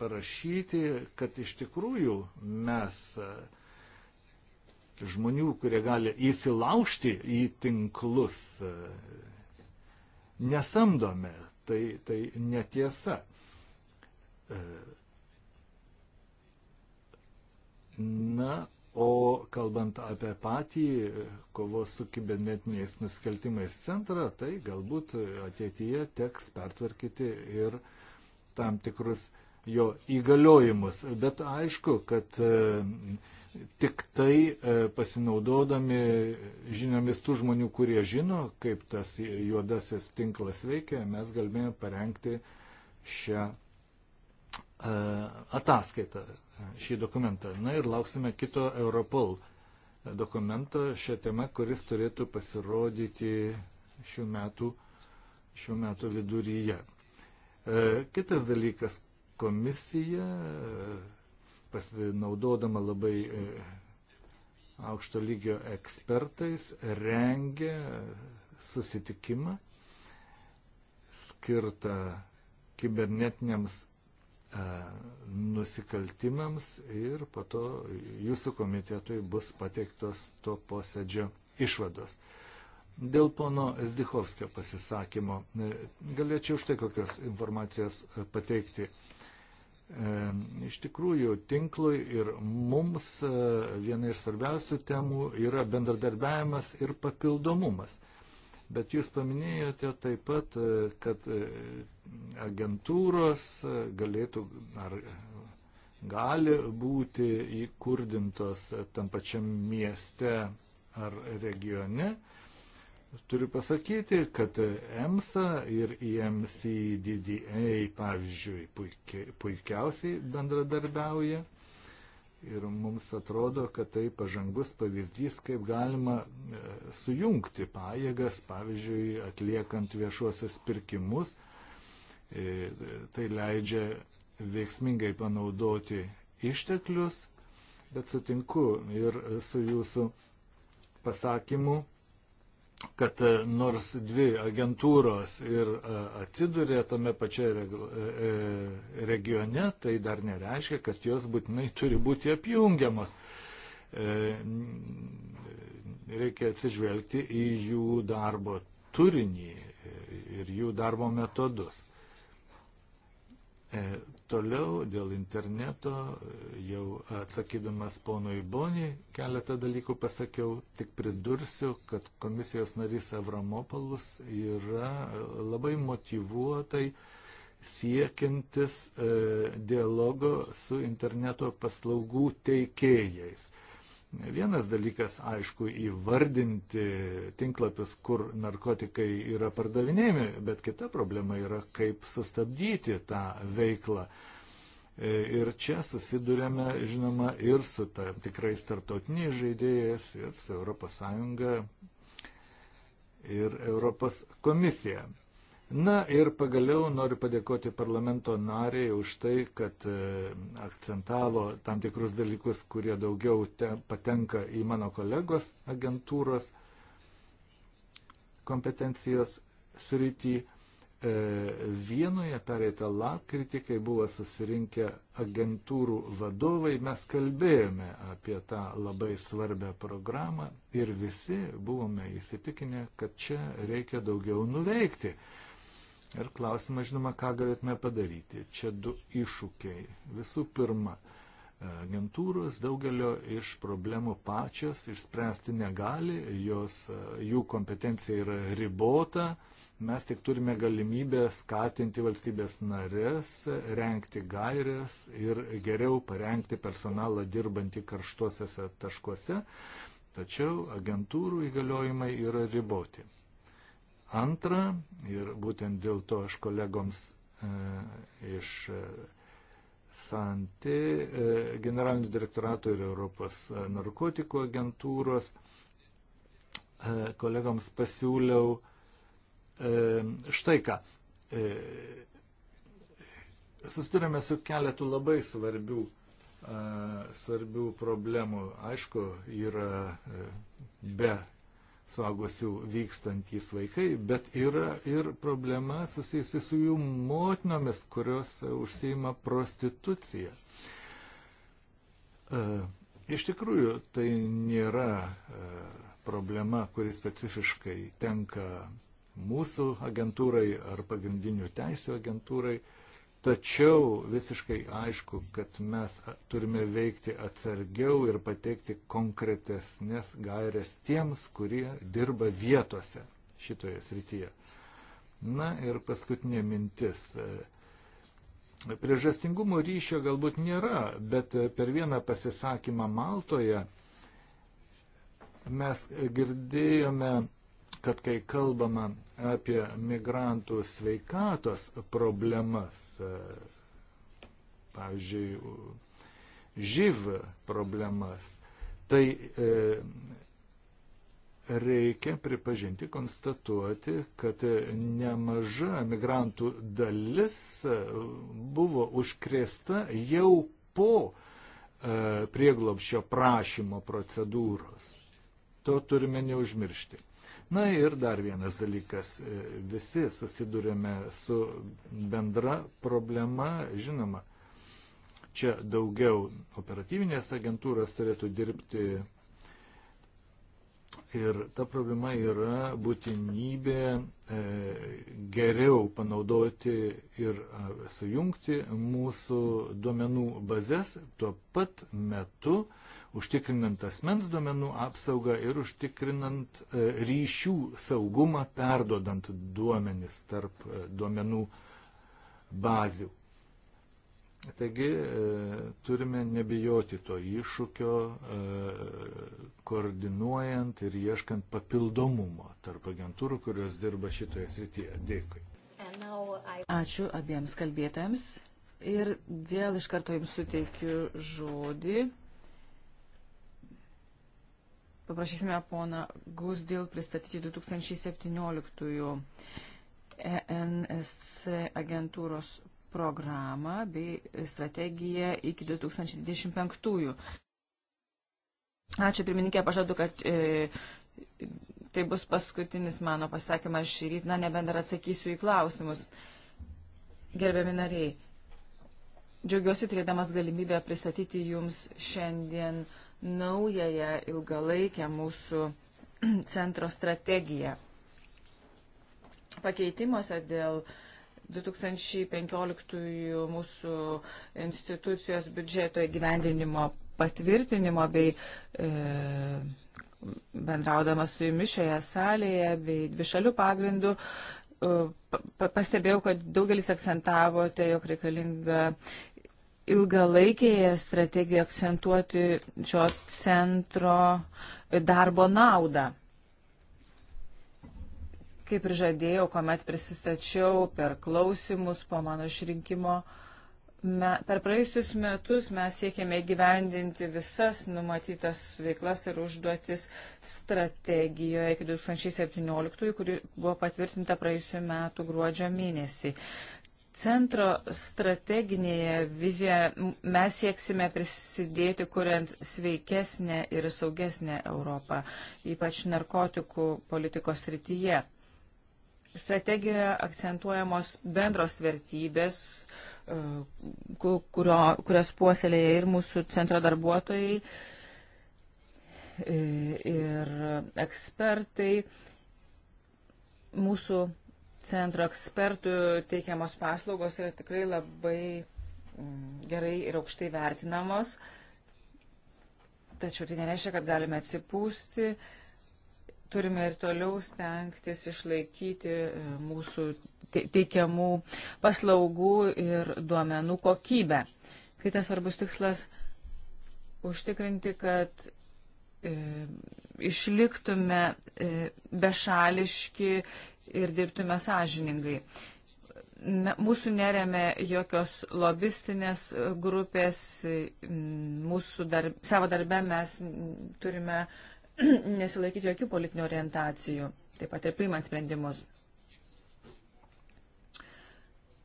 parašyti, kad iš tikrųjų mes e, žmonių, kurie gali įsilaužti į tinklus, nesamdome. Tai, tai netiesa Na, o kalbant apie patį kovos su kibernetiniais nusikaltimais centrą, tai galbūt ateityje teks pertvarkyti ir tam tikrus jo įgaliojimus. Bet aišku, kad e, tik tai e, pasinaudodami žiniomis tų žmonių, kurie žino, kaip tas juodasis tinklas veikia, mes galime parengti šią e, ataskaitą šį dokumentą. Na ir lauksime kito Europol dokumento šią temą, kuris turėtų pasirodyti šių metų, šių metų viduryje. E, kitas dalykas, komisija e, pasinaudodama labai e, aukšto lygio ekspertais rengia susitikimą skirtą kibernetiniams E, nusikaltimams ir po to jūsų komitetui bus pateiktos to posėdžio išvados. Dėl pono Zdichovskio pasisakymo e, galėčiau štai kokios informacijos e, pateikti. Iš tikrųjų, tinklui ir mums viena iš svarbiausių temų yra bendradarbiavimas ir papildomumas. Bet jūs paminėjote taip pat, e, kad e, agentūros e, galėtų ar gali būti įkurdintos tam pačiam mieste ar regione. Turiu pasakyti, kad EMSA ir EMCDDA, pavyzdžiui, puikiai, puikiausiai bendradarbiauja. Ir mums atrodo, kad tai pažangus pavyzdys, kaip galima e, sujungti pajėgas, pavyzdžiui, atliekant viešuosius pirkimus. E, tai leidžia veiksmingai panaudoti išteklius, bet sutinku ir su jūsų pasakymu, kad e, nors dvi agentūros ir e, atsidūrė tame pačioje e, regione, tai dar nereiškia, kad jos būtinai turi būti apjungiamas. Reikia atsižvelgti į jų darbo turinį ir jų darbo metodus. Toliau dėl interneto jau atsakydamas ponui Boni keletą dalykų pasakiau, tik pridursiu, kad komisijos narys Avramopolus yra labai motivuotai siekintis e, dialogo su interneto paslaugų teikėjais. Vienas dalykas, aišku, įvardinti tinklapius, kur narkotikai yra pardavinėjami, bet kita problema yra, kaip sustabdyti tą veiklą. E, ir čia susidurėme, žinoma, ir su tam tikrais tarptautiniais žaidėjais, ir su ES, ir Europos komisija. Na ir pagaliau noriu padėkoti parlamento nariai už tai, kad e, akcentavo tam tikrus dalykus, kurie daugiau te, patenka į mano kolegos agentūros kompetencijos srity. E, vienoje pereitą lapkritį, kai buvo susirinkę agentūrų vadovai, mes kalbėjome apie tą labai svarbę programą ir visi buvome įsitikinę, kad čia reikia daugiau nuveikti. Ir klausimas, žinoma, ką galėtume padaryti. Čia du iššūkiai. Visų pirma, agentūros daugelio iš problemų pačios išspręsti negali, jos, jų kompetencija yra ribota, mes tik turime galimybę skatinti valstybės narės, renkti gairias ir geriau parengti personalą dirbantį karštuosiuose taškuose, tačiau agentūrų įgaliojimai yra riboti antrą ir būtent dėl to aš kolegoms e, iš e, Santi e, generalinio direktorato ir Europos narkotikų agentūros kolegoms pasiūliau štai ką. Susidurėme su keletu labai svarbių, svarbių problemų. Aišku, yra be suaugusių vykstantys vaikai, bet yra ir problema susijusi su jų motinomis, kurios užsieima prostituciją. E, iš tikrųjų, tai nėra e, problema, kuri specifiškai tenka mūsų agentūrai ar pagrindinių teisų agentūrai. E, Tačiau visiškai aišku, kad mes turime veikti atsargiau ir pateikti konkretesnės gairės tiems, kurie dirba vietose šitoje srityje. Na ir paskutinė mintis. E, priežastingumo ryšio galbūt nėra, bet e, per vieną pasisakymą Maltoje mes girdėjome kad kai kalbama apie migrantų sveikatos problemas, e, pavyzdžiui, živ problemas, tai e, reikia pripažinti, konstatuoti, kad nemaža migrantų dalis e, buvo užkrėsta jau po e, prieglobščio prašymo procedūros. To turime neužmiršti. Na ir dar vienas dalykas. E, visi susidurėme su bendra problema, žinoma. Čia daugiau operatyvinės agentūros turėtų dirbti. Ir ta problema yra būtinybė e, geriau panaudoti ir e, sujungti mūsų duomenų bazės tuo pat metu e, užtikrinant asmens duomenų apsaugą ir užtikrinant e, ryšių saugumą, perdodant duomenis tarp e, duomenų bazių. Taigi e, turime nebijoti to iššūkio, koordinuojant ir ieškant papildomumo tarp agentūrų, kurios dirba šitoje srityje. Dėkui.
Ačiū abiems kalbėtojams ir vėl iš karto jums suteikiu žodį. Paprašysime poną Gusdil pristatyti 2017 ENSC agentūros programą bei strategiją iki 2025. Ačiū pirmininkė, pažadu, kad e, tai bus paskutinis mano pasakymas šį rytą, nebent dar atsakysiu į klausimus. Gerbiami nariai, džiaugiuosi turėdamas galimybę pristatyti jums šiandien e, naująją ilgalaikę mūsų centro strategiją. Pakeitimuose dėl 2015 mūsų institucijos biudžeto įgyvendinimo patvirtinimo bei e, bendraudamas su jumis šioje salėje bei dvišalių pagrindų e, pastebėjau, kad daugelis akcentavote, jog reikalinga ilgalaikėje strategijoje akcentuoti šio centro darbo naudą. Kaip ir žadėjau, kuomet prisistačiau per klausimus po mano išrinkimo, me, per praėjusius metus mes siekėme gyvendinti visas numatytas veiklas ir užduotis strategijoje iki 2017, kuri buvo patvirtinta praėjusiu metu gruodžio mėnesį. Centro strateginėje vizijoje mes sieksime prisidėti, kuriant sveikesnę ir saugesnę Europą, ypač narkotikų politikos rytyje. Strategijoje akcentuojamos bendros vertybės, e, kurio, kurias puoselėja ir mūsų centro darbuotojai, e, ir ekspertai. Mūsų centro ekspertų teikiamos paslaugos yra tikrai labai mm, gerai ir aukštai vertinamos. Tačiau tai nereiškia, kad galime atsipūsti. Turime ir toliau stengtis išlaikyti e, mūsų teikiamų paslaugų ir duomenų kokybę. Kitas svarbus tikslas - užtikrinti, kad e, išliktume e, bešališki ir dirbtume sąžiningai. Mūsų neremė jokios lobistinės grupės, mūsų dar, savo darbe mes turime nesilaikyti jokių politinių orientacijų, taip pat ir priimant sprendimus.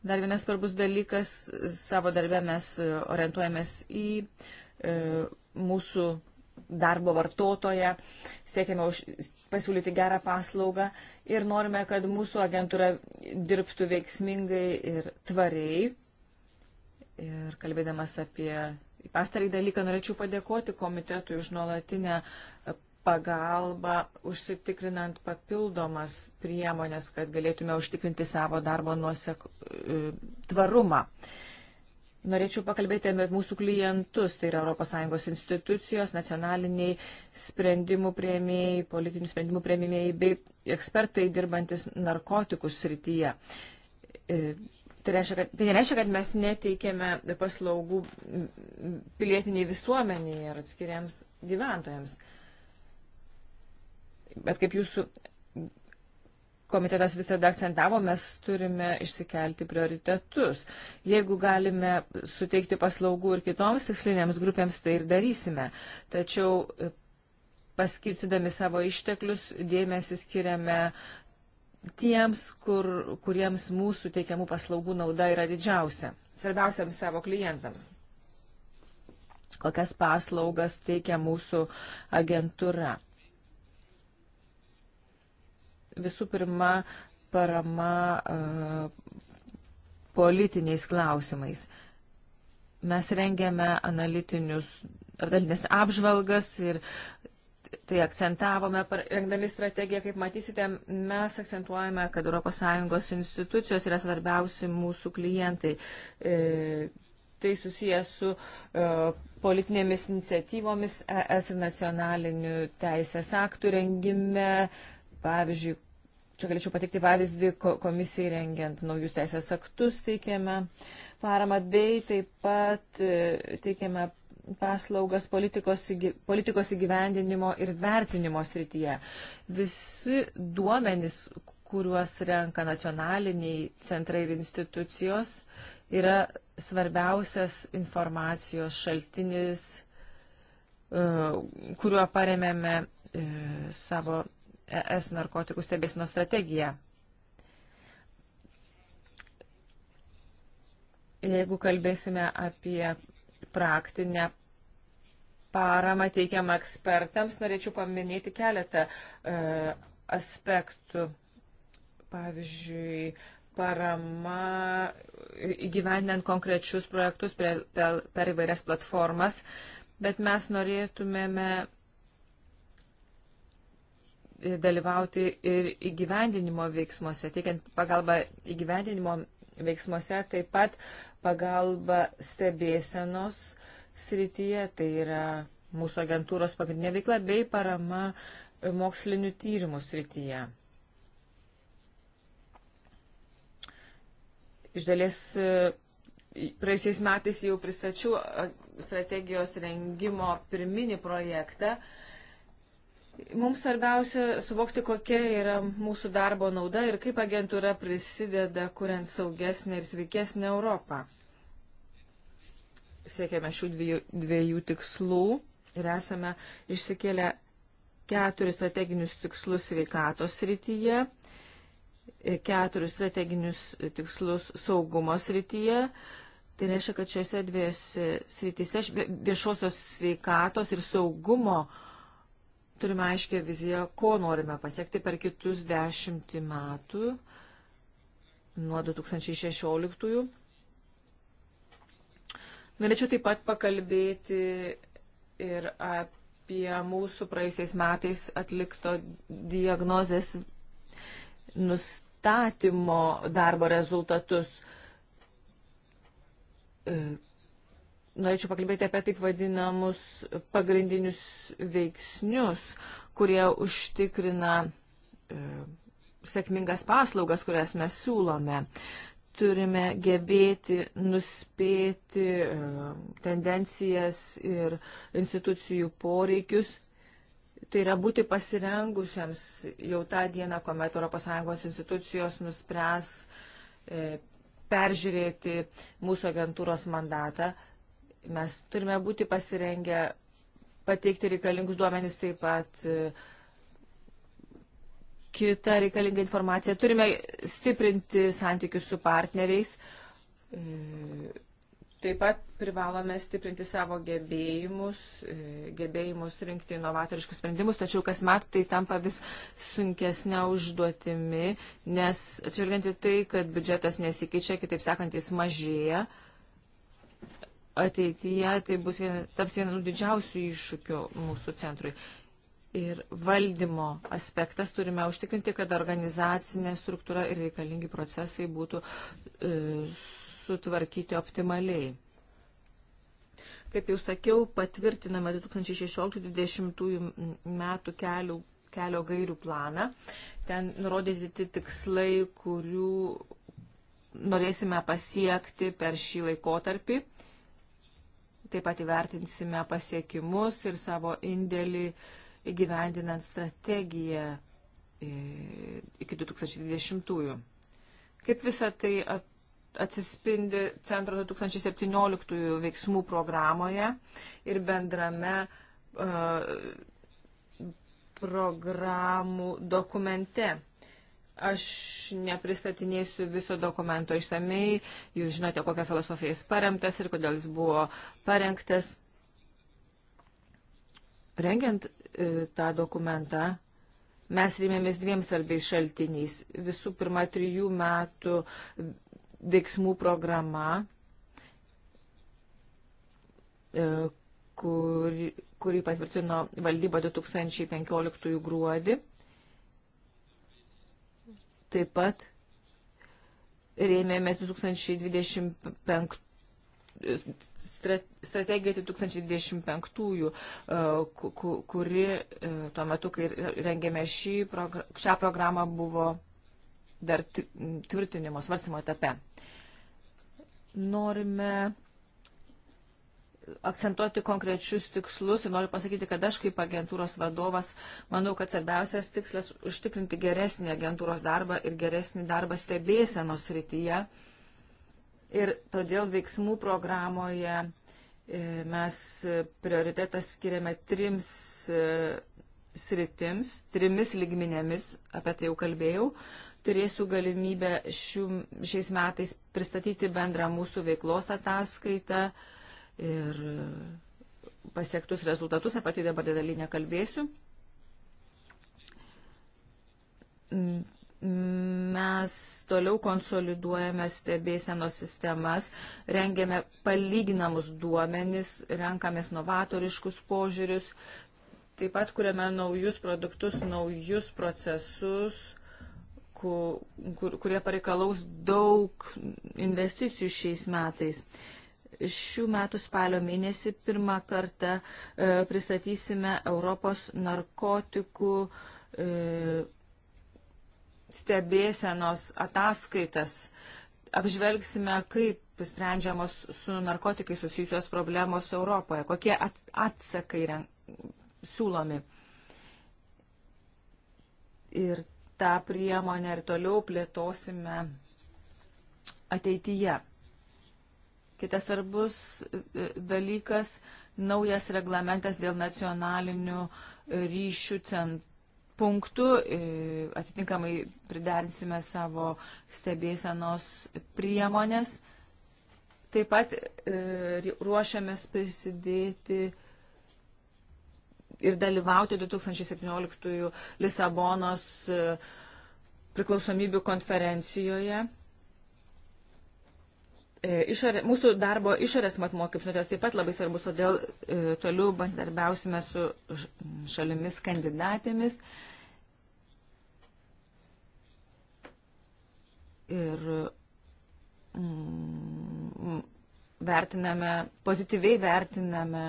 Dar vienas svarbus dalykas, savo darbę mes orientuojamės į e, mūsų darbo vartotoją, siekiame už, pasiūlyti gerą paslaugą ir norime, kad mūsų agentūra dirbtų veiksmingai ir tvariai. Ir kalbėdamas apie pastarį dalyką, norėčiau padėkoti komitetui už nuolatinę pagalbą, užsitikrinant papildomas priemonės, kad galėtume užtikrinti savo darbo nuosek e, tvarumą. Uh, Norėčiau pakalbėti apie mūsų klientus, tai yra ES institucijos, nacionaliniai sprendimų prieimėjai, politinių sprendimų prieimėjai bei ekspertai dirbantis narkotikų srityje. E, tai, reiškia, kad, tai nereiškia, kad mes neteikėme paslaugų pilietiniai visuomeniai ar atskiriams gyventojams. Bet kaip jūsų komitetas visada akcentavo, mes turime išsikelti prioritetus. Jeigu galime suteikti paslaugų ir kitoms tikslinėms grupėms, tai ir darysime. Tačiau e, paskirsidami savo išteklius dėmesį skiriame tiems, kur, kuriems mūsų teikiamų paslaugų nauda yra didžiausia, svarbiausiams savo klientams. Kokias paslaugas teikia mūsų agentūra visų pirma parama e, politiniais klausimais. Mes rengėme analitinius, analitinės apžvalgas ir tai akcentavome, rengdami strategiją, kaip matysite, mes akcentuojame, kad ES institucijos yra svarbiausi mūsų klientai. E, tai susijęs su e, politinėmis iniciatyvomis ES ir nacionalinių teisės aktų rengime, pavyzdžiui, Čia galėčiau patikti pavyzdį, komisijai rengiant naujus teisės aktus teikiame paramą, bei taip pat e, teikiame paslaugas politikos, politikos įgyvendinimo ir vertinimo srityje. Visi duomenys, kuriuos renka nacionaliniai centrai ir institucijos, yra svarbiausias informacijos šaltinis, e, kuriuo paremėme e, savo ES narkotikų stebėsino strategiją. Jeigu kalbėsime apie praktinę paramą teikiamą ekspertams, norėčiau paminėti keletą e, aspektų. Pavyzdžiui, parama įgyvendinant konkrečius projektus per, per, per įvairias platformas, bet mes norėtumėme dalyvauti ir įgyvendinimo veiksmuose, teikiant pagalbą įgyvendinimo veiksmuose, taip pat pagalba stebėsenos srityje, tai yra mūsų agentūros pagrindinė veikla, bei parama mokslinių tyrimų srityje. Iš dalies e, praėjusiais metais jau pristačiau strategijos rengimo pirminį projektą, Mums svarbiausia suvokti, kokia yra mūsų darbo nauda ir kaip agentūra prisideda, kuriant saugesnę ir sveikesnę Europą. Siekėme šių dviejų, dviejų tikslų ir esame išsikėlę keturis strateginius tikslus sveikatos srityje, keturis strateginius tikslus saugumo srityje. Tai reiškia, kad šiuose dviejose srityse viešosios sveikatos ir saugumo srityje turime aiškę viziją, ko norime pasiekti per kitus dešimtį metų nuo 2016. Norėčiau taip pat pakalbėti ir apie mūsų praėjusiais metais atlikto diagnozės nustatymo darbo rezultatus norėčiau pakalbėti apie taip vadinamus pagrindinius veiksnius, kurie užtikrina e, sėkmingas paslaugas, kurias mes siūlome. Turime gebėti nuspėti e, tendencijas ir institucijų poreikius. Tai yra būti pasirengusiams jau tą dieną, kuomet ES institucijos nuspręs e, peržiūrėti mūsų agentūros mandatą, Mes turime būti pasirengę pateikti reikalingus duomenys taip pat e, kitą reikalingą informaciją. Turime stiprinti santykius su partneriais. E, taip pat privalome stiprinti savo gebėjimus, e, gebėjimus rinkti inovatoriškus sprendimus, tačiau kasmet tai tampa vis sunkesnė užduotimi, nes atsižvelgiant į tai, kad biudžetas nesikeičia, kitaip sakant, jis mažėja. Uh, ateityje tai bus viena, taps vienu didžiausių iššūkių mūsų centrui. Ir valdymo aspektas turime užtikrinti, kad organizacinė struktūra ir reikalingi procesai būtų e, sutvarkyti optimaliai. Kaip jau sakiau, patvirtiname 2016-2020 metų kelių, kelio gairių planą. Ten nurodyti tikslai, kurių norėsime pasiekti per šį laikotarpį Taip pat įvertinsime pasiekimus ir savo indėlį įgyvendinant strategiją e, iki 2020-ųjų. Kaip visa tai atsispindi Centro 2017-ųjų veiksmų programoje ir bendrame uh, programų dokumente. Aš nepristatinėsiu viso dokumento išsamei, jūs žinote, kokią filosofiją jis paremtas ir kodėl jis buvo parengtas. Rengiant e, tą dokumentą, mes rėmėmės dviem svarbiais šaltiniais. Visų pirma, trijų metų veiksmų programa, e, kuri, kurį patvirtino valdyba 2015 gruodį. Taip pat rėmėmės 2025 strategija 2025, kuri e, tuo metu, kai rengėme šį, šią programą, buvo dar tvirtinimo svarstymo etape. Norime akcentuoti konkrečius tikslus ir noriu pasakyti, kad aš kaip agentūros vadovas manau, kad svarbiausias tikslas užtikrinti geresnį agentūros darbą ir geresnį darbą stebėsenos rytyje. Ir todėl veiksmų programoje e, mes prioritetą skiriame trims e, sritims, trimis ligminėmis, apie tai jau kalbėjau. Turėsiu galimybę šių, šiais metais pristatyti bendrą mūsų veiklos ataskaitą, uh, ir pasiektus rezultatus, apie tai dabar didelį nekalbėsiu. Mes toliau konsoliduojame stebėsenos sistemas, rengiame palyginamus duomenis, renkamės novatoriškus požiūrius, taip pat kuriame naujus produktus, naujus procesus, kur, kur, kurie pareikalaus daug investicijų šiais metais. Uh, šių metų spalio mėnesį pirmą kartą e, pristatysime Europos narkotikų e, stebėsenos ataskaitas. Apžvelgsime, kaip sprendžiamos su narkotikai susijusios problemos Europoje, kokie at, atsakai ren, siūlomi. Ir tą priemonę ir toliau plėtosime ateityje. Kitas svarbus e, dalykas - naujas reglamentas dėl nacionalinių e, ryšių centrų punktų, e, atitinkamai priderinsime savo stebėsenos priemonės. Taip pat ruošiamės prisidėti ir dalyvauti 2017 Lisabonos priklausomybių konferencijoje. E, išorė, mūsų darbo išorės matmo, kaip žinote, taip pat labai svarbus, todėl e, toliau bendarbiausime su šalimis kandidatėmis. Ir mm, vertiname, pozityviai vertiname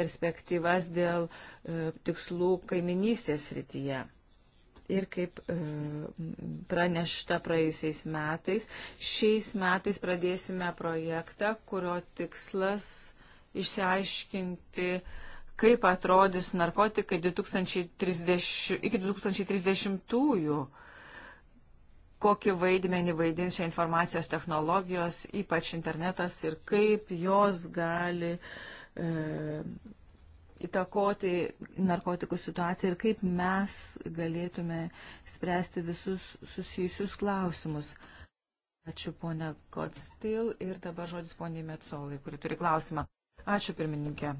perspektyvas dėl e, tikslų kaiminystės rytyje. Ir kaip e, pranešta praėjusiais metais, šiais metais pradėsime projektą, kurio tikslas išsiaiškinti, kaip atrodys narkotikai 2030, iki 2030-ųjų kokį vaidmenį vaidins šią informacijos technologijos, ypač internetas ir kaip jos gali e, įtakoti narkotikų situaciją ir kaip mes galėtume spręsti visus susijusius klausimus. Ačiū ponia Kotstil ir dabar žodis poniai Metsolai, kuri turi klausimą. Ačiū pirmininkė.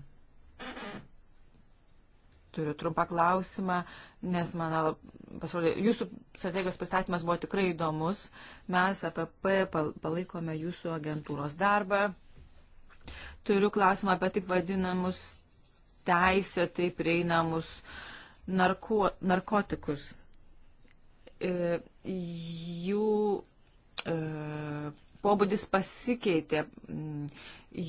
Turiu trumpą klausimą, nes mano pasirodė, jūsų strategijos pristatymas buvo tikrai įdomus. Mes APP palaikome jūsų agentūros darbą. Turiu klausimą apie taip vadinamus teisė tai prieinamus narko, narkotikus. E, jų e, pobūdis pasikeitė, mm,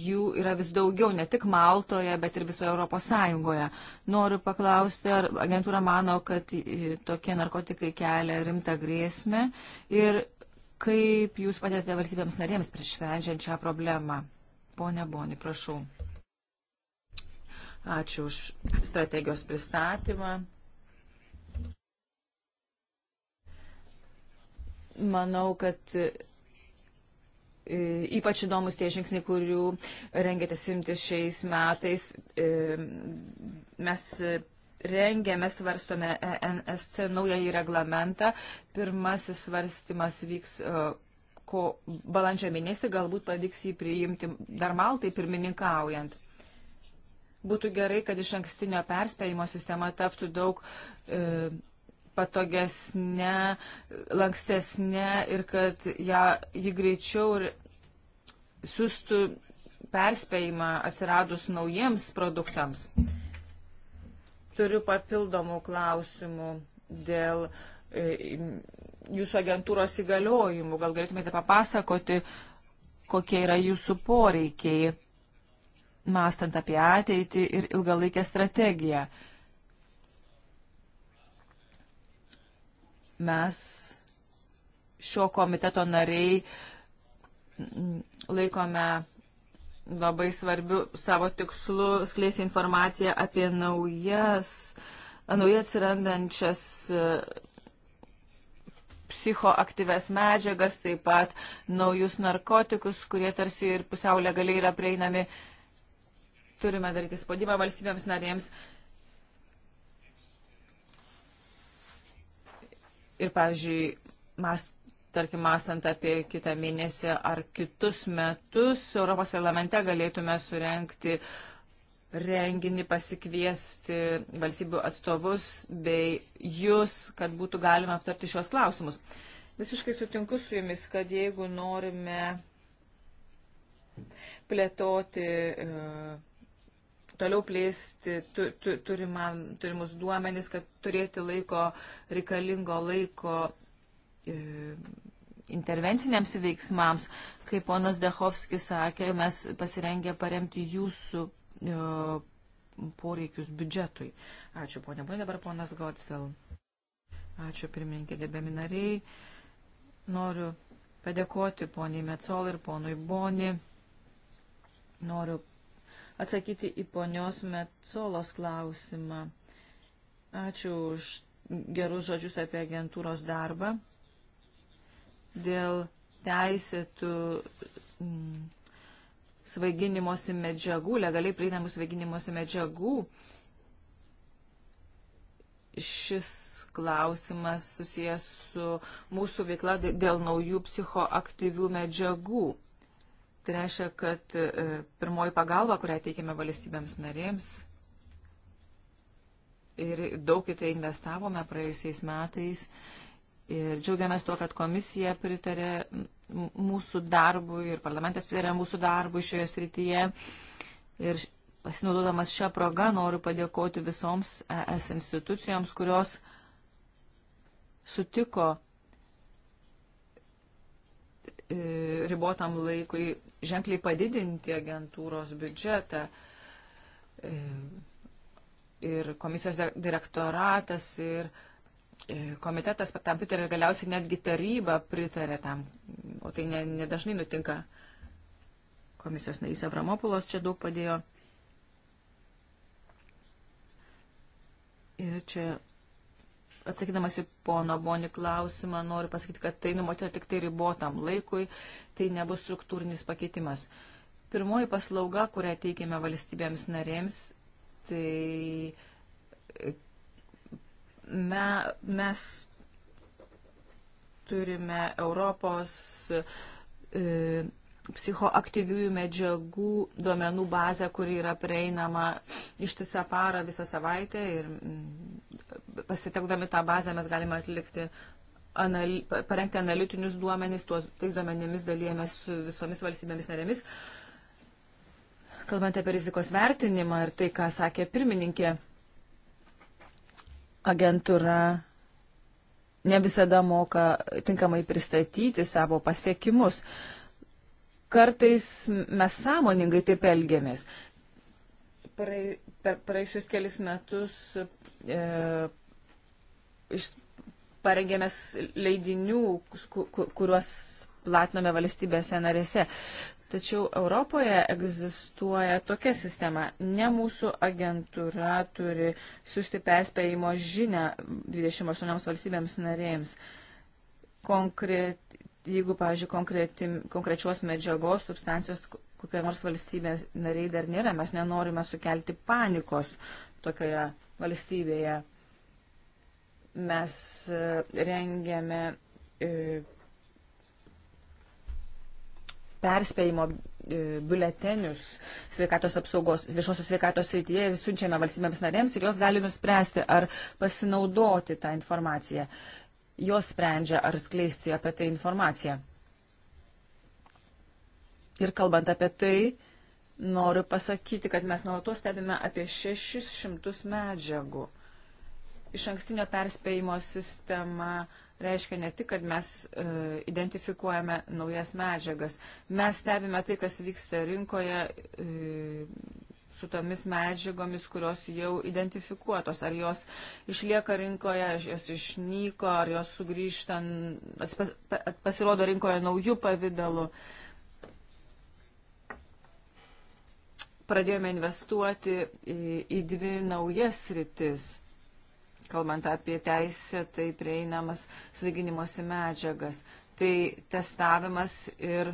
jų yra vis daugiau, ne tik Maltoje, bet ir visoje Europos Sąjungoje. Noriu paklausti, ar agentūra mano, kad e, tokie narkotikai kelia rimtą grėsmę ir kaip jūs padėte valstybėms narėms prieš sprendžiant šią problemą? Pone Boni, prašau. Ačiū už strategijos pristatymą. Manau, kad e, ypač įdomus tie žingsniai, kurių rengėtės imtis šiais metais. E, mes rengėme, svarstome e NSC naująjį reglamentą. Pirmasis svarstymas vyks ko balandžio mėnesį, galbūt pavyks jį priimti dar Maltai pirmininkaujant. Būtų gerai, kad iš ankstinio perspėjimo sistema taptų daug e, patogesnė, lankstesnė ir kad ją, ji greičiau ir siūstų perspėjimą atsiradus naujiems produktams. Turiu papildomų klausimų dėl e, jūsų agentūros įgaliojimų. Gal galėtumėte papasakoti, kokie yra jūsų poreikiai mąstant apie ateitį ir ilgalaikę strategiją. Mes šio komiteto nariai laikome labai svarbiu savo tikslu skleisti informaciją apie naujas, naujai atsirandančias e, psichoaktyves medžiagas, taip pat naujus narkotikus, kurie tarsi ir pusiau legaliai yra prieinami turime daryti spaudimą valstybėms narėms. Ir, pavyzdžiui, mes, tarkim, mąstant apie kitą mėnesį ar kitus metus, Europos parlamente galėtume surenkti renginį, pasikviesti valstybių atstovus bei jūs, kad būtų galima aptarti šios klausimus. Visiškai sutinku su jumis, kad jeigu norime plėtoti uh, toliau plėsti tu, tu, turima, turimus duomenis, kad turėti laiko, reikalingo laiko e, intervenciniams veiksmams. Kaip ponas Dehovskis sakė, mes pasirengę paremti jūsų e, poreikius biudžetui. Ačiū, ponė. Buvo dabar ponas Godsel. Ačiū, pirmininkė, debėmi nariai. Noriu padėkoti poniai Mecol ir ponui Boni. Noriu atsakyti į ponios Metsolos klausimą. Ačiū už gerus žodžius apie agentūros darbą. Dėl teisėtų mm, svaiginimosi medžiagų, legaliai prieinamų svaiginimosi medžiagų, šis klausimas susijęs su mūsų veikla dėl naujų psichoaktyvių medžiagų. Tai reiškia, kad e, pirmoji pagalba, kurią teikėme valstybėms narėms ir daug į tai investavome praėjusiais metais ir džiaugiamės tuo, kad komisija pritarė mūsų darbui ir parlamentas pritarė mūsų darbui šioje srityje. Ir pasinaudodamas šią progą noriu padėkoti visoms ES institucijoms, kurios sutiko E, ribotam laikui ženkliai padidinti agentūros biudžetą. E, ir komisijos direktoratas, ir e, komitetas tam pritarė ir galiausiai netgi taryba pritarė tam, o tai nedažnai ne, ne nutinka. Komisijos narys Avramopulos čia daug padėjo. Ir čia atsakydamas į pono Boni klausimą, noriu pasakyti, kad tai numatyta tik tai ribotam laikui, tai nebus struktūrinis pakeitimas. Pirmoji paslauga, kurią teikėme valstybėms narėms, tai me, mes turime Europos e, psichoaktyviųjų medžiagų duomenų bazę, kuri yra prieinama ištisą parą visą savaitę ir mm, pasitekdami tą bazę mes galime atlikti, anali, parengti analitinius duomenys, tuos, tais duomenimis dalyjame su visomis valstybėmis narėmis. Kalbant apie rizikos vertinimą ir tai, ką sakė pirmininkė, agentūra ne visada moka tinkamai pristatyti savo pasiekimus. Uh, Kartais mes sąmoningai taip elgiamės. Prae, per praeisius kelis metus e, iš, parengėmės leidinių, kuriuos platinome valstybėse narėse. Tačiau Europoje egzistuoja tokia sistema. Ne mūsų agentūra turi siūsti perspėjimo žinę 28 valstybėms narėjams. Konkret jeigu, pavyzdžiui, konkrečios medžiagos, substancijos kokia nors valstybės nariai dar nėra, mes nenorime sukelti panikos tokioje valstybėje. Mes e, rengiame e, perspėjimo e, biuletenius sveikatos apsaugos, viešosios sveikatos srityje ir siunčiame valstybėms narėms ir jos gali nuspręsti, ar pasinaudoti tą informaciją jos sprendžia, ar skleisti apie tai informaciją. Ir kalbant apie tai, noriu pasakyti, kad mes nuolatos stebime apie 600 medžiagų. Iš ankstinio perspėjimo sistema reiškia ne tik, kad mes e, identifikuojame naujas medžiagas, mes stebime tai, kas vyksta rinkoje, e, su tomis medžiagomis, kurios jau identifikuotos, ar jos išlieka rinkoje, ar jos išnyko, ar jos sugrįžta, pasirodo rinkoje naujų pavydalų. Pradėjome investuoti į, į dvi naujas rytis, kalbant apie teisę, tai prieinamas svaiginimosi medžiagas. Tai testavimas ir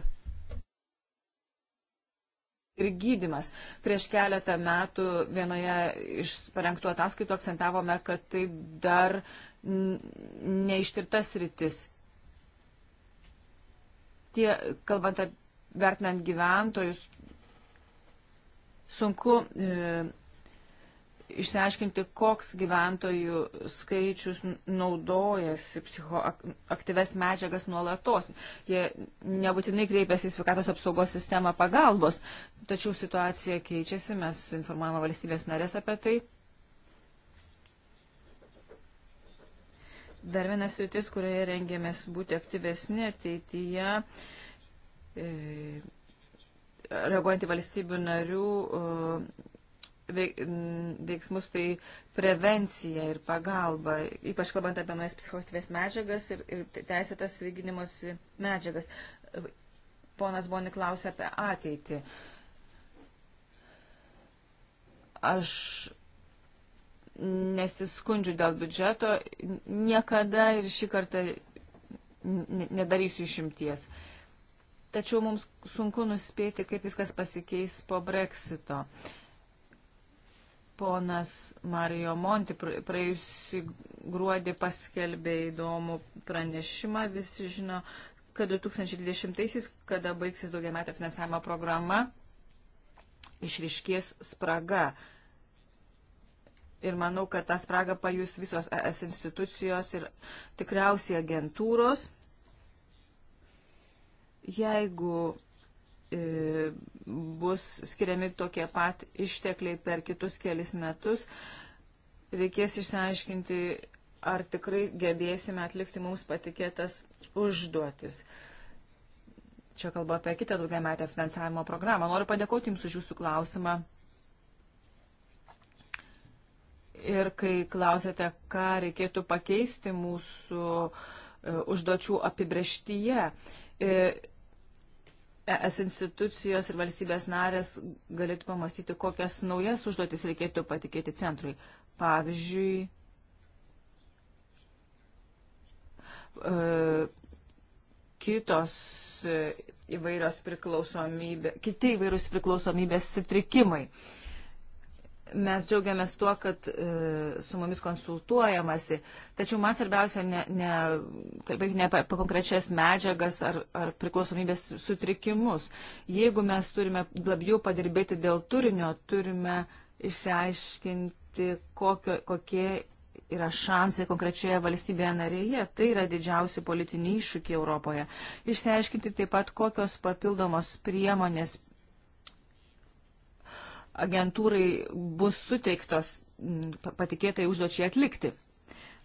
ir gydimas. Prieš keletą metų vienoje iš parengtų ataskaitų akcentavome, kad tai dar neištirtas rytis. Tie, kalbant apie vertinant gyventojus, sunku e, išsiaiškinti, koks gyventojų skaičius naudojasi psichoaktyves medžiagas nuolatos. Jie nebūtinai kreipiasi į sveikatos apsaugos sistemą pagalbos, tačiau situacija keičiasi, mes informavome valstybės narės apie tai. Dar vienas rytis, kurioje rengėmės būti aktyvesni ateityje. E, reaguojant į valstybių narių e, veiksmus, tai prevencija ir pagalba, ypač kalbant apie mes psichoktyvės medžiagas ir, ir teisėtas svaiginimosi medžiagas. Ponas Boni klausė apie ateitį. Aš nesiskundžiu dėl biudžeto, niekada ir šį kartą nedarysiu išimties. Tačiau mums sunku nuspėti, kaip viskas pasikeis po breksito. Uh, Ponas Mario Monti praėjusį gruodį paskelbė įdomų pranešimą. Visi žino, kad 2020-aisiais, kada baigsis daugiametė finansavimo programa, išriškės spraga. Ir manau, kad tą spragą pajus visos ES institucijos ir tikriausiai agentūros. Jeigu E, bus skiriami tokie pat ištekliai per kitus kelis metus. Reikės išsiaiškinti, ar tikrai gebėsime atlikti mums patikėtas užduotis. Čia kalba apie kitą daugiametę finansavimo programą. Noriu padėkoti Jums už Jūsų klausimą. Ir kai klausėte, ką reikėtų pakeisti mūsų e, užduočių apibreštyje, e, ES institucijos ir valstybės narės galėtų pamastyti, kokias naujas užduotis reikėtų patikėti centrui. Pavyzdžiui, e, kitos įvairios priklausomybės, kiti įvairūs priklausomybės sutrikimai. Uh, Mes džiaugiamės tuo, kad e, su mumis konsultuojamasi, tačiau man svarbiausia ne, ne, kalbėti ne apie, apie konkrečias medžiagas ar, ar priklausomybės sutrikimus. Jeigu mes turime labiau padirbėti dėl turinio, turime išsiaiškinti, kokio, kokie yra šansai konkrečioje valstybėje narėje. Tai yra didžiausi politiniai iššūkiai Europoje. Išsiaiškinti taip pat, kokios papildomos priemonės agentūrai bus suteiktos patikėtai užduočiai atlikti.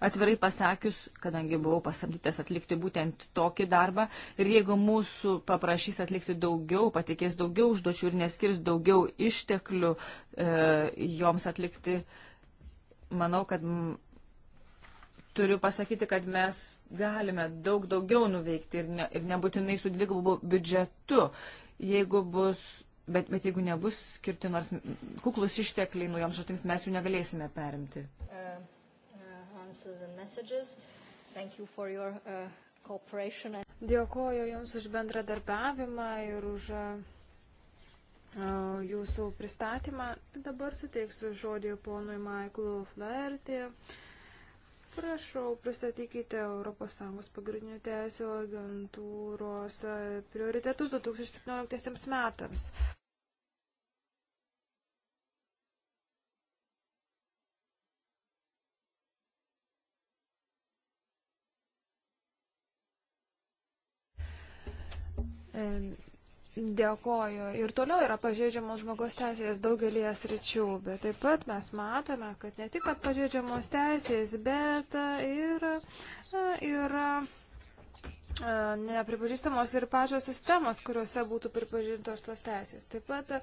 Atvirai pasakius, kadangi buvau pasamdytas atlikti būtent tokį darbą ir jeigu mūsų paprašys atlikti daugiau, patikės daugiau užduočių ir neskirs daugiau išteklių e, joms atlikti, manau, kad m, turiu pasakyti, kad mes galime daug daugiau nuveikti ir, ne, ir nebūtinai su dvigubu biudžetu, jeigu bus bet, bet jeigu nebus skirti nors kuklus ištekliai naujoms šatims, mes jų negalėsime perimti. Uh,
uh, uh, Dėkoju Jums už bendradarbiavimą ir už Jūsų pristatymą. Dabar suteiksiu žodį ponui Michaelu Flaherty. Prašau, pristatykite ES pagrindinių teisų agentūros prioritetus 2017 metams. E, dėkoju. Ir toliau yra pažeidžiamos žmogaus teisės daugelį sričių, bet taip pat mes matome, kad ne tik pažeidžiamos teisės, bet ir e, yra. yra E, nepripažįstamos ir pačios sistemos, kuriuose būtų pripažintos tos teisės. Taip pat e,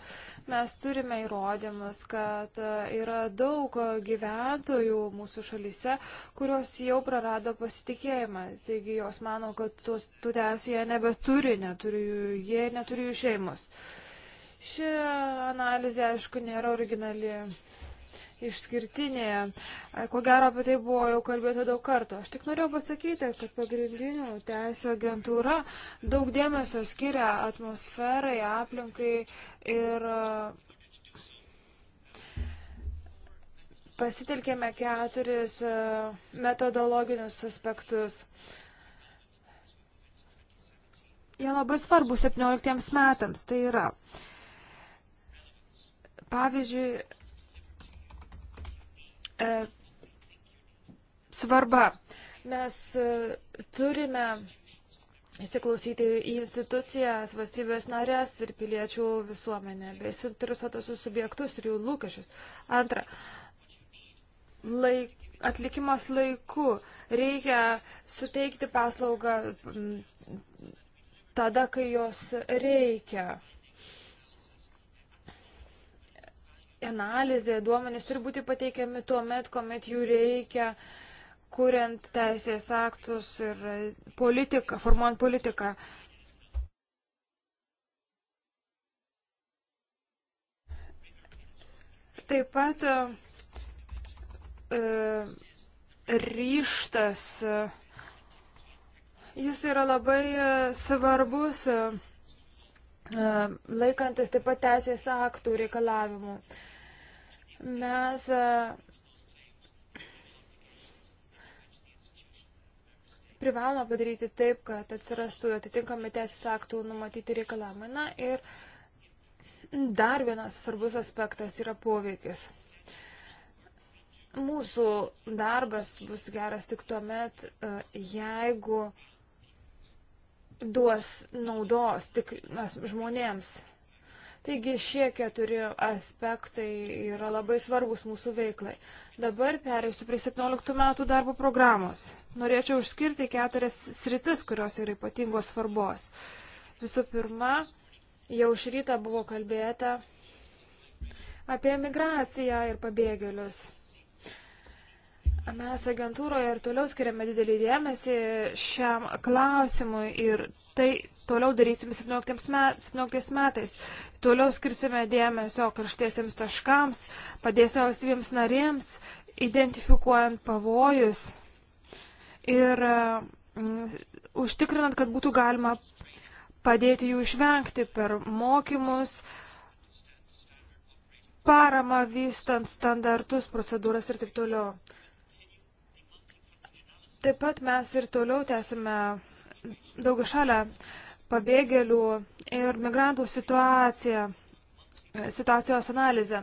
mes turime įrodymus, kad e, yra daug gyventojų mūsų šalyse, kurios jau prarado pasitikėjimą. Taigi jos mano, kad tos, tų teisų jie nebeturi, neturi, jie neturi jų šeimos. Ši analizė, aišku, nėra originali išskirtinė. Ko gero apie tai buvo jau kalbėta daug kartų. Aš tik norėjau pasakyti, kad pagrindinių teisų agentūra daug dėmesio skiria atmosferai, aplinkai ir uh, pasitelkėme keturis uh, metodologinius aspektus. Jie labai svarbu 17 metams, tai yra. Pavyzdžiui, E, svarba. Mes e, turime įsiklausyti į institucijas, valstybės narės ir piliečių visuomenę, bei suinteresuotosius subjektus ir jų lūkesčius. Antra, laik, atlikimas laiku. Reikia suteikti paslaugą tada, kai jos reikia. analizė, duomenys turi būti pateikiami tuo met, kuomet jų reikia, kuriant teisės aktus ir politiką, formuojant politiką. Taip pat e, ryštas, jis yra labai e, svarbus e, laikantis taip pat teisės aktų reikalavimų. Mes e, privaloma padaryti taip, kad atsirastų atitinkami teisės aktų numatyti reikalavimai. Na ir dar vienas svarbus aspektas yra poveikis. Mūsų darbas bus geras tik tuo met, e, jeigu duos naudos tik mes, žmonėms. Taigi šie keturi aspektai yra labai svarbus mūsų veiklai. Dabar perėsiu prie 17 metų darbo programos. Norėčiau išskirti keturias sritis, kurios yra ypatingos svarbos. Visų pirma, jau iš ryta buvo kalbėta apie migraciją ir pabėgėlius. Mes agentūroje ir toliau skiriame didelį dėmesį šiam klausimui ir tai toliau darysime 17 metais. 17 metais. Toliau skirsime dėmesio karštiesiems taškams, padėsime valstybėms narėms, identifikuojant pavojus ir mm, užtikrinant, kad būtų galima padėti jų išvengti per mokymus, paramą vystant standartus, procedūras ir taip toliau. Taip pat mes ir toliau tęsime daugišalę pabėgėlių ir migrantų situaciją, situacijos analizę.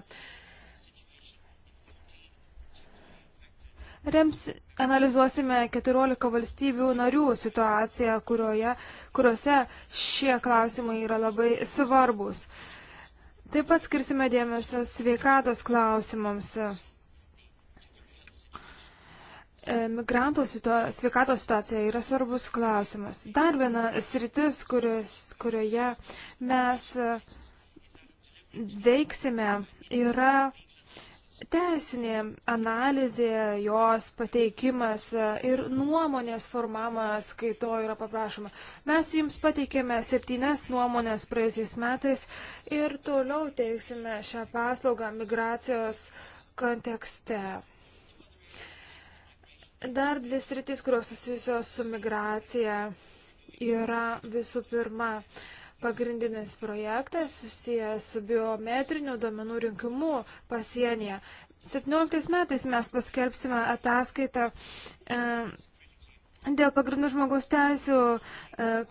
Rems, analizuosime 14 valstybių narių situaciją, kurioje, kuriuose šie klausimai yra labai svarbus. Taip pat skirsime dėmesio sveikatos klausimams. Migrantų situa sveikatos situacija yra svarbus klausimas. Dar viena sritis, kurios, kurioje mes e, veiksime, yra teisinė analizė, jos pateikimas e, ir nuomonės formamas, kai to yra paprašoma. Mes jums pateikėme septynes nuomonės praėjusiais metais ir toliau teiksime šią paslaugą migracijos kontekste. Dar dvi sritis, kurios susijusios su migracija, yra visų pirma pagrindinis projektas susijęs su biometriniu domenų rinkimu pasienyje. 17 metais mes paskelbsime ataskaitą. E, Dėl pagrindų žmogaus teisų e,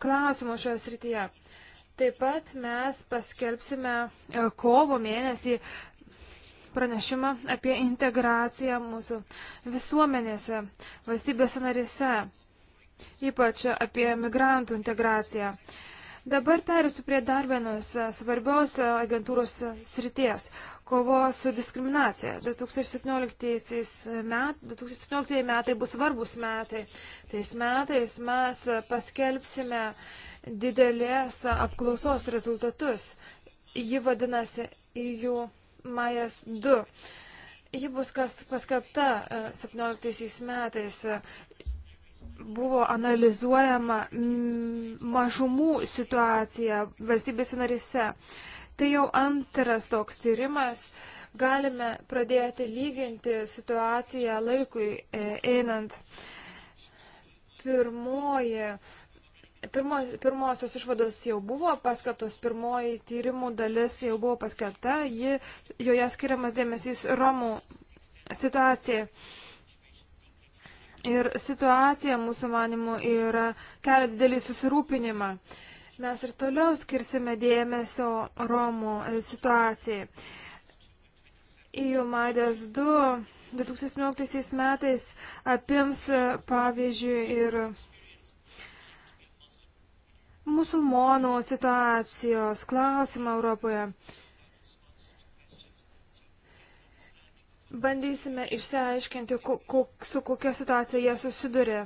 klausimų šioje srityje. Taip pat mes paskelbsime e, kovo mėnesį pranešimą apie integraciją mūsų visuomenėse, valstybėse narėse, ypač apie migrantų integraciją. Dabar perėsiu prie dar vienos svarbios agentūros srities - kovos su diskriminacija. 2017 metai, 2017 metai bus svarbus metai. Tais metais mes paskelbsime didelės apklausos rezultatus. Ji vadinasi EU Majas 2. Ji bus paskelbta 17 e, metais. Buvo analizuojama mažumų situacija valstybės narise. Tai jau antras toks tyrimas. Galime pradėti lyginti situaciją laikui e, einant. Pirmoji Pirmo, pirmosios išvados jau buvo paskelbtos, pirmoji tyrimų dalis jau buvo paskelbta, ji, joje skiriamas dėmesys Romų situacijai. Ir situacija mūsų manimų yra kelia didelį susirūpinimą. Mes ir toliau skirsime dėmesio Romų situacijai. Įjumadės 2 2019 metais apims, pavyzdžiui, ir musulmonų situacijos klausimą Europoje. Bandysime išsiaiškinti, su kokia situacija jie susiduria.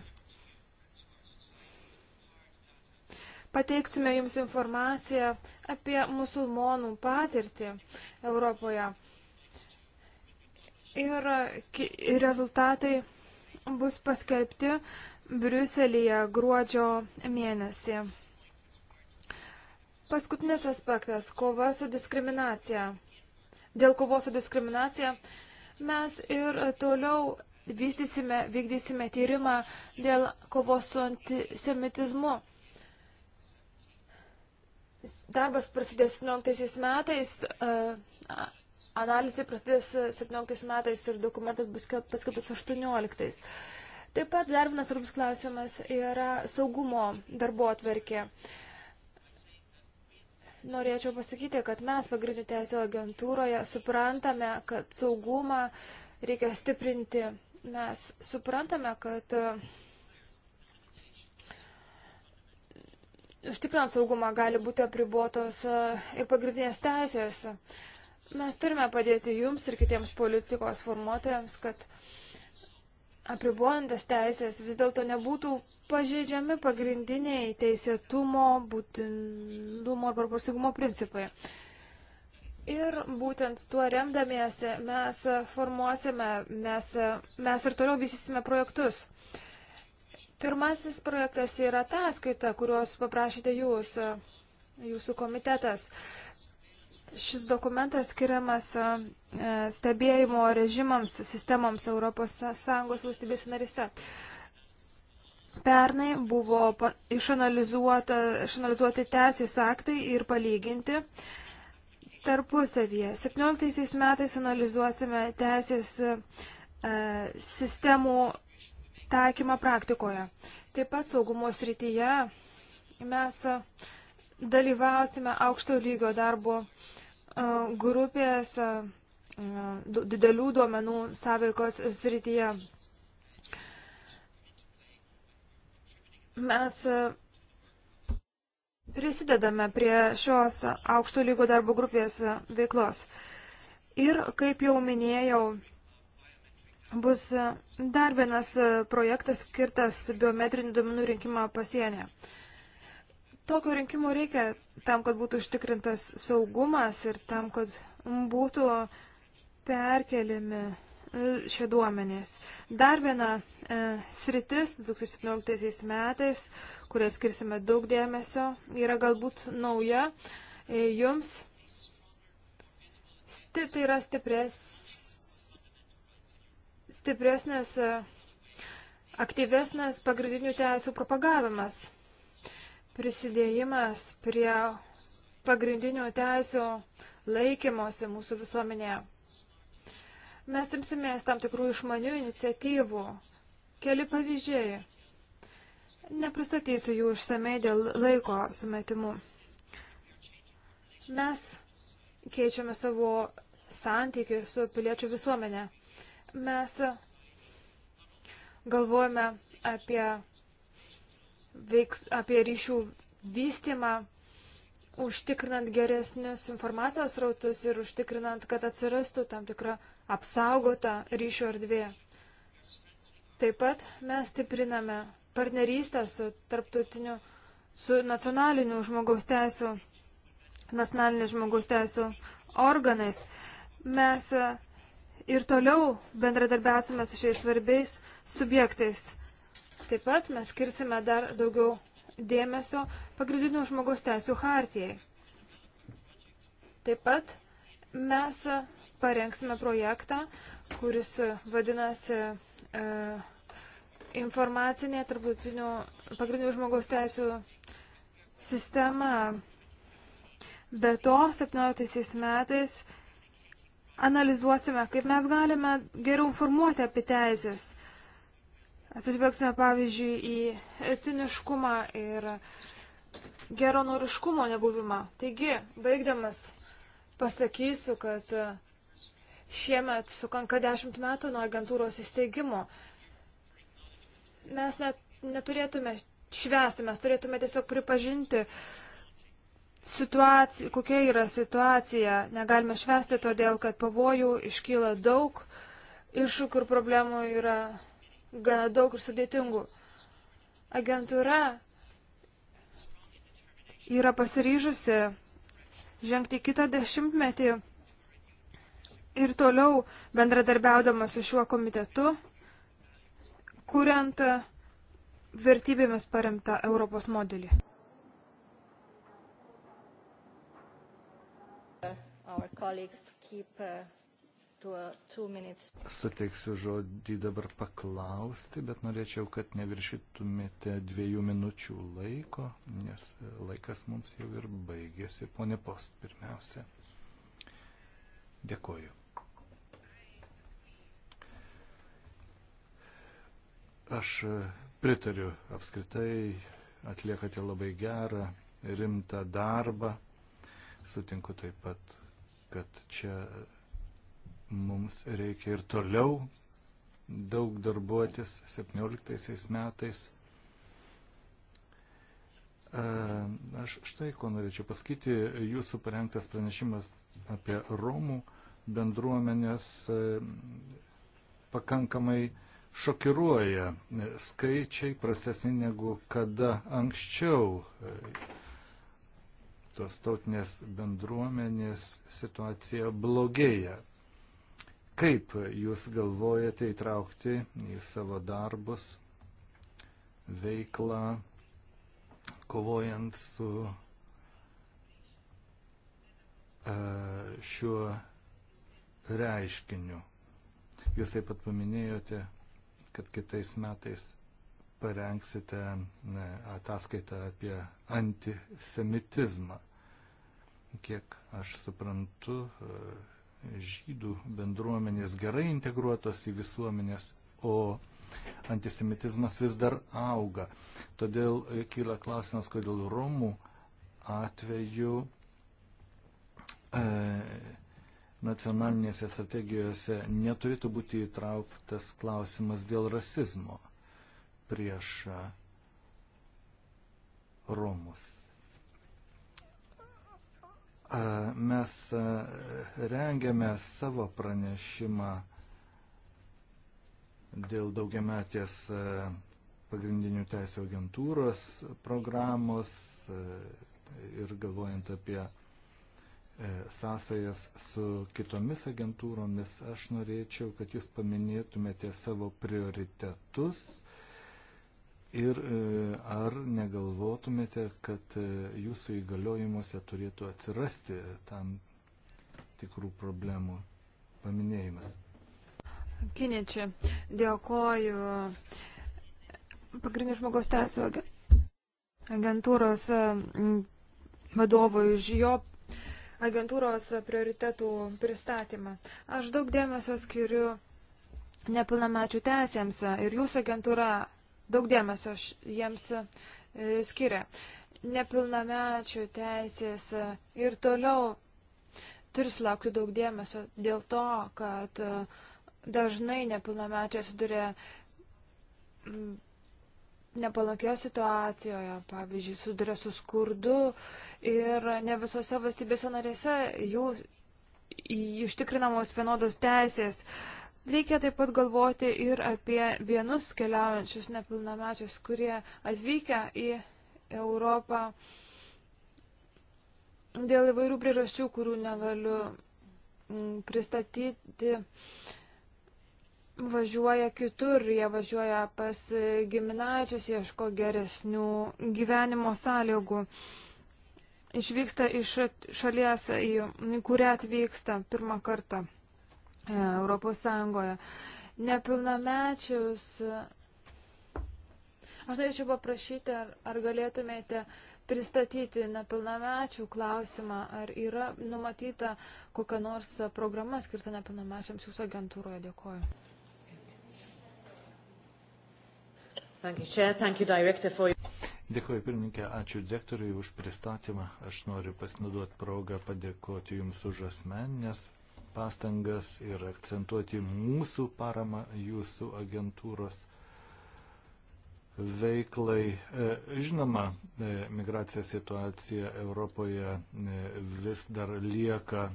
Pateiksime jums informaciją apie musulmonų patirtį Europoje. Ir rezultatai bus paskelbti Briuselėje gruodžio mėnesį. Paskutinis aspektas - kova su diskriminacija. Dėl kovos su diskriminacija mes ir toliau vystysime, vykdysime tyrimą dėl kovos su antisemitizmu. Darbas prasidės 17 metais, analizė prasidės 17 metais ir dokumentas bus paskirtas 18. Taip pat dar vienas svarbus klausimas yra saugumo darbo atverkė norėčiau pasakyti, kad mes pagrindinių teisų agentūroje suprantame, kad saugumą reikia stiprinti. Mes suprantame, kad e, užtikrinant saugumą gali būti apribotos e, ir pagrindinės teisės. Mes turime padėti jums ir kitiems politikos formuotojams, kad uh, apribuojantas teisės vis dėlto nebūtų pažeidžiami pagrindiniai teisėtumo, būtinumo ar proporcingumo principai. Ir būtent tuo remdamiesi mes formuosime, mes, mes ir toliau vysysime projektus. Pirmasis projektas yra ataskaita, kurios paprašėte jūs, jūsų komitetas. Uh, Šis dokumentas skiriamas e, stebėjimo režimams, sistemoms ES valstybės narise. Pernai buvo išanalizuoti teisės aktai ir palyginti tarpusavyje. 17 metais analizuosime teisės e, sistemų taikymą praktikoje. Taip pat saugumo srityje mes dalyvausime aukšto lygio darbo grupės didelių duomenų sąveikos srityje. Mes prisidedame prie šios aukšto lygo darbo grupės veiklos. Ir, kaip jau minėjau, bus dar vienas projektas skirtas biometrinių duomenų rinkimą pasienė. Uh, Tokio rinkimo reikia tam, kad būtų užtikrintas saugumas ir tam, kad būtų perkeliami e, šie duomenys. Dar viena e, sritis 2017 metais, kuriai skirsime daug dėmesio, yra galbūt nauja e, jums. Sti, tai yra stipres, stipresnės, e, aktyvesnės pagrindinių teisų propagavimas prisidėjimas prie pagrindinių teisų laikymosi mūsų visuomenėje. Mes imsimės tam tikrų išmanių iniciatyvų. Keli pavyzdžiai. Nepristatysiu jų išsamei dėl laiko sumetimų. Mes keičiame savo santykį su piliečių visuomenė. Mes galvojame apie veiks, apie ryšių vystimą, užtikrinant geresnius informacijos rautus ir užtikrinant, kad atsirastų tam tikra apsaugota ryšio erdvė. Taip pat mes stipriname partnerystę su tarptautiniu, su nacionaliniu žmogaus teisų, nacionalinės žmogaus teisų organais. Mes ir toliau bendradarbiausime su šiais svarbiais subjektais. Taip pat mes skirsime dar daugiau dėmesio pagrindinių žmogaus teisų hartijai. Taip pat mes parengsime projektą, kuris vadinasi e, informacinė tarptautinių pagrindinių žmogaus teisų sistema. Be to, 17 metais analizuosime, kaip mes galime geriau informuoti apie teisės Atsižvelgsime pavyzdžiui į ciniškumą ir geronoriškumo nebuvimą. Taigi, baigdamas, pasakysiu, kad šiemet sukanka dešimt metų nuo agentūros įsteigimo. Mes net, neturėtume švęsti, mes turėtume tiesiog pripažinti, situacija, kokia yra situacija. Negalime švęsti todėl, kad pavojų iškyla daug, iššūkių ir problemų yra gana daug ir sudėtingų. Agentūra yra pasiryžusi žengti kitą dešimtmetį ir toliau bendradarbiaudama su šiuo komitetu, kuriant vertybėmis paremtą Europos modelį.
Our colleagues to keep uh, Uh,
Suteiksiu žodį dabar paklausti, bet norėčiau, kad neviršytumėte dviejų minučių laiko, nes uh, laikas mums jau ir baigėsi. Pone Post, pirmiausia. Dėkoju. Aš uh, pritariu apskritai, atliekate labai gerą, rimtą darbą. Sutinku taip pat, kad čia Mums reikia ir toliau daug darbuotis 17 metais. E, aš štai ko norėčiau pasakyti, jūsų parengtas pranešimas apie Romų bendruomenės e, pakankamai šokiruoja. Skaičiai prastesni negu kada anksčiau. E, tos tautinės bendruomenės situacija blogėja. Kaip jūs galvojate įtraukti į savo darbus, veiklą, kovojant su e, šiuo reiškiniu? Jūs taip pat paminėjote, kad kitais metais parengsite ataskaitą apie antisemitizmą. Kiek aš suprantu, e, žydų bendruomenės gerai integruotos į visuomenės, o antisemitizmas vis dar auga. Todėl kyla klausimas, kodėl Romų atveju e, nacionalinėse strategijose neturėtų būti įtrauktas klausimas dėl rasizmo prieš e, Romus mes rengiame savo pranešimą dėl daugiametės pagrindinių teisų agentūros programos ir galvojant apie e, sąsajas su kitomis agentūromis, aš norėčiau, kad jūs paminėtumėte savo prioritetus Ir e, ar negalvotumėte, kad e, jūsų įgaliojimuose turėtų atsirasti tam tikrų problemų paminėjimas?
Kiniečiai, dėkoju. Pagrindinės žmogaus teisų agentūros e, vadovui už jo agentūros prioritetų pristatymą. Aš daug dėmesio skiriu nepilnamečių teisėms ir jūsų agentūra daug dėmesio jiems e, skiria. Nepilnamečių teisės e, ir toliau turi sulaukti daug dėmesio dėl to, kad e, dažnai nepilnamečiai suduria nepalankioje situacijoje, pavyzdžiui, suduria su skurdu ir ne visose valstybėse narėse jų užtikrinamos vienodos teisės. Uh, Reikia taip pat galvoti ir apie vienus keliaujančius nepilnamečius, kurie atvykę į Europą dėl įvairių priežasčių, kurių negaliu mm, pristatyti, važiuoja kitur, jie važiuoja pas giminaičius, ieško geresnių gyvenimo sąlygų išvyksta iš šalies, į kurią atvyksta pirmą kartą. Europos Sąjungoje. Nepilnamečius. Aš norėčiau paprašyti, ar, ar galėtumėte pristatyti nepilnamečių klausimą, ar yra numatyta kokia nors programa skirta nepilnamečiams jūsų agentūroje. Dėkuoju.
Dėkuoju pirmininkė, ačiū direktoriui už pristatymą. Aš noriu pasinaudoti progą padėkoti Jums už asmeninės pastangas ir akcentuoti mūsų paramą jūsų agentūros veiklai. E, žinoma, e, migracija situacija Europoje e, vis dar lieka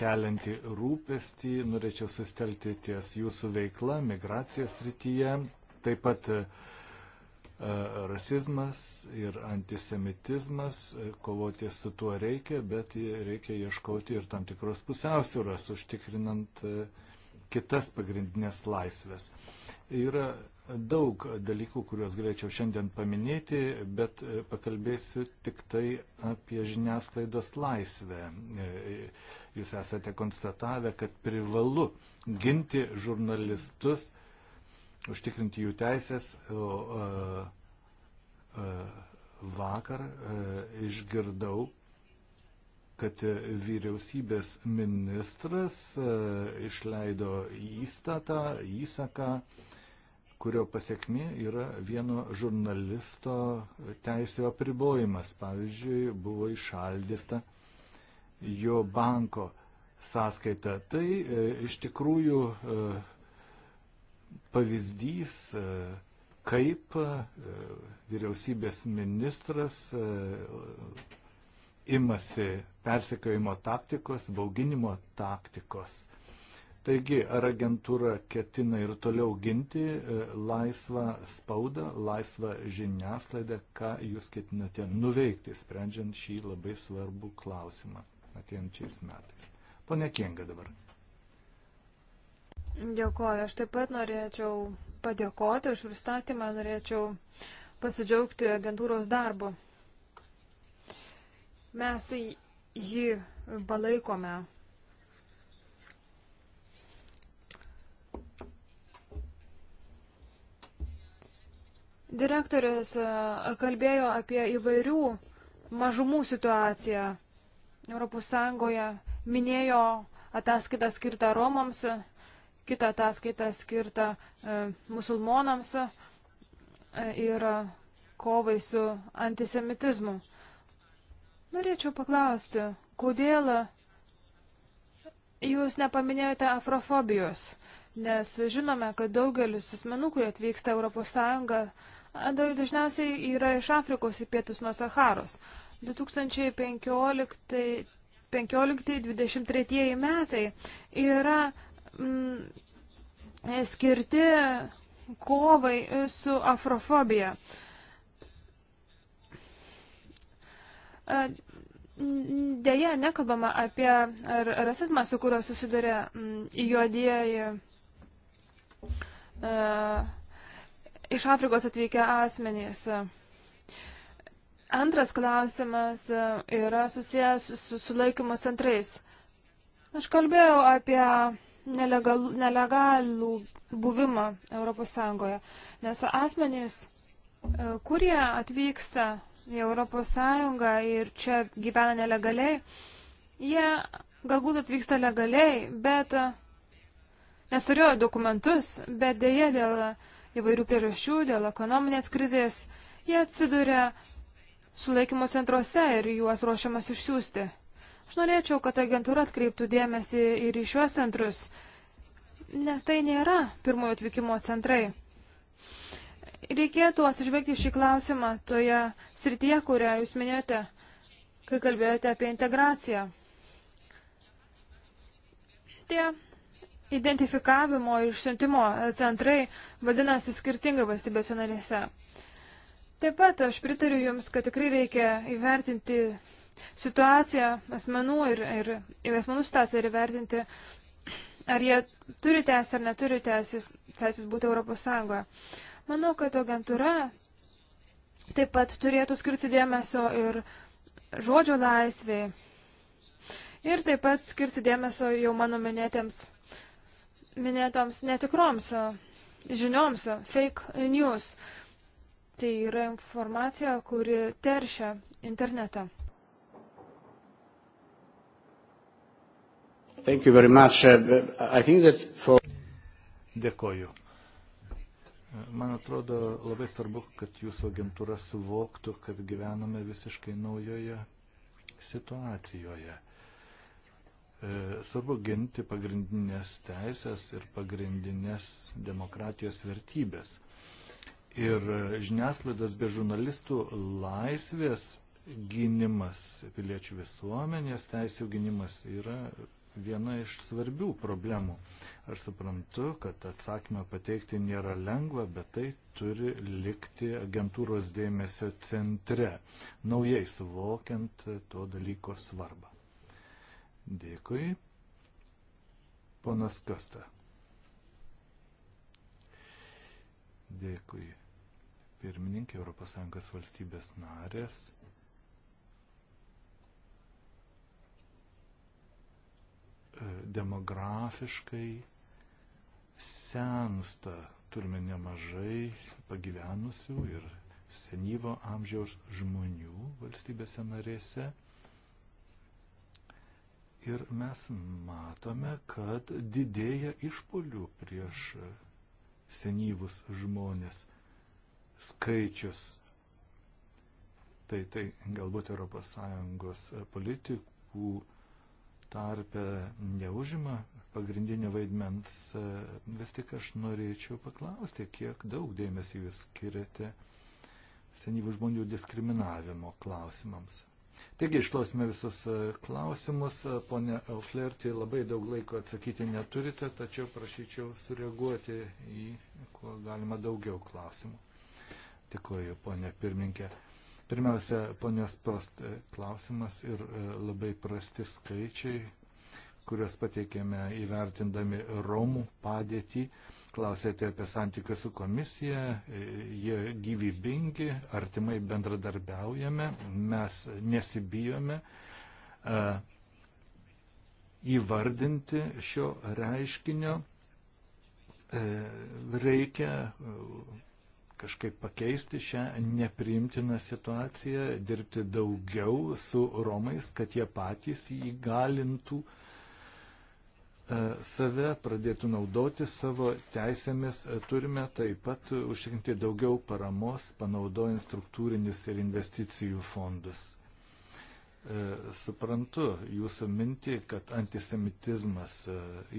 kelianti rūpestį. Norėčiau sustelti ties jūsų veikla migracijos rytyje. Taip pat E, rasizmas ir antisemitizmas, e, kovoti su tuo reikia, bet reikia ieškoti ir tam tikros pusiausvėros, užtikrinant e, kitas pagrindinės laisvės. Yra daug dalykų, kuriuos galėčiau šiandien paminėti, bet pakalbėsiu tik tai apie žiniasklaidos laisvę. Jūs esate konstatavę, kad privalu ginti žurnalistus, užtikrinti jų teisės. O, a, a, vakar išgirdau, kad vyriausybės ministras išleido įstatą, įsaką, kurio pasiekmi yra vieno žurnalisto teisėjo apribojimas. Pavyzdžiui, buvo išaldyta jo banko sąskaita. Tai e, iš tikrųjų e, pavyzdys, e, kaip e, vyriausybės ministras e, imasi persekiojimo taktikos, bauginimo taktikos. Taigi, ar agentūra ketina ir toliau ginti laisvą spaudą, laisvą žiniasklaidą, ką jūs ketinate nuveikti, sprendžiant šį labai svarbų klausimą atėjančiais metais. Pone Kenga dabar.
Dėkuoju. Aš taip pat norėčiau padėkoti už pristatymą, norėčiau pasidžiaugti agentūros darbu. Mes jį palaikome. Direktorius e, kalbėjo apie įvairių mažumų situaciją Europos Sąjungoje, minėjo ataskaitą skirtą Romams, kitą ataskaitą skirtą e, musulmonams e, ir kovai su antisemitizmu. Norėčiau paklausti, kodėl jūs nepaminėjote afrofobijos, nes žinome, kad daugelis asmenų, kurie atvyksta Europos Sąjungą, dažniausiai yra iš Afrikos į pietus nuo Saharos. 2015-2023 metai yra Mm, skirti kovai su afrofobija. Deja, nekalbama apie rasizmą, su kuriuo susiduria mm, juodieji iš Afrikos atvykę asmenys. Antras klausimas yra susijęs su sulaikymo centrais. Aš kalbėjau apie nelegalų, nelegalų buvimą ES. Nes asmenys, e, kurie atvyksta į ES ir čia gyvena nelegaliai, jie galbūt atvyksta legaliai, bet e, nes turėjo dokumentus, bet dėje dėl įvairių priežasčių, dėl ekonominės krizės, jie atsiduria sulaikymo centruose ir juos ruošiamas išsiųsti. Aš norėčiau, kad agentūra atkreiptų dėmesį ir į šiuos centrus, nes tai nėra pirmojo atvykimo centrai. Reikėtų atsižvelgti šį klausimą toje srityje, kurią jūs minėjote, kai kalbėjote apie integraciją. Tie identifikavimo ir išsiuntimo centrai vadinasi skirtingai valstybėse narėse. Taip pat aš pritariu Jums, kad tikrai reikia įvertinti situaciją asmenų ir, ir, ir asmenų situaciją ir įvertinti, ar jie turi teisę ar neturi teisės, teisės būti Europos Sąjungoje. Manau, kad agentūra taip pat turėtų skirti dėmesio ir žodžio laisvėj. Ir taip pat skirti dėmesio jau mano minėtėms, minėtoms netikroms žinioms, fake news. Tai yra informacija, kuri teršia internetą.
Thank you very much. Uh, I think that for... Dėkoju. Man atrodo labai svarbu, kad jūsų agentūra suvoktų, kad gyvename visiškai naujoje situacijoje. E, svarbu ginti pagrindinės teisės ir pagrindinės demokratijos vertybės. Ir e, žiniasklaidos be žurnalistų laisvės gynimas, piliečių visuomenės teisų gynimas yra viena iš svarbių problemų. Aš suprantu, kad atsakymą pateikti nėra lengva, bet tai turi likti agentūros dėmesio centre, naujai suvokiant to dalyko svarbą. Dėkui. Ponas Kasta. Dėkui. Pirmininkė Europos Sąjungos valstybės narės E, demografiškai sensta. Turime nemažai pagyvenusių ir senyvo amžiaus žmonių valstybėse narėse. Ir mes matome, kad didėja išpolių prieš senyvus žmonės skaičius. Tai, tai galbūt ES politikų tarpe neužima pagrindinio vaidmens, e, vis tik aš norėčiau paklausti, kiek daug dėmesio jūs skiriate senyvų žmonių diskriminavimo klausimams. Taigi išklausime visus e, klausimus. E, pone Auflerti, labai daug laiko atsakyti neturite, tačiau prašyčiau sureaguoti į kuo galima daugiau klausimų. Tikoju, ponė pirminkė. Pirmiausia, ponios post e, klausimas ir e, labai prasti skaičiai, kuriuos pateikėme įvertindami Romų padėtį. Klausėte apie santykius su komisija, e, jie gyvybingi, artimai bendradarbiaujame, mes nesibijome įvardinti šio reiškinio reikia kažkaip pakeisti šią nepriimtiną situaciją, dirbti daugiau su Romais, kad jie patys įgalintų e, save, pradėtų naudoti savo teisėmis. E, turime taip pat užtikrinti daugiau paramos, panaudojant struktūrinius ir investicijų fondus. E, suprantu jūsų mintį, kad antisemitizmas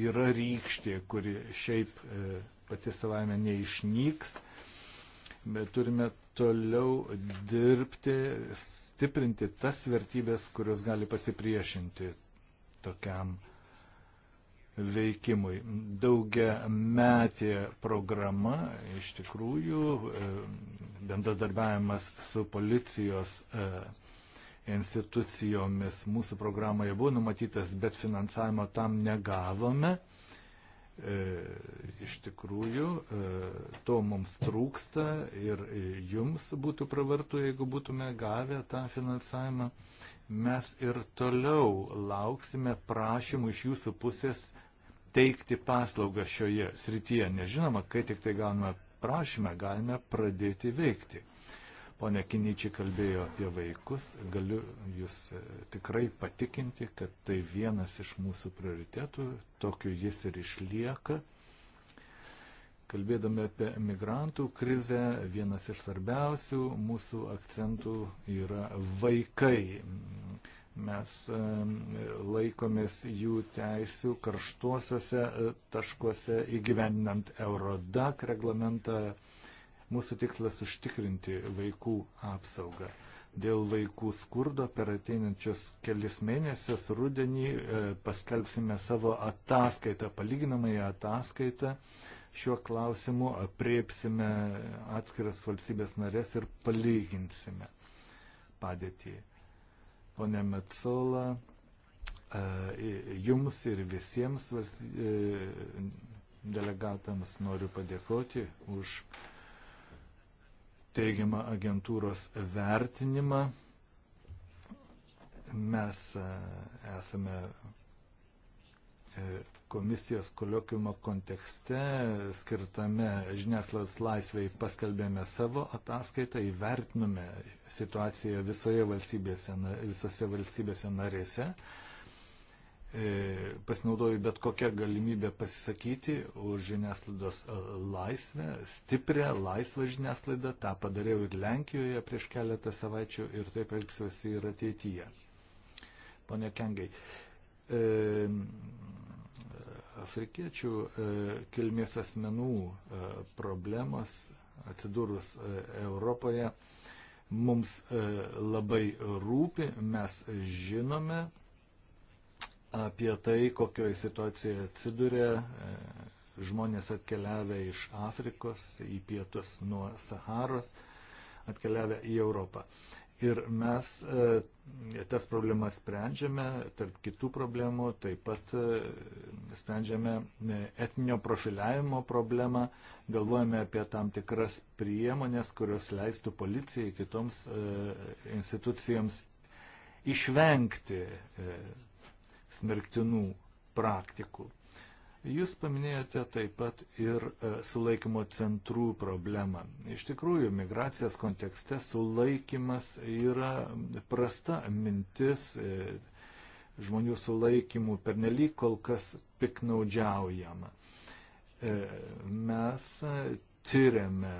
yra rykštė, kuri šiaip pati savaime neišnyks bet turime toliau dirbti, stiprinti tas vertybės, kurios gali pasipriešinti tokiam veikimui. Daugia metė programa, iš tikrųjų, e, bendradarbiavimas su policijos e, institucijomis mūsų programoje buvo numatytas, bet finansavimo tam negavome. E, iš tikrųjų e, to mums trūksta ir jums būtų pravartu, jeigu būtume gavę tą finansavimą. Mes ir toliau lauksime prašymų iš jūsų pusės teikti paslaugą šioje srityje. Nežinoma, kai tik tai gauname prašymą, galime pradėti veikti. Pone Kinyčiai kalbėjo apie vaikus, galiu jūs e, tikrai patikinti, kad tai vienas iš mūsų prioritetų, tokiu jis ir išlieka. Kalbėdami apie migrantų krizę, vienas iš svarbiausių mūsų akcentų yra vaikai. Mes e, laikomės jų teisių karštuosiuose e, taškuose įgyvendinant Eurodak reglamentą Mūsų tikslas užtikrinti vaikų apsaugą. Dėl vaikų skurdo per ateinančius kelis mėnesius rudenį e, paskelbsime savo ataskaitą, palyginamąją ataskaitą. Šiuo klausimu apriepsime atskiras valstybės narės ir palyginsime padėtį. Pone Metsola, e, jums ir visiems e, delegatams noriu padėkoti už teigiamą agentūros vertinimą. Mes e, esame e, komisijos koliokiumo kontekste skirtame žiniasklaidos laisvai paskelbėme savo ataskaitą, įvertinome situaciją visoje valstybėse, visose valstybėse narėse. E, pasinaudoju bet kokią galimybę pasisakyti už žiniasklaidos e, laisvę, stiprią, laisvą žiniasklaidą. Ta padariau ir Lenkijoje prieš keletą savaičių ir taip elgsiuosi ir ateityje. Pone Kengai, e, afrikiečių e, kilmės asmenų e, problemos atsidūrus e, Europoje mums e, labai rūpi, mes žinome, apie tai, kokioje situacijoje atsiduria e, žmonės atkeliavę iš Afrikos į pietus nuo Saharos, atkeliavę į Europą. Ir mes e, tas problemas sprendžiame, tarp kitų problemų taip pat e, sprendžiame etninio profiliavimo problemą, galvojame apie tam tikras priemonės, kurios leistų policijai kitoms institucijams išvengti smerktinų praktikų. Jūs paminėjote taip pat ir e, sulaikymo centrų problemą. Iš tikrųjų, migracijos kontekste sulaikimas yra prasta mintis, e, žmonių sulaikymų pernelyg kol kas piknaudžiaujama. E, mes tyriame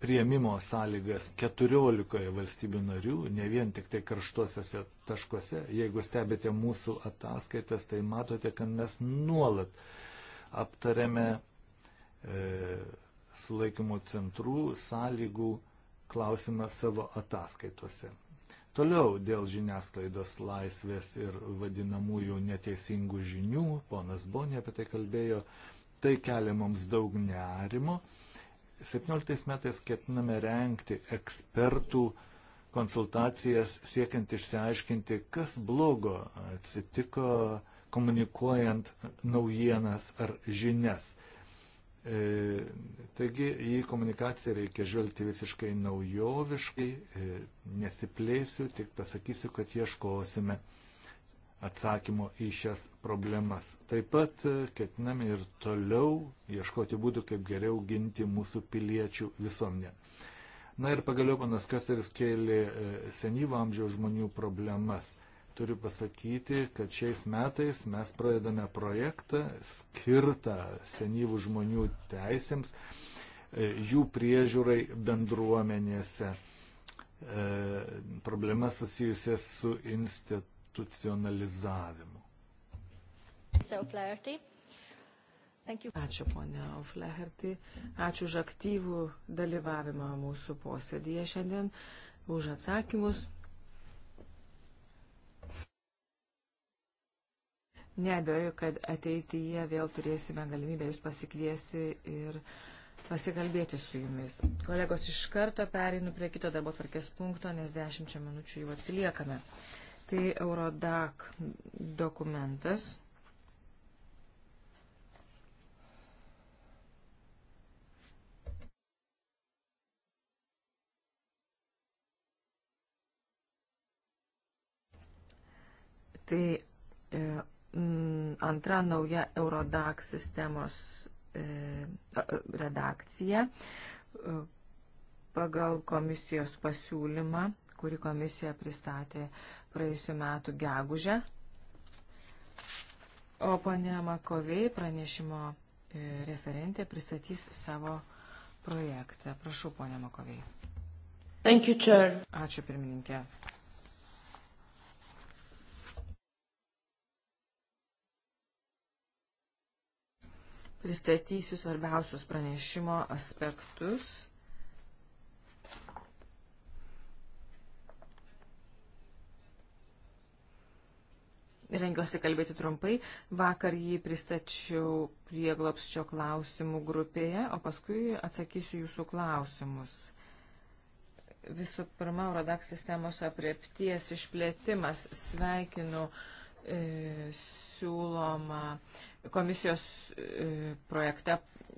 prieimimo sąlygas 14 valstybių narių, ne vien tik tai karštuosiuose taškuose. Jeigu stebite mūsų ataskaitas, tai matote, kad mes nuolat aptarėme e, sulaikymo centrų sąlygų klausimą savo ataskaitose. Toliau dėl žiniasklaidos laisvės ir vadinamųjų neteisingų žinių, ponas Bonė apie tai kalbėjo, tai kelia mums daug nerimo. E, 17 metais ketiname renkti ekspertų konsultacijas siekiant išsiaiškinti, kas blogo atsitiko komunikuojant naujienas ar žinias. E, taigi į komunikaciją reikia žvelgti visiškai naujoviškai, e, nesiplėsiu, tik pasakysiu, kad ieškosime atsakymo į šias problemas. Taip pat e, ketiname ir toliau ieškoti būdų, kaip geriau ginti mūsų piliečių visuomenę. Na ir pagaliau panas Kasteris kėlė e, senyvo amžiaus žmonių problemas. Turiu pasakyti, kad šiais metais mes pradedame projektą skirtą senyvų žmonių teisėms, e, jų priežiūrai bendruomenėse problemas susijusias su institucijomis institucionalizavimu.
Ačiū, ponia Ofleherty. Ačiū už aktyvų dalyvavimą mūsų posėdėje šiandien, už atsakymus. Nebejoju, kad ateityje vėl turėsime galimybę jūs pasikviesti ir pasikalbėti su jumis. Kolegos, iš karto pereinu prie kito darbo tvarkės punkto, nes dešimčia minučių jau atsiliekame. Tai Eurodac dokumentas. Tai e, antra nauja Eurodac sistemos e, redakcija e, pagal komisijos pasiūlymą kurį komisija pristatė praėjusiu metu gegužę. O ponė Makovei pranešimo e, referentė pristatys savo projektą. Prašau, ponė Makovei.
Thank you, Chair.
Ačiū, pirmininkė. Pristatysiu svarbiausius pranešimo aspektus rengiuosi kalbėti trumpai. Vakar jį pristačiau prieglapščio klausimų grupėje, o paskui atsakysiu jūsų klausimus. Visų pirma, Eurodax sistemos apriepties išplėtimas sveikinu e, siūloma komisijos e, projekte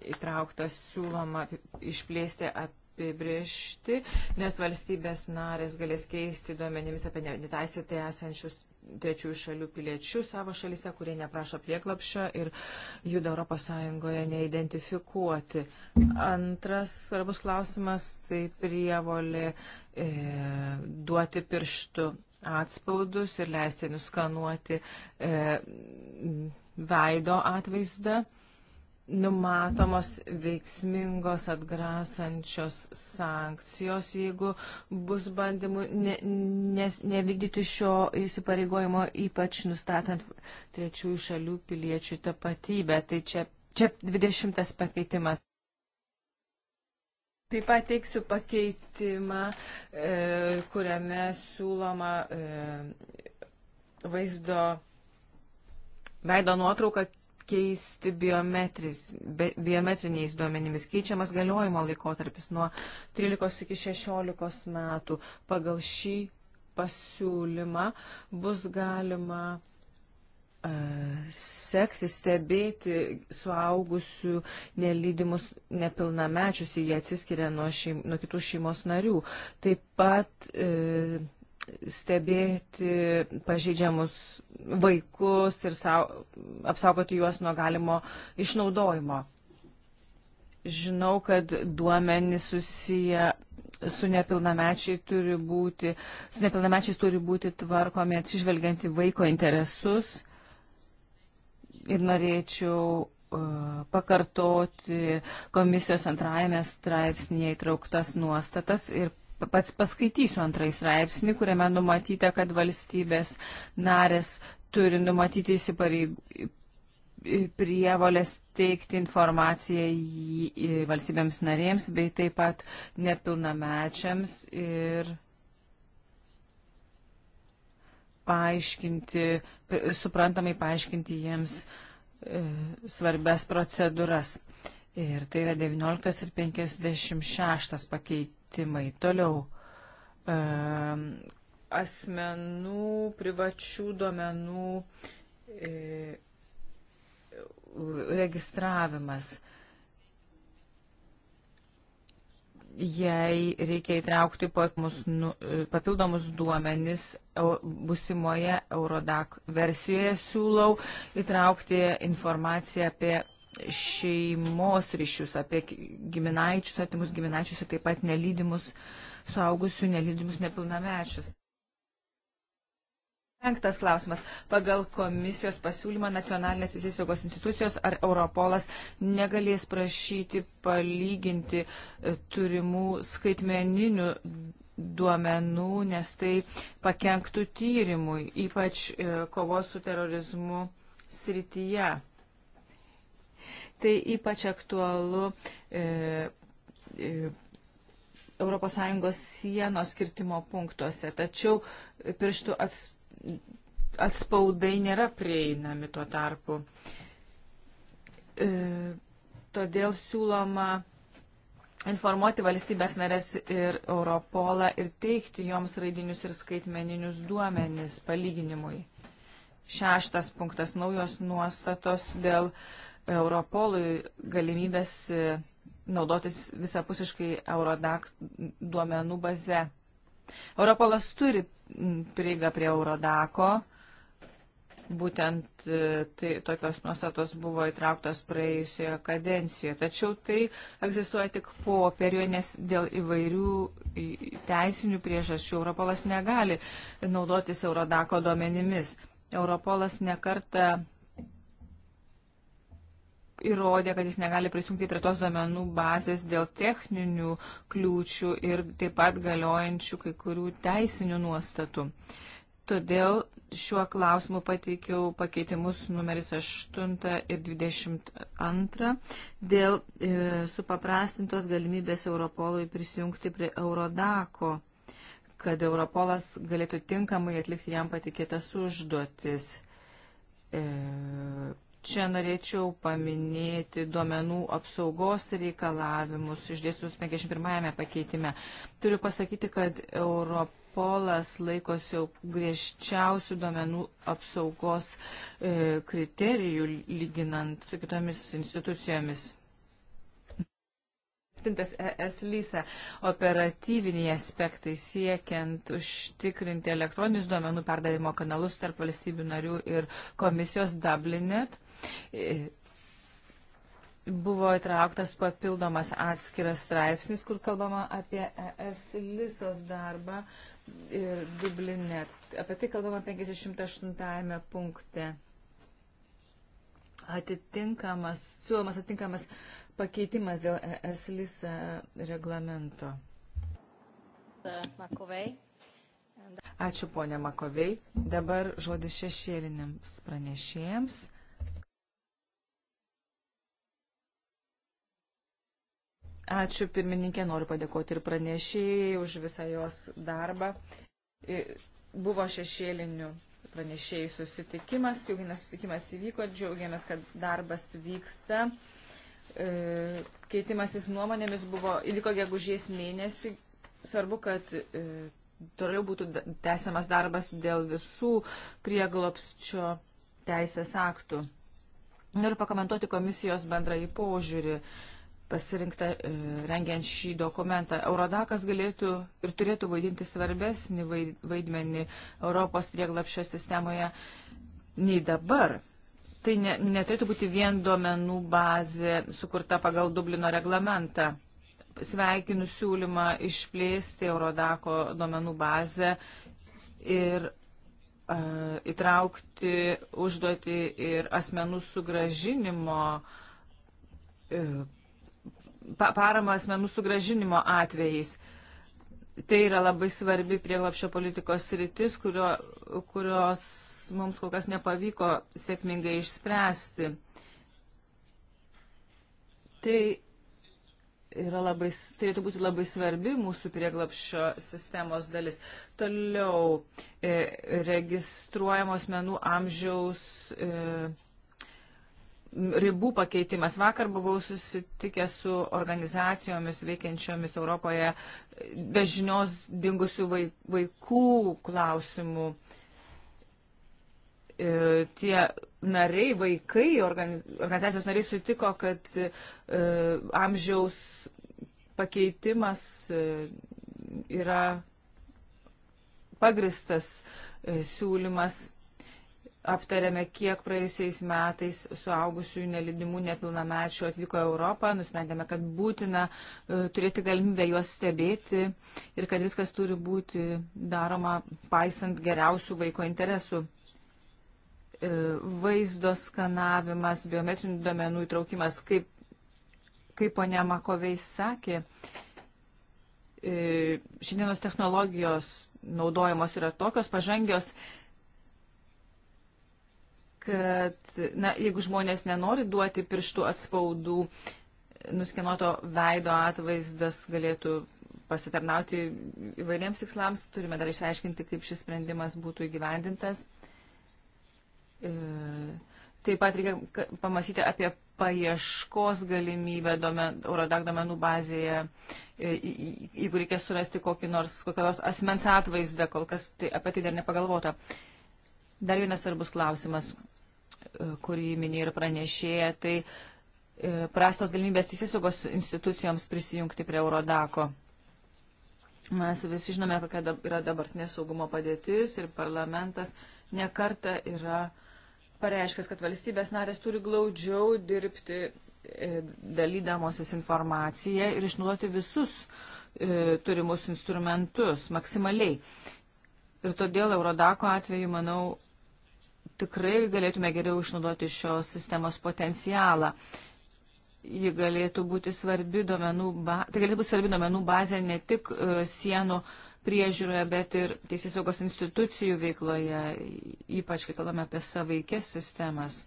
įtraukta siūloma išplėsti apibriežti, nes valstybės narės galės keisti duomenimis apie neteisėtai esančius trečiųjų šalių piliečių savo šalise, kurie neprašo prieklapšio ir juda ES neidentifikuoti. Antras svarbus klausimas - tai prievolė e, duoti pirštų atspaudus ir leisti nuskanuoti e, veido atvaizdą numatomos veiksmingos atgrasančios sankcijos, jeigu bus bandymų ne, nes, nevykdyti šio įsipareigojimo, ypač nustatant trečiųjų šalių piliečių tapatybę. Tai čia, čia 20 pakeitimas. Taip pat teiksiu pakeitimą, e, kuriame siūloma e, vaizdo, veido nuotrauka keisti biometriniais duomenimis. Keičiamas galiojimo laikotarpis nuo 13 iki 16 metų. Pagal šį pasiūlymą bus galima uh, sekti, stebėti suaugusių nelydimus nepilnamečius, jie atsiskiria nuo, šeim, nuo kitų šeimos narių. Taip pat uh, stebėti pažeidžiamus vaikus ir sau, apsaugoti juos nuo galimo išnaudojimo. Žinau, kad duomenys susiję su nepilnamečiais turi būti, su nepilnamečiais turi būti tvarkomi atsižvelgianti vaiko interesus. Ir norėčiau e, pakartoti komisijos antrajame straipsnėje įtrauktas nuostatas ir pats paskaitysiu antrąjį straipsnį, kuriame numatyta, kad valstybės narės turi numatyti įsipareigų prievolės teikti informaciją į valstybėms narėms, bei taip pat nepilnamečiams ir paaiškinti, suprantamai paaiškinti jiems e, svarbias procedūras. Ir tai yra 19 ir 56 pakeit, pakeitimai. Toliau. Asmenų, privačių duomenų e, registravimas. Jei reikia įtraukti nu, e, papildomus duomenis e, busimoje Eurodac versijoje, siūlau įtraukti informaciją apie šeimos ryšius, apie giminaičius, atimus giminaičius ir taip pat nelydimus suaugusių, nelydimus nepilnamečius. Penktas klausimas. Pagal komisijos pasiūlymą nacionalinės teisėsaugos institucijos ar Europolas negalės prašyti palyginti e, turimų skaitmeninių duomenų, nes tai pakenktų tyrimui, ypač e, kovos su terorizmu srityje. Tai ypač aktualu e, e, ES sienos skirtimo punktuose, tačiau pirštų ats, atspaudai nėra prieinami tuo tarpu. E, todėl siūloma informuoti valstybės narės ir Europolą ir teikti joms raidinius ir skaitmeninius duomenis palyginimui. Šeštas punktas - naujos nuostatos dėl e, Europolui galimybės e, naudotis visapusiškai Eurodac duomenų baze. Europolas turi prieigą prie Eurodako, būtent e, tai, tokios nuostatos buvo įtrauktos praėjusioje kadencijoje. Tačiau tai egzistuoja tik popieriuje, nes dėl įvairių teisinių priežasčių Europolas negali naudotis Eurodako duomenimis. Europolas nekarta įrodė, kad jis negali prisijungti prie tos domenų bazės dėl techninių kliūčių ir taip pat galiojančių kai kurių teisinių nuostatų. Todėl šiuo klausimu pateikiau pakeitimus numeris 8 ir 22 dėl e, supaprastintos galimybės Europolui prisijungti prie Eurodako, kad Europolas galėtų tinkamai atlikti jam patikėtas užduotis. E, Čia norėčiau paminėti duomenų apsaugos reikalavimus išdėstus 51 pakeitime. Turiu pasakyti, kad Europolas laikosi griežčiausių duomenų apsaugos e, kriterijų lyginant su kitomis institucijomis. Pintas ES lysa operatyviniai aspektai siekiant užtikrinti elektroninius duomenų perdavimo kanalus tarp valstybių narių ir komisijos Dublinet Buvo įtrauktas papildomas atskiras straipsnis, kur kalbama apie ES lisos darbą ir Dublinė. Apie tai kalbama 58 punkte. Atitinkamas, siūlomas atitinkamas pakeitimas dėl ES lisa reglamento. Makovei. Ačiū ponė Makovei. Dabar žodis šešėliniams pranešėjams. Ačiū pirmininkė, noriu padėkoti ir pranešėjai už visą jos darbą. Buvo šešėlinių pranešėjai susitikimas, jau vienas susitikimas įvyko, džiaugiamės, kad darbas vyksta. E, keitimasis nuomonėmis buvo, įvyko gegužės mėnesį. Svarbu, kad e, toliau būtų tęsiamas darbas dėl visų prieglopščio teisės aktų. Noriu pakomentuoti komisijos bendrąjį požiūrį pasirinkta e, rengiant šį dokumentą. Eurodakas galėtų ir turėtų vaidinti svarbesnį vaidmenį Europos prieglapščio sistemoje nei dabar. Tai ne, neturėtų būti vien duomenų bazė sukurta pagal Dublino reglamentą. Sveikinu siūlymą išplėsti Eurodako duomenų bazę ir uh, įtraukti užduoti ir asmenų sugražinimo uh, paramą asmenų sugražinimo atvejais. Tai yra labai svarbi prieglapšio politikos sritis, kurio, kurios mums kol kas nepavyko sėkmingai išspręsti. Tai yra labai, turėtų būti labai svarbi mūsų prieglapščio sistemos dalis. Toliau e, registruojamos menų amžiaus e, ribų pakeitimas. Vakar buvau susitikęs su organizacijomis veikiančiomis Europoje bežinios dingusių vaikų klausimų. E, tie nariai, vaikai, organizacijos nariai sutiko, kad e, amžiaus pakeitimas e, yra pagristas siūlymas aptarėme, kiek praėjusiais metais suaugusiųjų nelidimų nepilnamečių atvyko į Europą, nusprendėme, kad būtina e, turėti galimybę juos stebėti ir kad viskas turi būti daroma paisant geriausių vaiko interesų. E, vaizdo skanavimas, biometrinių duomenų įtraukimas, kaip, kaip ponia Makoveis sakė, e, šiandienos technologijos naudojamos yra tokios pažangios, kad na, jeigu žmonės nenori duoti pirštų atspaudų, nuskenoto veido atvaizdas galėtų pasitarnauti įvairiems tikslams. Turime dar išaiškinti, kaip šis sprendimas būtų įgyvendintas. E, taip pat reikia pamasyti apie paieškos galimybę domen, Eurodag domenų bazėje, e, jeigu reikės surasti kokį nors, kokios asmens atvaizdą, kol kas tai, apie tai dar nepagalvota. Dar vienas svarbus klausimas. E, kurį minė ir pranešėja, tai e, prastos galimybės teisėsaugos institucijoms prisijungti prie Eurodako. Mes visi žinome, kokia yra dabartinė saugumo padėtis ir parlamentas nekarta yra pareiškęs, kad valstybės narės turi glaudžiau dirbti e, dalydamosis informaciją ir išnaudoti visus e, turimus instrumentus maksimaliai. Ir todėl Eurodako atveju, manau, tikrai galėtume geriau išnaudoti šios sistemos potencialą. Ji galėtų būti svarbi domenų, ba... tai galėtų būti svarbi domenų bazė ne tik uh, sienų priežiūroje, bet ir teisėsaugos institucijų veikloje, ypač kai kalbame apie savaikės sistemas.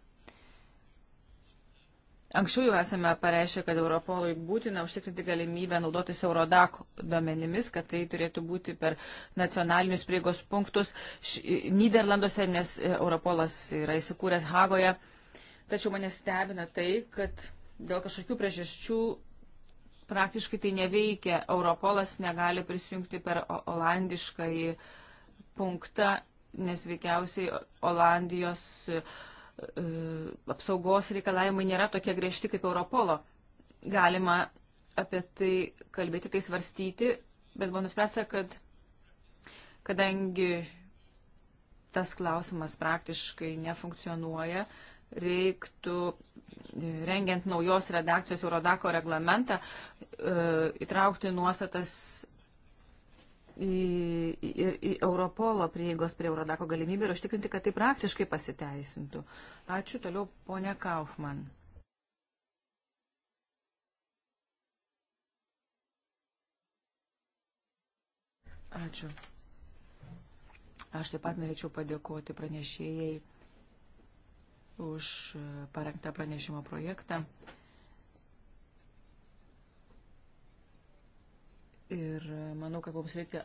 Anksčiau jau esame pareiškę, kad Europolui būtina užtikrinti galimybę naudotis Eurodak duomenimis, kad tai turėtų būti per nacionalinius prieigos punktus Niderlanduose, nes e, Europolas yra įsikūręs Hagoje. Tačiau mane stebina tai, kad dėl kažkokių priežasčių praktiškai tai neveikia. Europolas negali prisijungti per olandiškąjį punktą, nes veikiausiai Olandijos uh, E, apsaugos reikalavimai nėra tokie griežti kaip Europolo. Galima apie tai kalbėti, tai svarstyti, bet buvo nuspręsta, kad kadangi tas klausimas praktiškai nefunkcionuoja, reiktų, e, rengiant naujos redakcijos Eurodako reglamentą, e, įtraukti nuostatas į, į, į Europolo prieigos prie Eurodako galimybę ir užtikrinti, kad tai praktiškai pasiteisintų. Ačiū toliau, ponia Kaufman. Ačiū. Aš taip pat norėčiau padėkoti pranešėjai už parengtą pranešimo projektą. Ir manau, kad mums reikia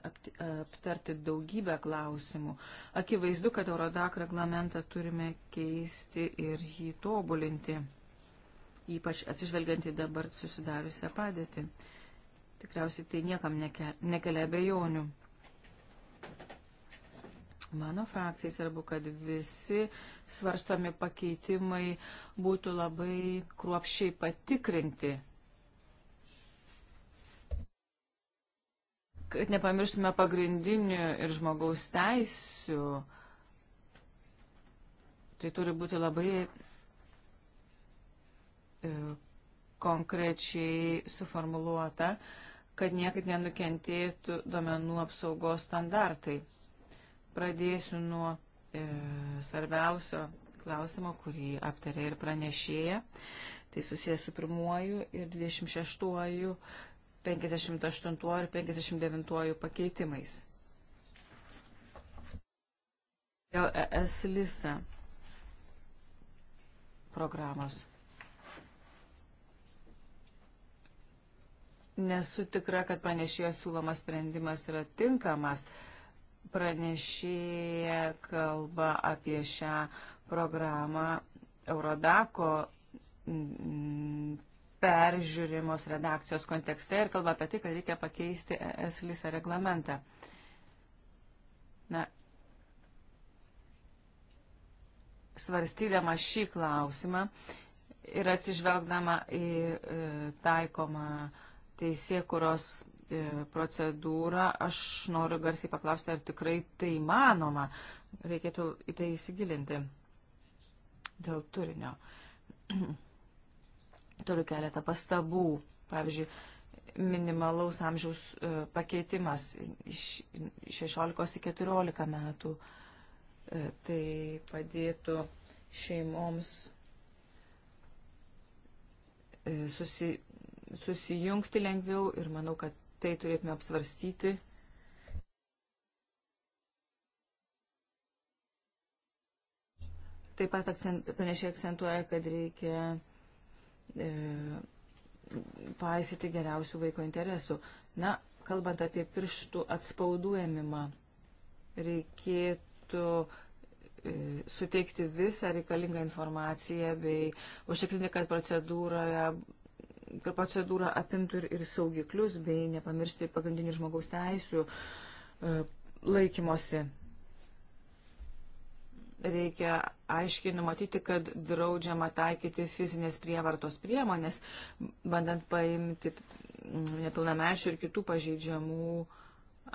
aptarti daugybę klausimų. Akivaizdu, kad Eurodak reglamentą turime keisti ir jį tobulinti, ypač atsižvelgiant į dabar susidariusią padėtį. Tikriausiai tai niekam nekelia abejonių. Mano frakcijai svarbu, kad visi svarstomi pakeitimai būtų labai kruopščiai patikrinti kad nepamirštume pagrindinių ir žmogaus teisių. Tai turi būti labai e, konkrečiai suformuluota, kad niekaip nenukentėtų domenų apsaugos standartai. Pradėsiu nuo e, svarbiausio klausimo, kurį aptarė ir pranešėja. Tai susijęs su pirmuoju ir 26 58 ir 59 pakeitimais. Dėl ES LISA programos. Nesu tikra, kad pranešėjo siūlomas sprendimas yra tinkamas. Pranešėja kalba apie šią programą Eurodako peržiūrimos redakcijos kontekste ir kalba apie tai, kad reikia pakeisti ES LISA reglamentą. Na, svarstydama šį klausimą ir atsižvelgdama į e, taikomą teisėkuros e, procedūrą, aš noriu garsiai paklausti, ar tikrai tai manoma. Reikėtų į tai įsigilinti dėl turinio. Turiu keletą pastabų. Pavyzdžiui, minimalaus amžiaus e, pakeitimas iš 16 į 14 metų. E, tai padėtų šeimoms e, susi, susijungti lengviau ir manau, kad tai turėtume apsvarstyti. Taip pat akcent, panašiai akcentuoja, kad reikia E, paisyti geriausių vaiko interesų. Na, kalbant apie pirštų atspaudų ėmimą, reikėtų e, suteikti visą reikalingą informaciją bei užtikrinti, kad procedūroje kad procedūra apimtų ir, ir saugiklius, bei nepamiršti pagrindinių žmogaus teisų e, laikymosi reikia aiškiai numatyti, kad draudžiama taikyti fizinės prievartos priemonės, bandant paimti nepilnamečių ir kitų pažeidžiamų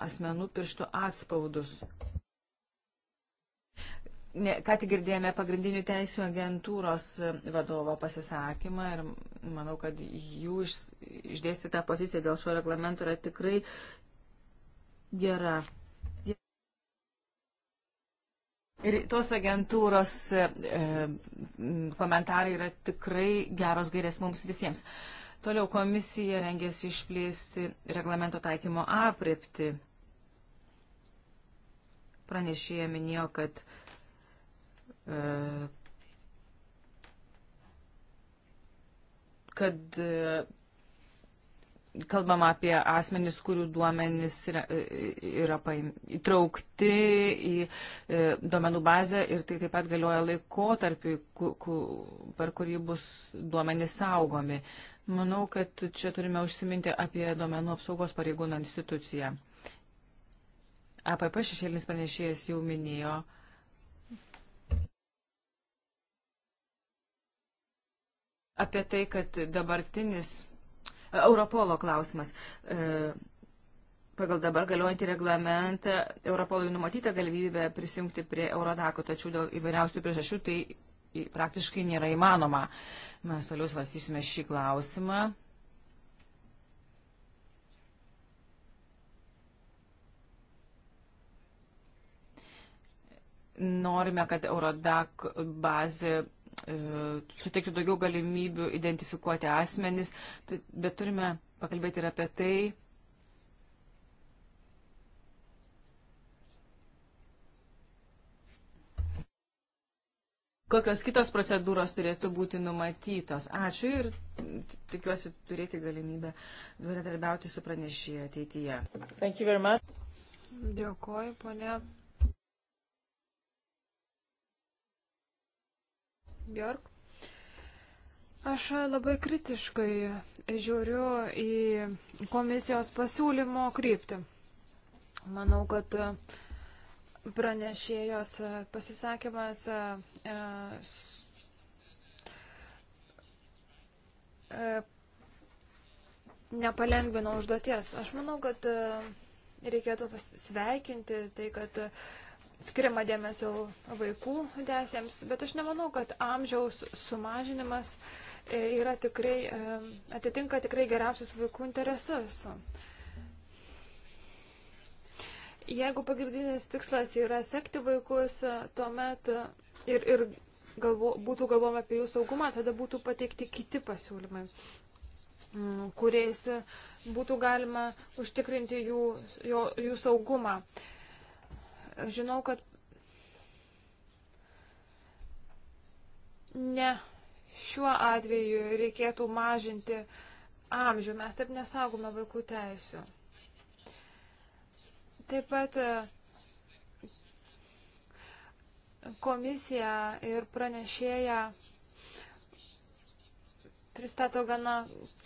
asmenų pirštų atspaudus. Ne, ką tik girdėjome pagrindinių teisų agentūros vadovo pasisakymą ir manau, kad jų iš, išdėstyta pozicija dėl šio reglamento yra tikrai gera. Ir tos agentūros e, komentarai yra tikrai geros gairės mums visiems. Toliau komisija rengėsi išplėsti reglamento taikymo aprepti. Pranešėja minėjo, kad e, kad e, kalbama apie asmenis, kurių duomenys yra, yra paim, įtraukti į e, duomenų bazę ir tai taip pat galioja laikotarpiu, ku, ku, per kurį bus duomenys saugomi. Manau, kad čia turime užsiminti apie duomenų apsaugos pareigūną instituciją. APP šešėlinis pranešėjas jau minėjo, apie tai, kad dabartinis Europolo klausimas. E, pagal dabar galiojantį reglamentą Europolui numatyta galimybė prisijungti prie Eurodako, tačiau dėl įvairiausių priežasčių tai praktiškai nėra įmanoma. Mes toliau svarstysime šį klausimą. Norime, kad Eurodak bazė E, suteikti daugiau galimybių identifikuoti asmenys, tai, bet turime pakalbėti ir apie tai, kokios kitos procedūros turėtų būti numatytos. Ačiū ir tikiuosi turėti galimybę bendradarbiauti su pranešėju ateityje.
Dėkuoju, ponė Bjork. Aš labai kritiškai žiūriu į komisijos pasiūlymo kryptį. Manau, kad pranešėjos pasisakymas e, e, nepalengvino užduoties. Aš manau, kad e, reikėtų sveikinti tai, kad skiriama dėmesio vaikų desėms, bet aš nemanau, kad amžiaus sumažinimas e, yra tikrai, e, atitinka tikrai geriausius vaikų interesus. Jeigu pagrindinis tikslas yra sekti vaikus, e, tuomet ir, ir galvo, būtų galvojama apie jų saugumą, tada būtų pateikti kiti pasiūlymai, kuriais būtų galima užtikrinti jų, jų, jų saugumą. Uh, Žinau, kad ne šiuo atveju reikėtų mažinti amžių, mes taip nesaugome vaikų teisų. Taip pat e, komisija ir pranešėja pristato gana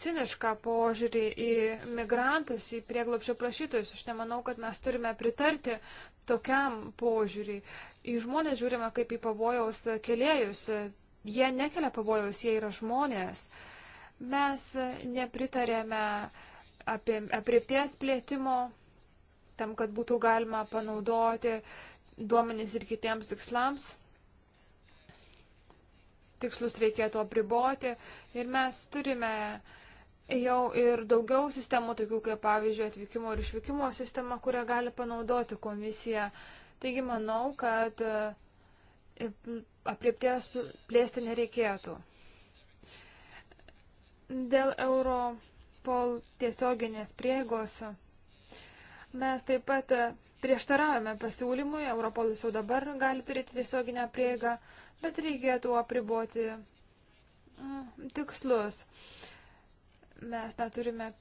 cinišką požiūrį į migrantus, į prieglopšio prašytojus. Aš nemanau, kad mes turime pritarti tokiam požiūriui. Į žmonės žiūrime kaip į pavojaus kelėjus. Jie nekelia pavojaus, jie yra žmonės. Mes nepritarėme apie apriepties plėtimo, tam, kad būtų galima panaudoti duomenys ir kitiems tikslams tikslus reikėtų apriboti. Ir mes turime jau ir daugiau sistemų, tokių kaip pavyzdžiui atvykimo ir išvykimo sistema, kurią gali panaudoti komisija. Taigi manau, kad e, apriepties plėsti nereikėtų. Dėl Europol tiesioginės prieigos mes taip pat prieštaravome pasiūlymui, Europolis jau dabar gali turėti tiesioginę prieigą, bet reikėtų apriboti tikslus. Mes neturime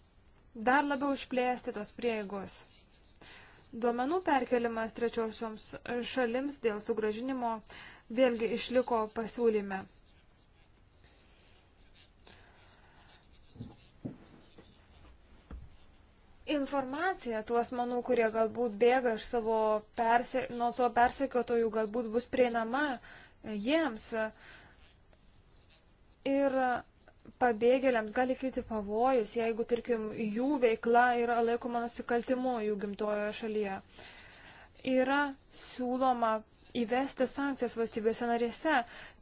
dar labiau išplėsti tos prieigos. Duomenų perkelimas trečiosioms šalims dėl sugražinimo vėlgi išliko pasiūlyme. Informacija tų asmenų, kurie galbūt bėga iš savo perse, nuo savo persekiotojų, galbūt bus prieinama uh, jiems ir pabėgėliams gali kilti pavojus, jeigu, tarkim, jų veikla yra laikoma nusikaltimu jų gimtojoje šalyje. Yra siūloma įvesti sankcijas valstybėse narėse,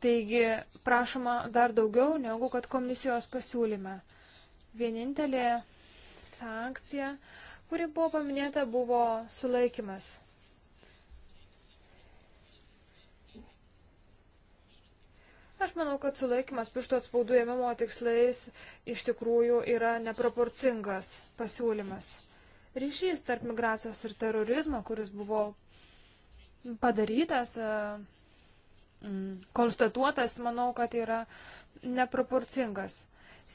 taigi prašoma dar daugiau negu kad komisijos pasiūlyme. Vienintelė sankcija, kuri buvo paminėta, buvo sulaikimas. Aš manau, kad sulaikimas piršto atspaudų ėmimo tikslais iš tikrųjų yra neproporcingas pasiūlymas. Ryšys tarp migracijos ir terorizmo, kuris buvo padarytas, e, konstatuotas, manau, kad yra neproporcingas.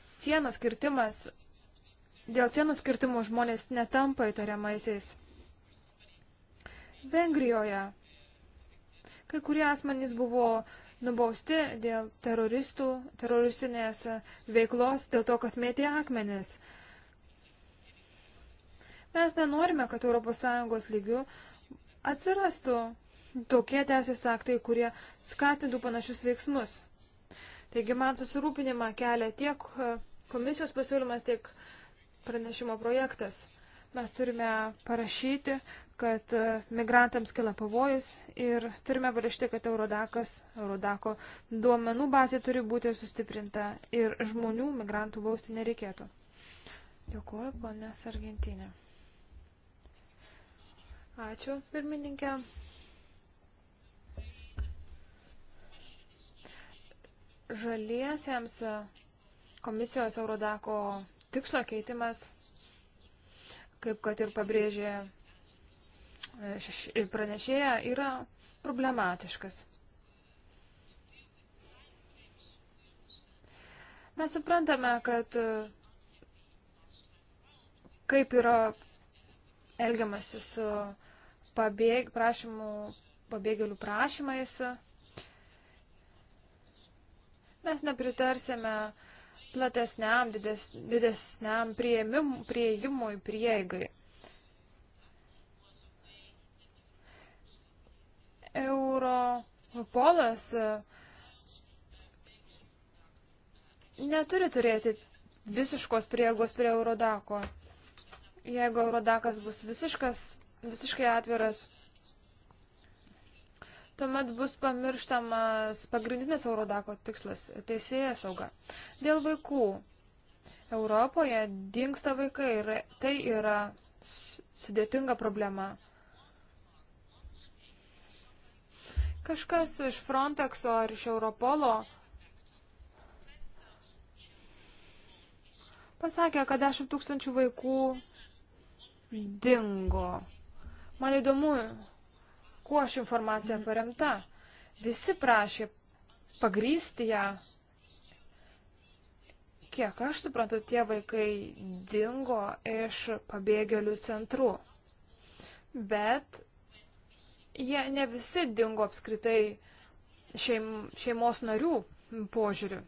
Sienos kirtimas, dėl sienos kirtimo žmonės netampa įtariamaisiais. Vengrijoje kai kurie asmenys buvo uh, nubausti dėl teroristų, teroristinės veiklos, dėl to, kad mėtė akmenis. Mes nenorime, kad ES lygių atsirastų tokie teisės aktai, kurie skatintų panašius veiksmus. Taigi man susirūpinimą kelia tiek komisijos pasiūlymas, tiek pranešimo projektas. Mes turime parašyti, kad e, migrantams kila pavojus ir turime varšti, kad Eurodakas, Eurodako duomenų bazė turi būti sustiprinta ir žmonių migrantų bausti nereikėtų. Dėkuoju, ponės Argentinė. Ačiū, pirmininkė. Žaliesiems komisijos Eurodako tikslo keitimas, kaip kad ir pabrėžė pranešėją yra problematiškas. Mes suprantame, kad kaip yra elgiamasi su pabėg, prašymu, pabėgėlių prašymais. Mes nepritarsime platesniam, dides, didesniam prieimim, prieimui, prieigai. Europolas e, neturi turėti visiškos priegos prie Eurodako. Jeigu Eurodakas bus visiškas, visiškai atviras, tuomet bus pamirštamas pagrindinis Eurodako tikslas - teisėja sauga. Dėl vaikų. Europoje dinksta vaikai ir tai yra sudėtinga problema. Kažkas iš Frontexo ar iš Europolo pasakė, kad 10 tūkstančių vaikų dingo. Man įdomu, kuo ši informacija paremta. Visi prašė pagrysti ją. Kiek aš suprantu, tie vaikai dingo iš pabėgėlių centrų. Bet jie ne visi dingo apskritai šeim, šeimos narių požiūriu.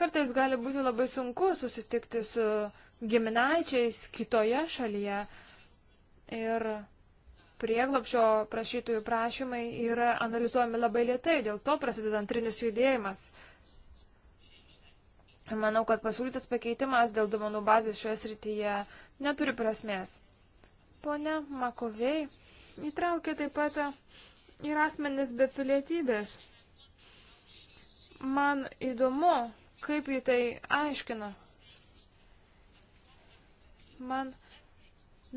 Kartais gali būti labai sunku susitikti su giminaičiais kitoje šalyje ir prieglopšio prašytojų prašymai yra analizuojami labai lietai, dėl to prasideda antrinis judėjimas. Manau, kad pasiūlytas pakeitimas dėl duomenų bazės šioje srityje neturi prasmės. Pone Makovei įtraukė taip pat ir asmenis be pilietybės. Man įdomu, kaip jį tai aiškina. Man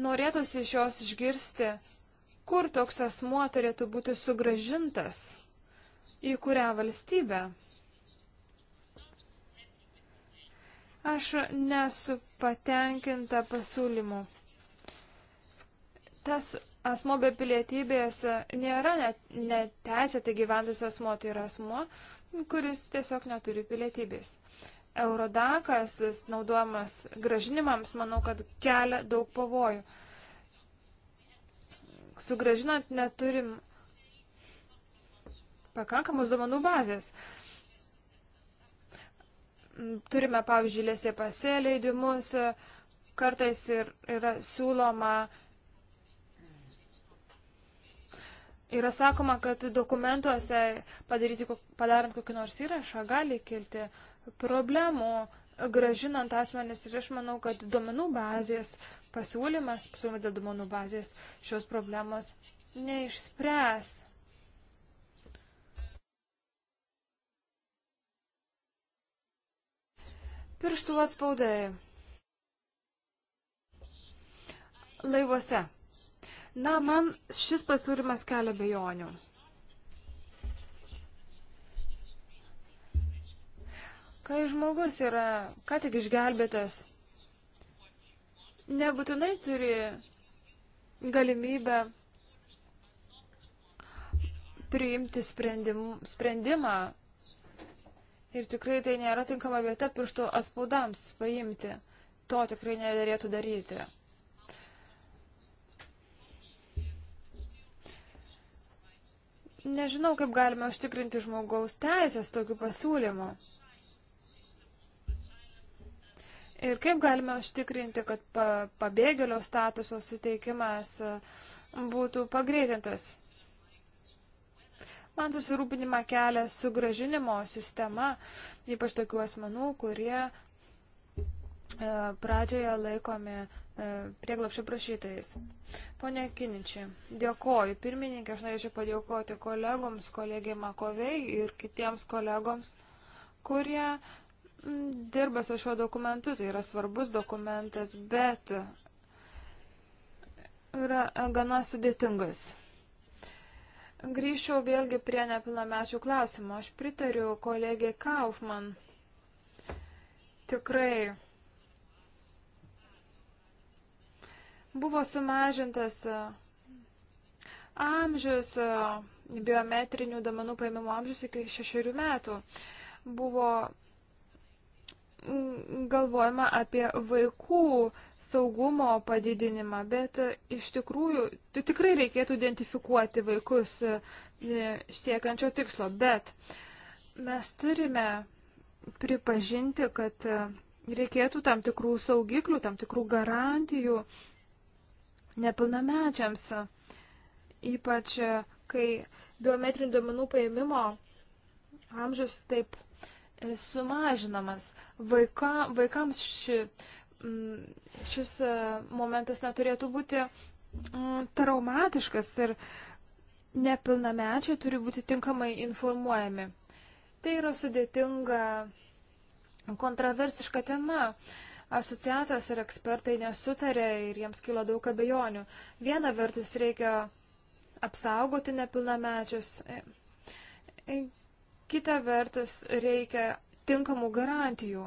norėtųsi iš jos išgirsti, kur toks asmuo turėtų būti sugražintas, į kurią valstybę. Aš nesu patenkinta pasiūlymu tas asmo be pilietybės nėra neteisėtai gyventas asmo, tai yra asmo, kuris tiesiog neturi pilietybės. Eurodakas naudojamas gražinimams, manau, kad kelia daug pavojų. Sugražinant neturim pakankamos duomenų bazės. Turime, pavyzdžiui, lėsė pasėlė įdimus, kartais ir yra siūloma uh, Yra sakoma, kad dokumentuose padaryti, padarant kokį nors įrašą gali kilti problemų, gražinant asmenis ir aš manau, kad duomenų bazės pasiūlymas, pasiūlymas dėl duomenų bazės šios problemos neišspręs. Pirštų atspaudai. Laivuose Na, man šis pasiūlymas kelia bejonių. Kai žmogus yra ką tik išgelbėtas, nebūtinai turi galimybę priimti sprendim, sprendimą. Ir tikrai tai nėra tinkama vieta piršto atspaudams paimti. To tikrai nedėlėtų daryti. Nežinau, kaip galime užtikrinti žmogaus teisės tokių pasiūlymų. Ir kaip galime užtikrinti, kad pa, pabėgėlio statuso suteikimas e, būtų pagreitintas? Man susirūpinimą kelia sugražinimo sistema, ypač tokių asmenų, kurie e, pradžioje laikomi E, prieglapšio prašytojais. Pone Kiničiai, dėkoju pirmininkė, aš norėčiau padėkoti kolegoms, kolegiai Makovei ir kitiems kolegoms, kurie dirba su šiuo dokumentu. Tai yra svarbus dokumentas, bet yra gana sudėtingas. Grįžčiau vėlgi prie nepilnamečių klausimo. Aš pritariu kolegiai Kaufman. Tikrai Buvo sumažintas e, amžius, e, biometrinių domenų paėmimo amžius iki šešiarių metų. Buvo mm, galvojama apie vaikų saugumo padidinimą, bet e, iš tikrųjų tai tikrai reikėtų identifikuoti vaikus siekiančio tikslo, bet mes turime pripažinti, kad reikėtų tam tikrų saugiklių, tam tikrų garantijų, nepilnamečiams, ypač e, kai biometrinių duomenų paėmimo amžius taip e, sumažinamas. Vaika, vaikams ši, šis e, momentas neturėtų būti traumatiškas ir nepilnamečiai turi būti tinkamai informuojami. Tai yra sudėtinga, kontroversiška tema. Uh, asociacijos ir ekspertai nesutarė ir jiems kilo daug abejonių. Viena vertus reikia apsaugoti nepilnamečius, e, e, kita vertus reikia tinkamų garantijų.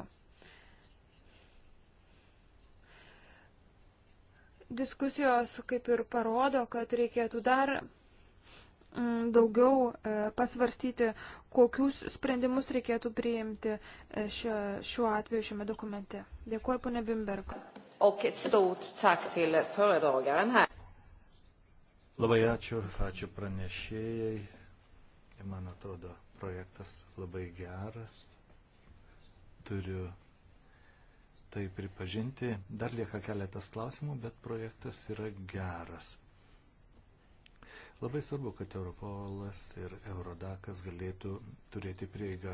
Diskusijos kaip ir parodo, kad reikėtų dar mm, daugiau e, pasvarstyti, kokius sprendimus reikėtų priimti šiuo atveju šiame dokumente. Dėkuoju, ponė Bimberg.
Labai ačiū, ačiū pranešėjai. Man atrodo, projektas labai geras. Turiu tai pripažinti. Dar lieka keletas klausimų, bet projektas yra geras. Labai svarbu, kad Europolas ir Eurodakas galėtų turėti prieigą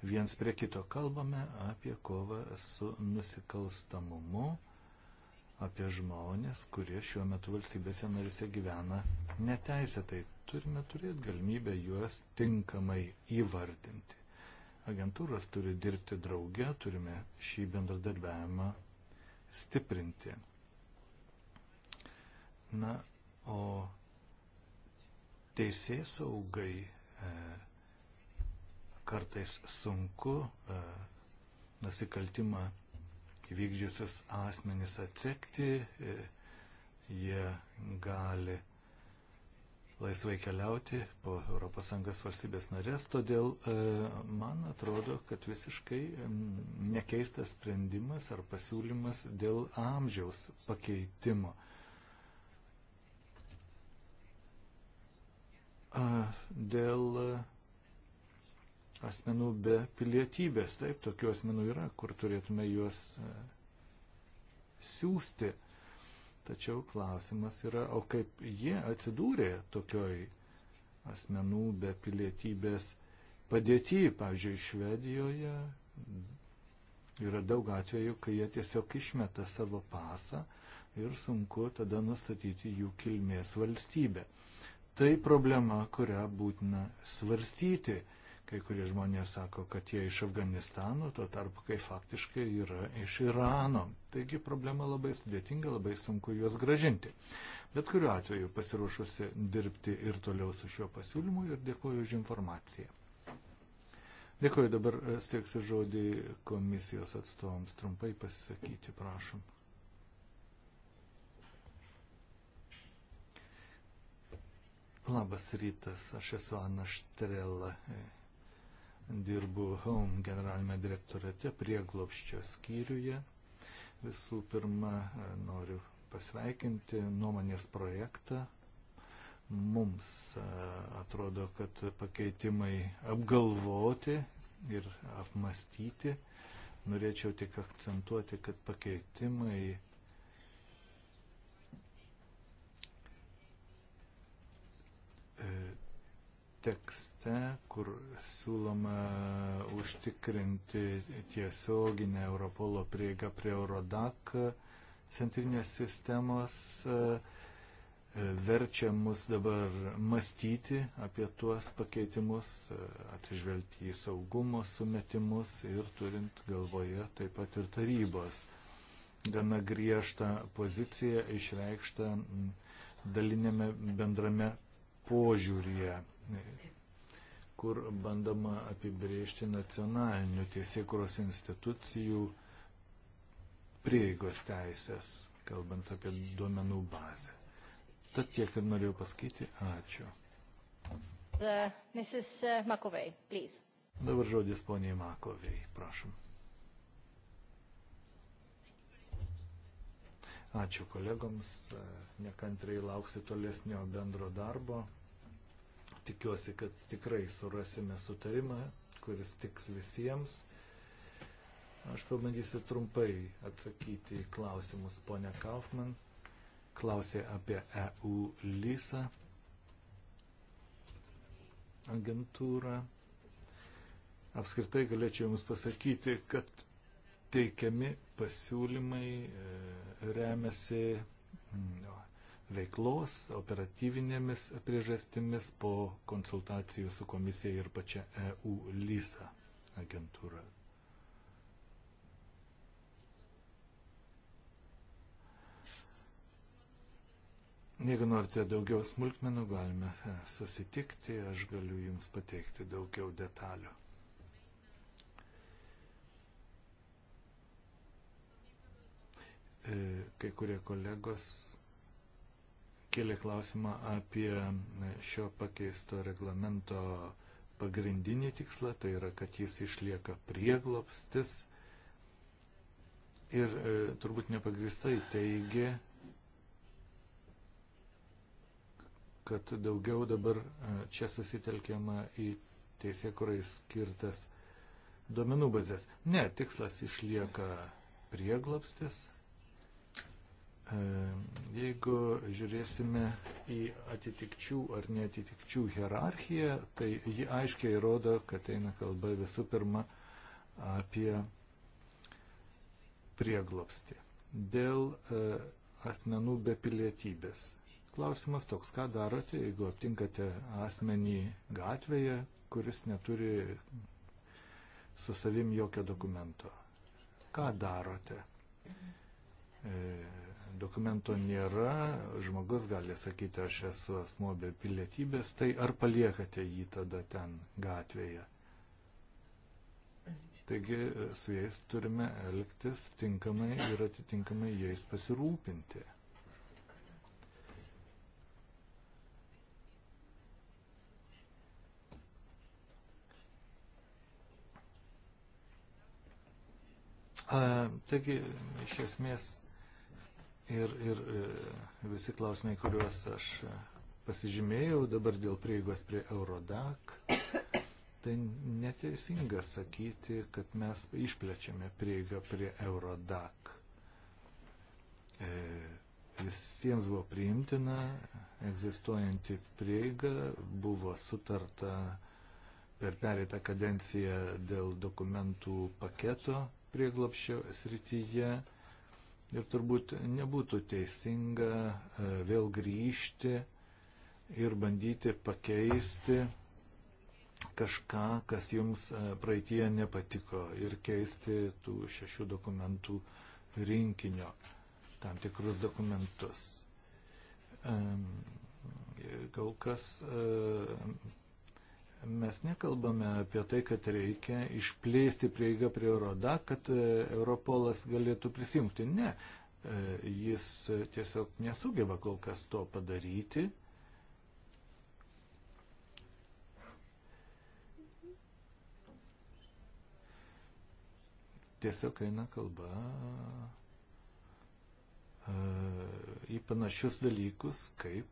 viens prie kito. Kalbame apie kovą su nusikalstamumu, apie žmonės, kurie šiuo metu valstybėse narise gyvena neteisėtai. Turime turėti galimybę juos tinkamai įvardinti. Agentūros turi dirbti drauge, turime šį bendradarbiavimą stiprinti. Na, o teisės saugai e, kartais sunku e, nusikaltimą įvykdžiusius asmenys atsekti, e, jie gali laisvai keliauti po ES valstybės narės, todėl e, man atrodo, kad visiškai nekeistas sprendimas ar pasiūlymas dėl amžiaus pakeitimo. Dėl asmenų be pilietybės. Taip, tokių asmenų yra, kur turėtume juos e, siūsti. Tačiau klausimas yra, o kaip jie atsidūrė tokioj asmenų be pilietybės padėti, pavyzdžiui, Švedijoje yra daug atvejų, kai jie tiesiog išmeta savo pasą ir sunku tada nustatyti jų kilmės valstybę. Tai problema, kurią būtina svarstyti. Kai kurie žmonės sako, kad jie iš Afganistano, tuo tarpu, kai faktiškai yra iš Irano. Taigi problema labai sudėtinga, labai sunku juos gražinti. Bet kuriuo atveju pasiruošusi dirbti ir toliau su šiuo pasiūlymu ir dėkuoju už informaciją. Dėkuoju, dabar e, stieksiu žodį komisijos atstovams trumpai pasisakyti, prašom. Labas rytas, aš esu Ana Štrela, e, dirbu Home generalinėme direktorate prieglopščio skyriuje. Visų pirma, noriu pasveikinti nuomonės projektą. Mums atrodo, kad pakeitimai apgalvoti ir apmastyti. Norėčiau tik akcentuoti, kad pakeitimai e, tekste, kur siūloma užtikrinti tiesioginę Europolo prieigą prie Eurodak centrinės sistemos, e, verčia mus dabar mąstyti apie tuos pakeitimus, e, atsižvelgti į saugumo sumetimus ir turint galvoje taip pat ir tarybos gana griežtą poziciją išreikštą dalinėme bendrame požiūrėje kur bandoma apibriežti nacionalinių teisėkuros institucijų prieigos teisės, kalbant apie duomenų bazę. Tad tiek ir norėjau pasakyti. Ačiū. The, uh, Mrs. Uh, Makovei, please. Dabar žodis poniai Makovei, prašom. Ačiū kolegoms, uh, nekantrai lauksiu tolesnio bendro darbo. Tikiuosi, kad tikrai surasime sutarimą, kuris tiks visiems. Aš pabandysiu trumpai atsakyti į klausimus. Pone Kaufman klausė apie EU lysą agentūrą. Apskritai galėčiau Jums pasakyti, kad teikiami pasiūlymai e, remiasi veiklos operatyvinėmis priežastimis po konsultacijų su komisija ir pačia EU LISA agentūra. Jeigu norite daugiau smulkmenų, galime e, susitikti, aš galiu Jums pateikti daugiau detalių. E, kai kurie kolegos kėlė klausimą apie šio pakeisto reglamento pagrindinį tikslą, tai yra, kad jis išlieka prieglopstis ir e, turbūt nepagristai teigia, kad daugiau dabar e, čia susitelkiama į teisėkurai skirtas duomenų bazės. Ne, tikslas išlieka prieglopstis, E, jeigu žiūrėsime į atitikčių ar netitikčių hierarchiją, tai ji aiškiai rodo, kad eina kalba visų pirma apie prieglopstį. Dėl e, asmenų be pilietybės. Klausimas toks, ką darote, jeigu aptinkate asmenį gatvėje, kuris neturi su savim jokio dokumento. Ką darote? E, dokumento nėra, žmogus gali sakyti, aš esu asmo be pilietybės, tai ar paliekate jį tada ten gatvėje? Taigi su jais turime elgtis tinkamai ir atitinkamai jais pasirūpinti. A, taigi, iš esmės, ir, ir e, visi klausimai, kuriuos aš e, pasižymėjau dabar dėl prieigos prie Eurodak, tai neteisinga sakyti, kad mes išplečiame prieigą prie Eurodak. E, visiems buvo priimtina, egzistuojanti prieiga, buvo sutarta per pereitą kadenciją dėl dokumentų paketo prieglopščio srityje Ir turbūt nebūtų teisinga e, vėl grįžti ir bandyti pakeisti kažką, kas jums e, praeitie nepatiko ir keisti tų šešių dokumentų rinkinio tam tikrus dokumentus. Kol kas e, Mes nekalbame apie tai, kad reikia išplėsti prieigą prie Euroda, kad e, Europolas galėtų prisimti. Ne, e, jis tiesiog nesugeba kol kas to padaryti. Tiesiog eina kalba e, į panašius dalykus kaip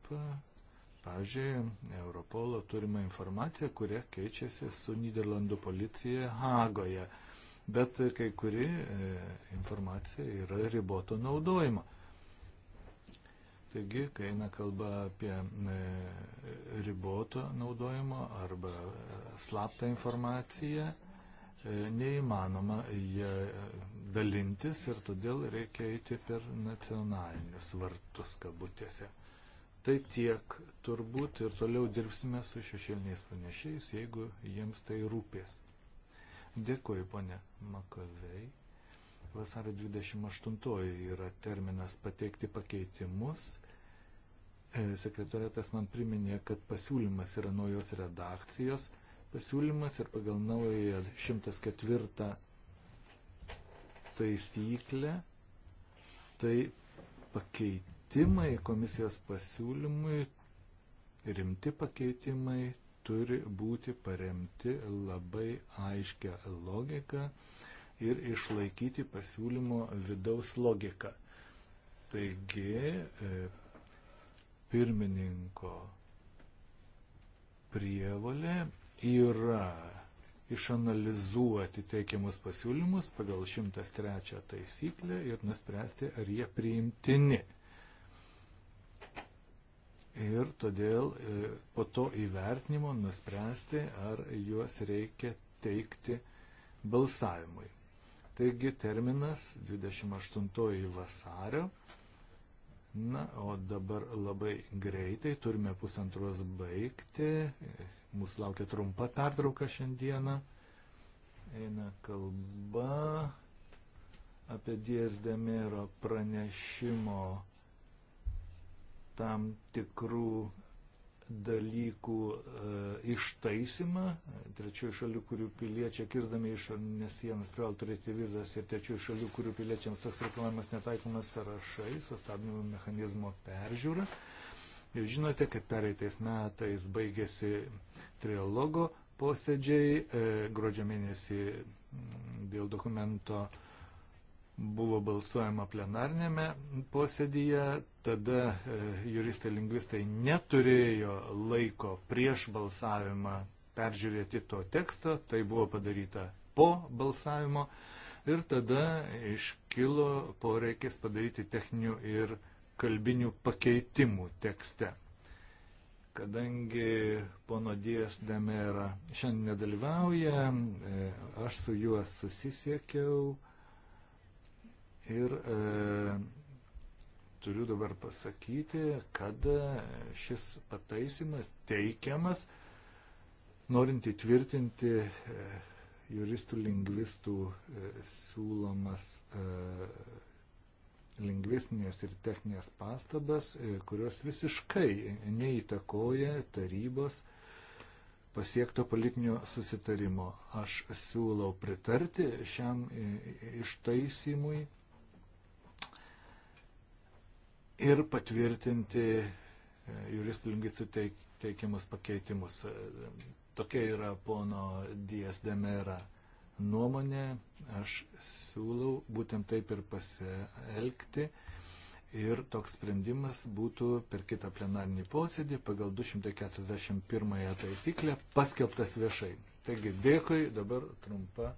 Pavyzdžiui, Europolo turima informacija, kuria keičiasi su Niderlandų policija Hagoje, bet kai kuri e, informacija yra riboto naudojimo. Taigi, kai eina kalba apie e, riboto naudojimo arba e, slaptą informaciją, neįmanoma jie dalintis ir todėl reikia eiti per nacionalinius vartus kabutėse. Tai tiek turbūt ir toliau dirbsime su šešėliniais pranešėjais, jeigu jiems tai rūpės. Dėkuoju, ponė Makavei. Vasario 28 yra terminas pateikti pakeitimus. E, Sekretorėtas man priminė, kad pasiūlymas yra naujos redakcijos pasiūlymas ir pagal naują 104 taisyklę tai pakeitimas pakeitimai komisijos pasiūlymui, rimti pakeitimai turi būti paremti labai aiškia logika ir išlaikyti pasiūlymo vidaus logiką. Taigi, e, pirmininko prievalė yra išanalizuoti teikiamus pasiūlymus pagal 103 taisyklę ir nuspręsti, ar jie priimtini ir todėl e, po to įvertinimo nuspręsti, ar juos reikia teikti balsavimui. Taigi terminas 28 vasario. Na, o dabar labai greitai turime pusantros baigti. Mūsų laukia trumpa pertrauka šiandieną. Eina kalba apie Diezdemiro pranešimo tam tikrų dalykų e, ištaisimą. Trečiųjų šalių, kurių piliečiai, kirsdami išorinės sienas, privalo turėti vizas ir trečiųjų šalių, kurių piliečiams toks reikalavimas netaikomas sąrašai, sustabdymo mechanizmo peržiūra. Jūs žinote, kad pereitais metais baigėsi trialogo posėdžiai, e, gruodžio mėnesį dėl dokumento e, buvo balsuojama plenarnėme posėdyje, tada e, juristai lingvistai neturėjo laiko prieš balsavimą peržiūrėti to teksto, tai buvo padaryta po balsavimo ir tada iškilo poreikis padaryti techninių ir kalbinių pakeitimų tekste. Kadangi pono Dijas Demera šiandien nedalyvauja, e, aš su juo susisiekiau Ir e, turiu dabar pasakyti, kad e, šis pataisimas teikiamas, norint įtvirtinti e, juristų lingvistų e, siūlomas e, lingvistinės ir techninės pastabas, e, kurios visiškai neįtakoja tarybos pasiekto politinio susitarimo. Aš siūlau pritarti šiam e, ištaisimui ir patvirtinti e, juristų lingvistų teikiamus pakeitimus. E, tokia yra pono Dijas Demera nuomonė. Aš siūlau būtent taip ir pasielgti. Ir toks sprendimas būtų per kitą plenarinį posėdį pagal 241 taisyklę paskelbtas viešai. Taigi dėkui, dabar trumpa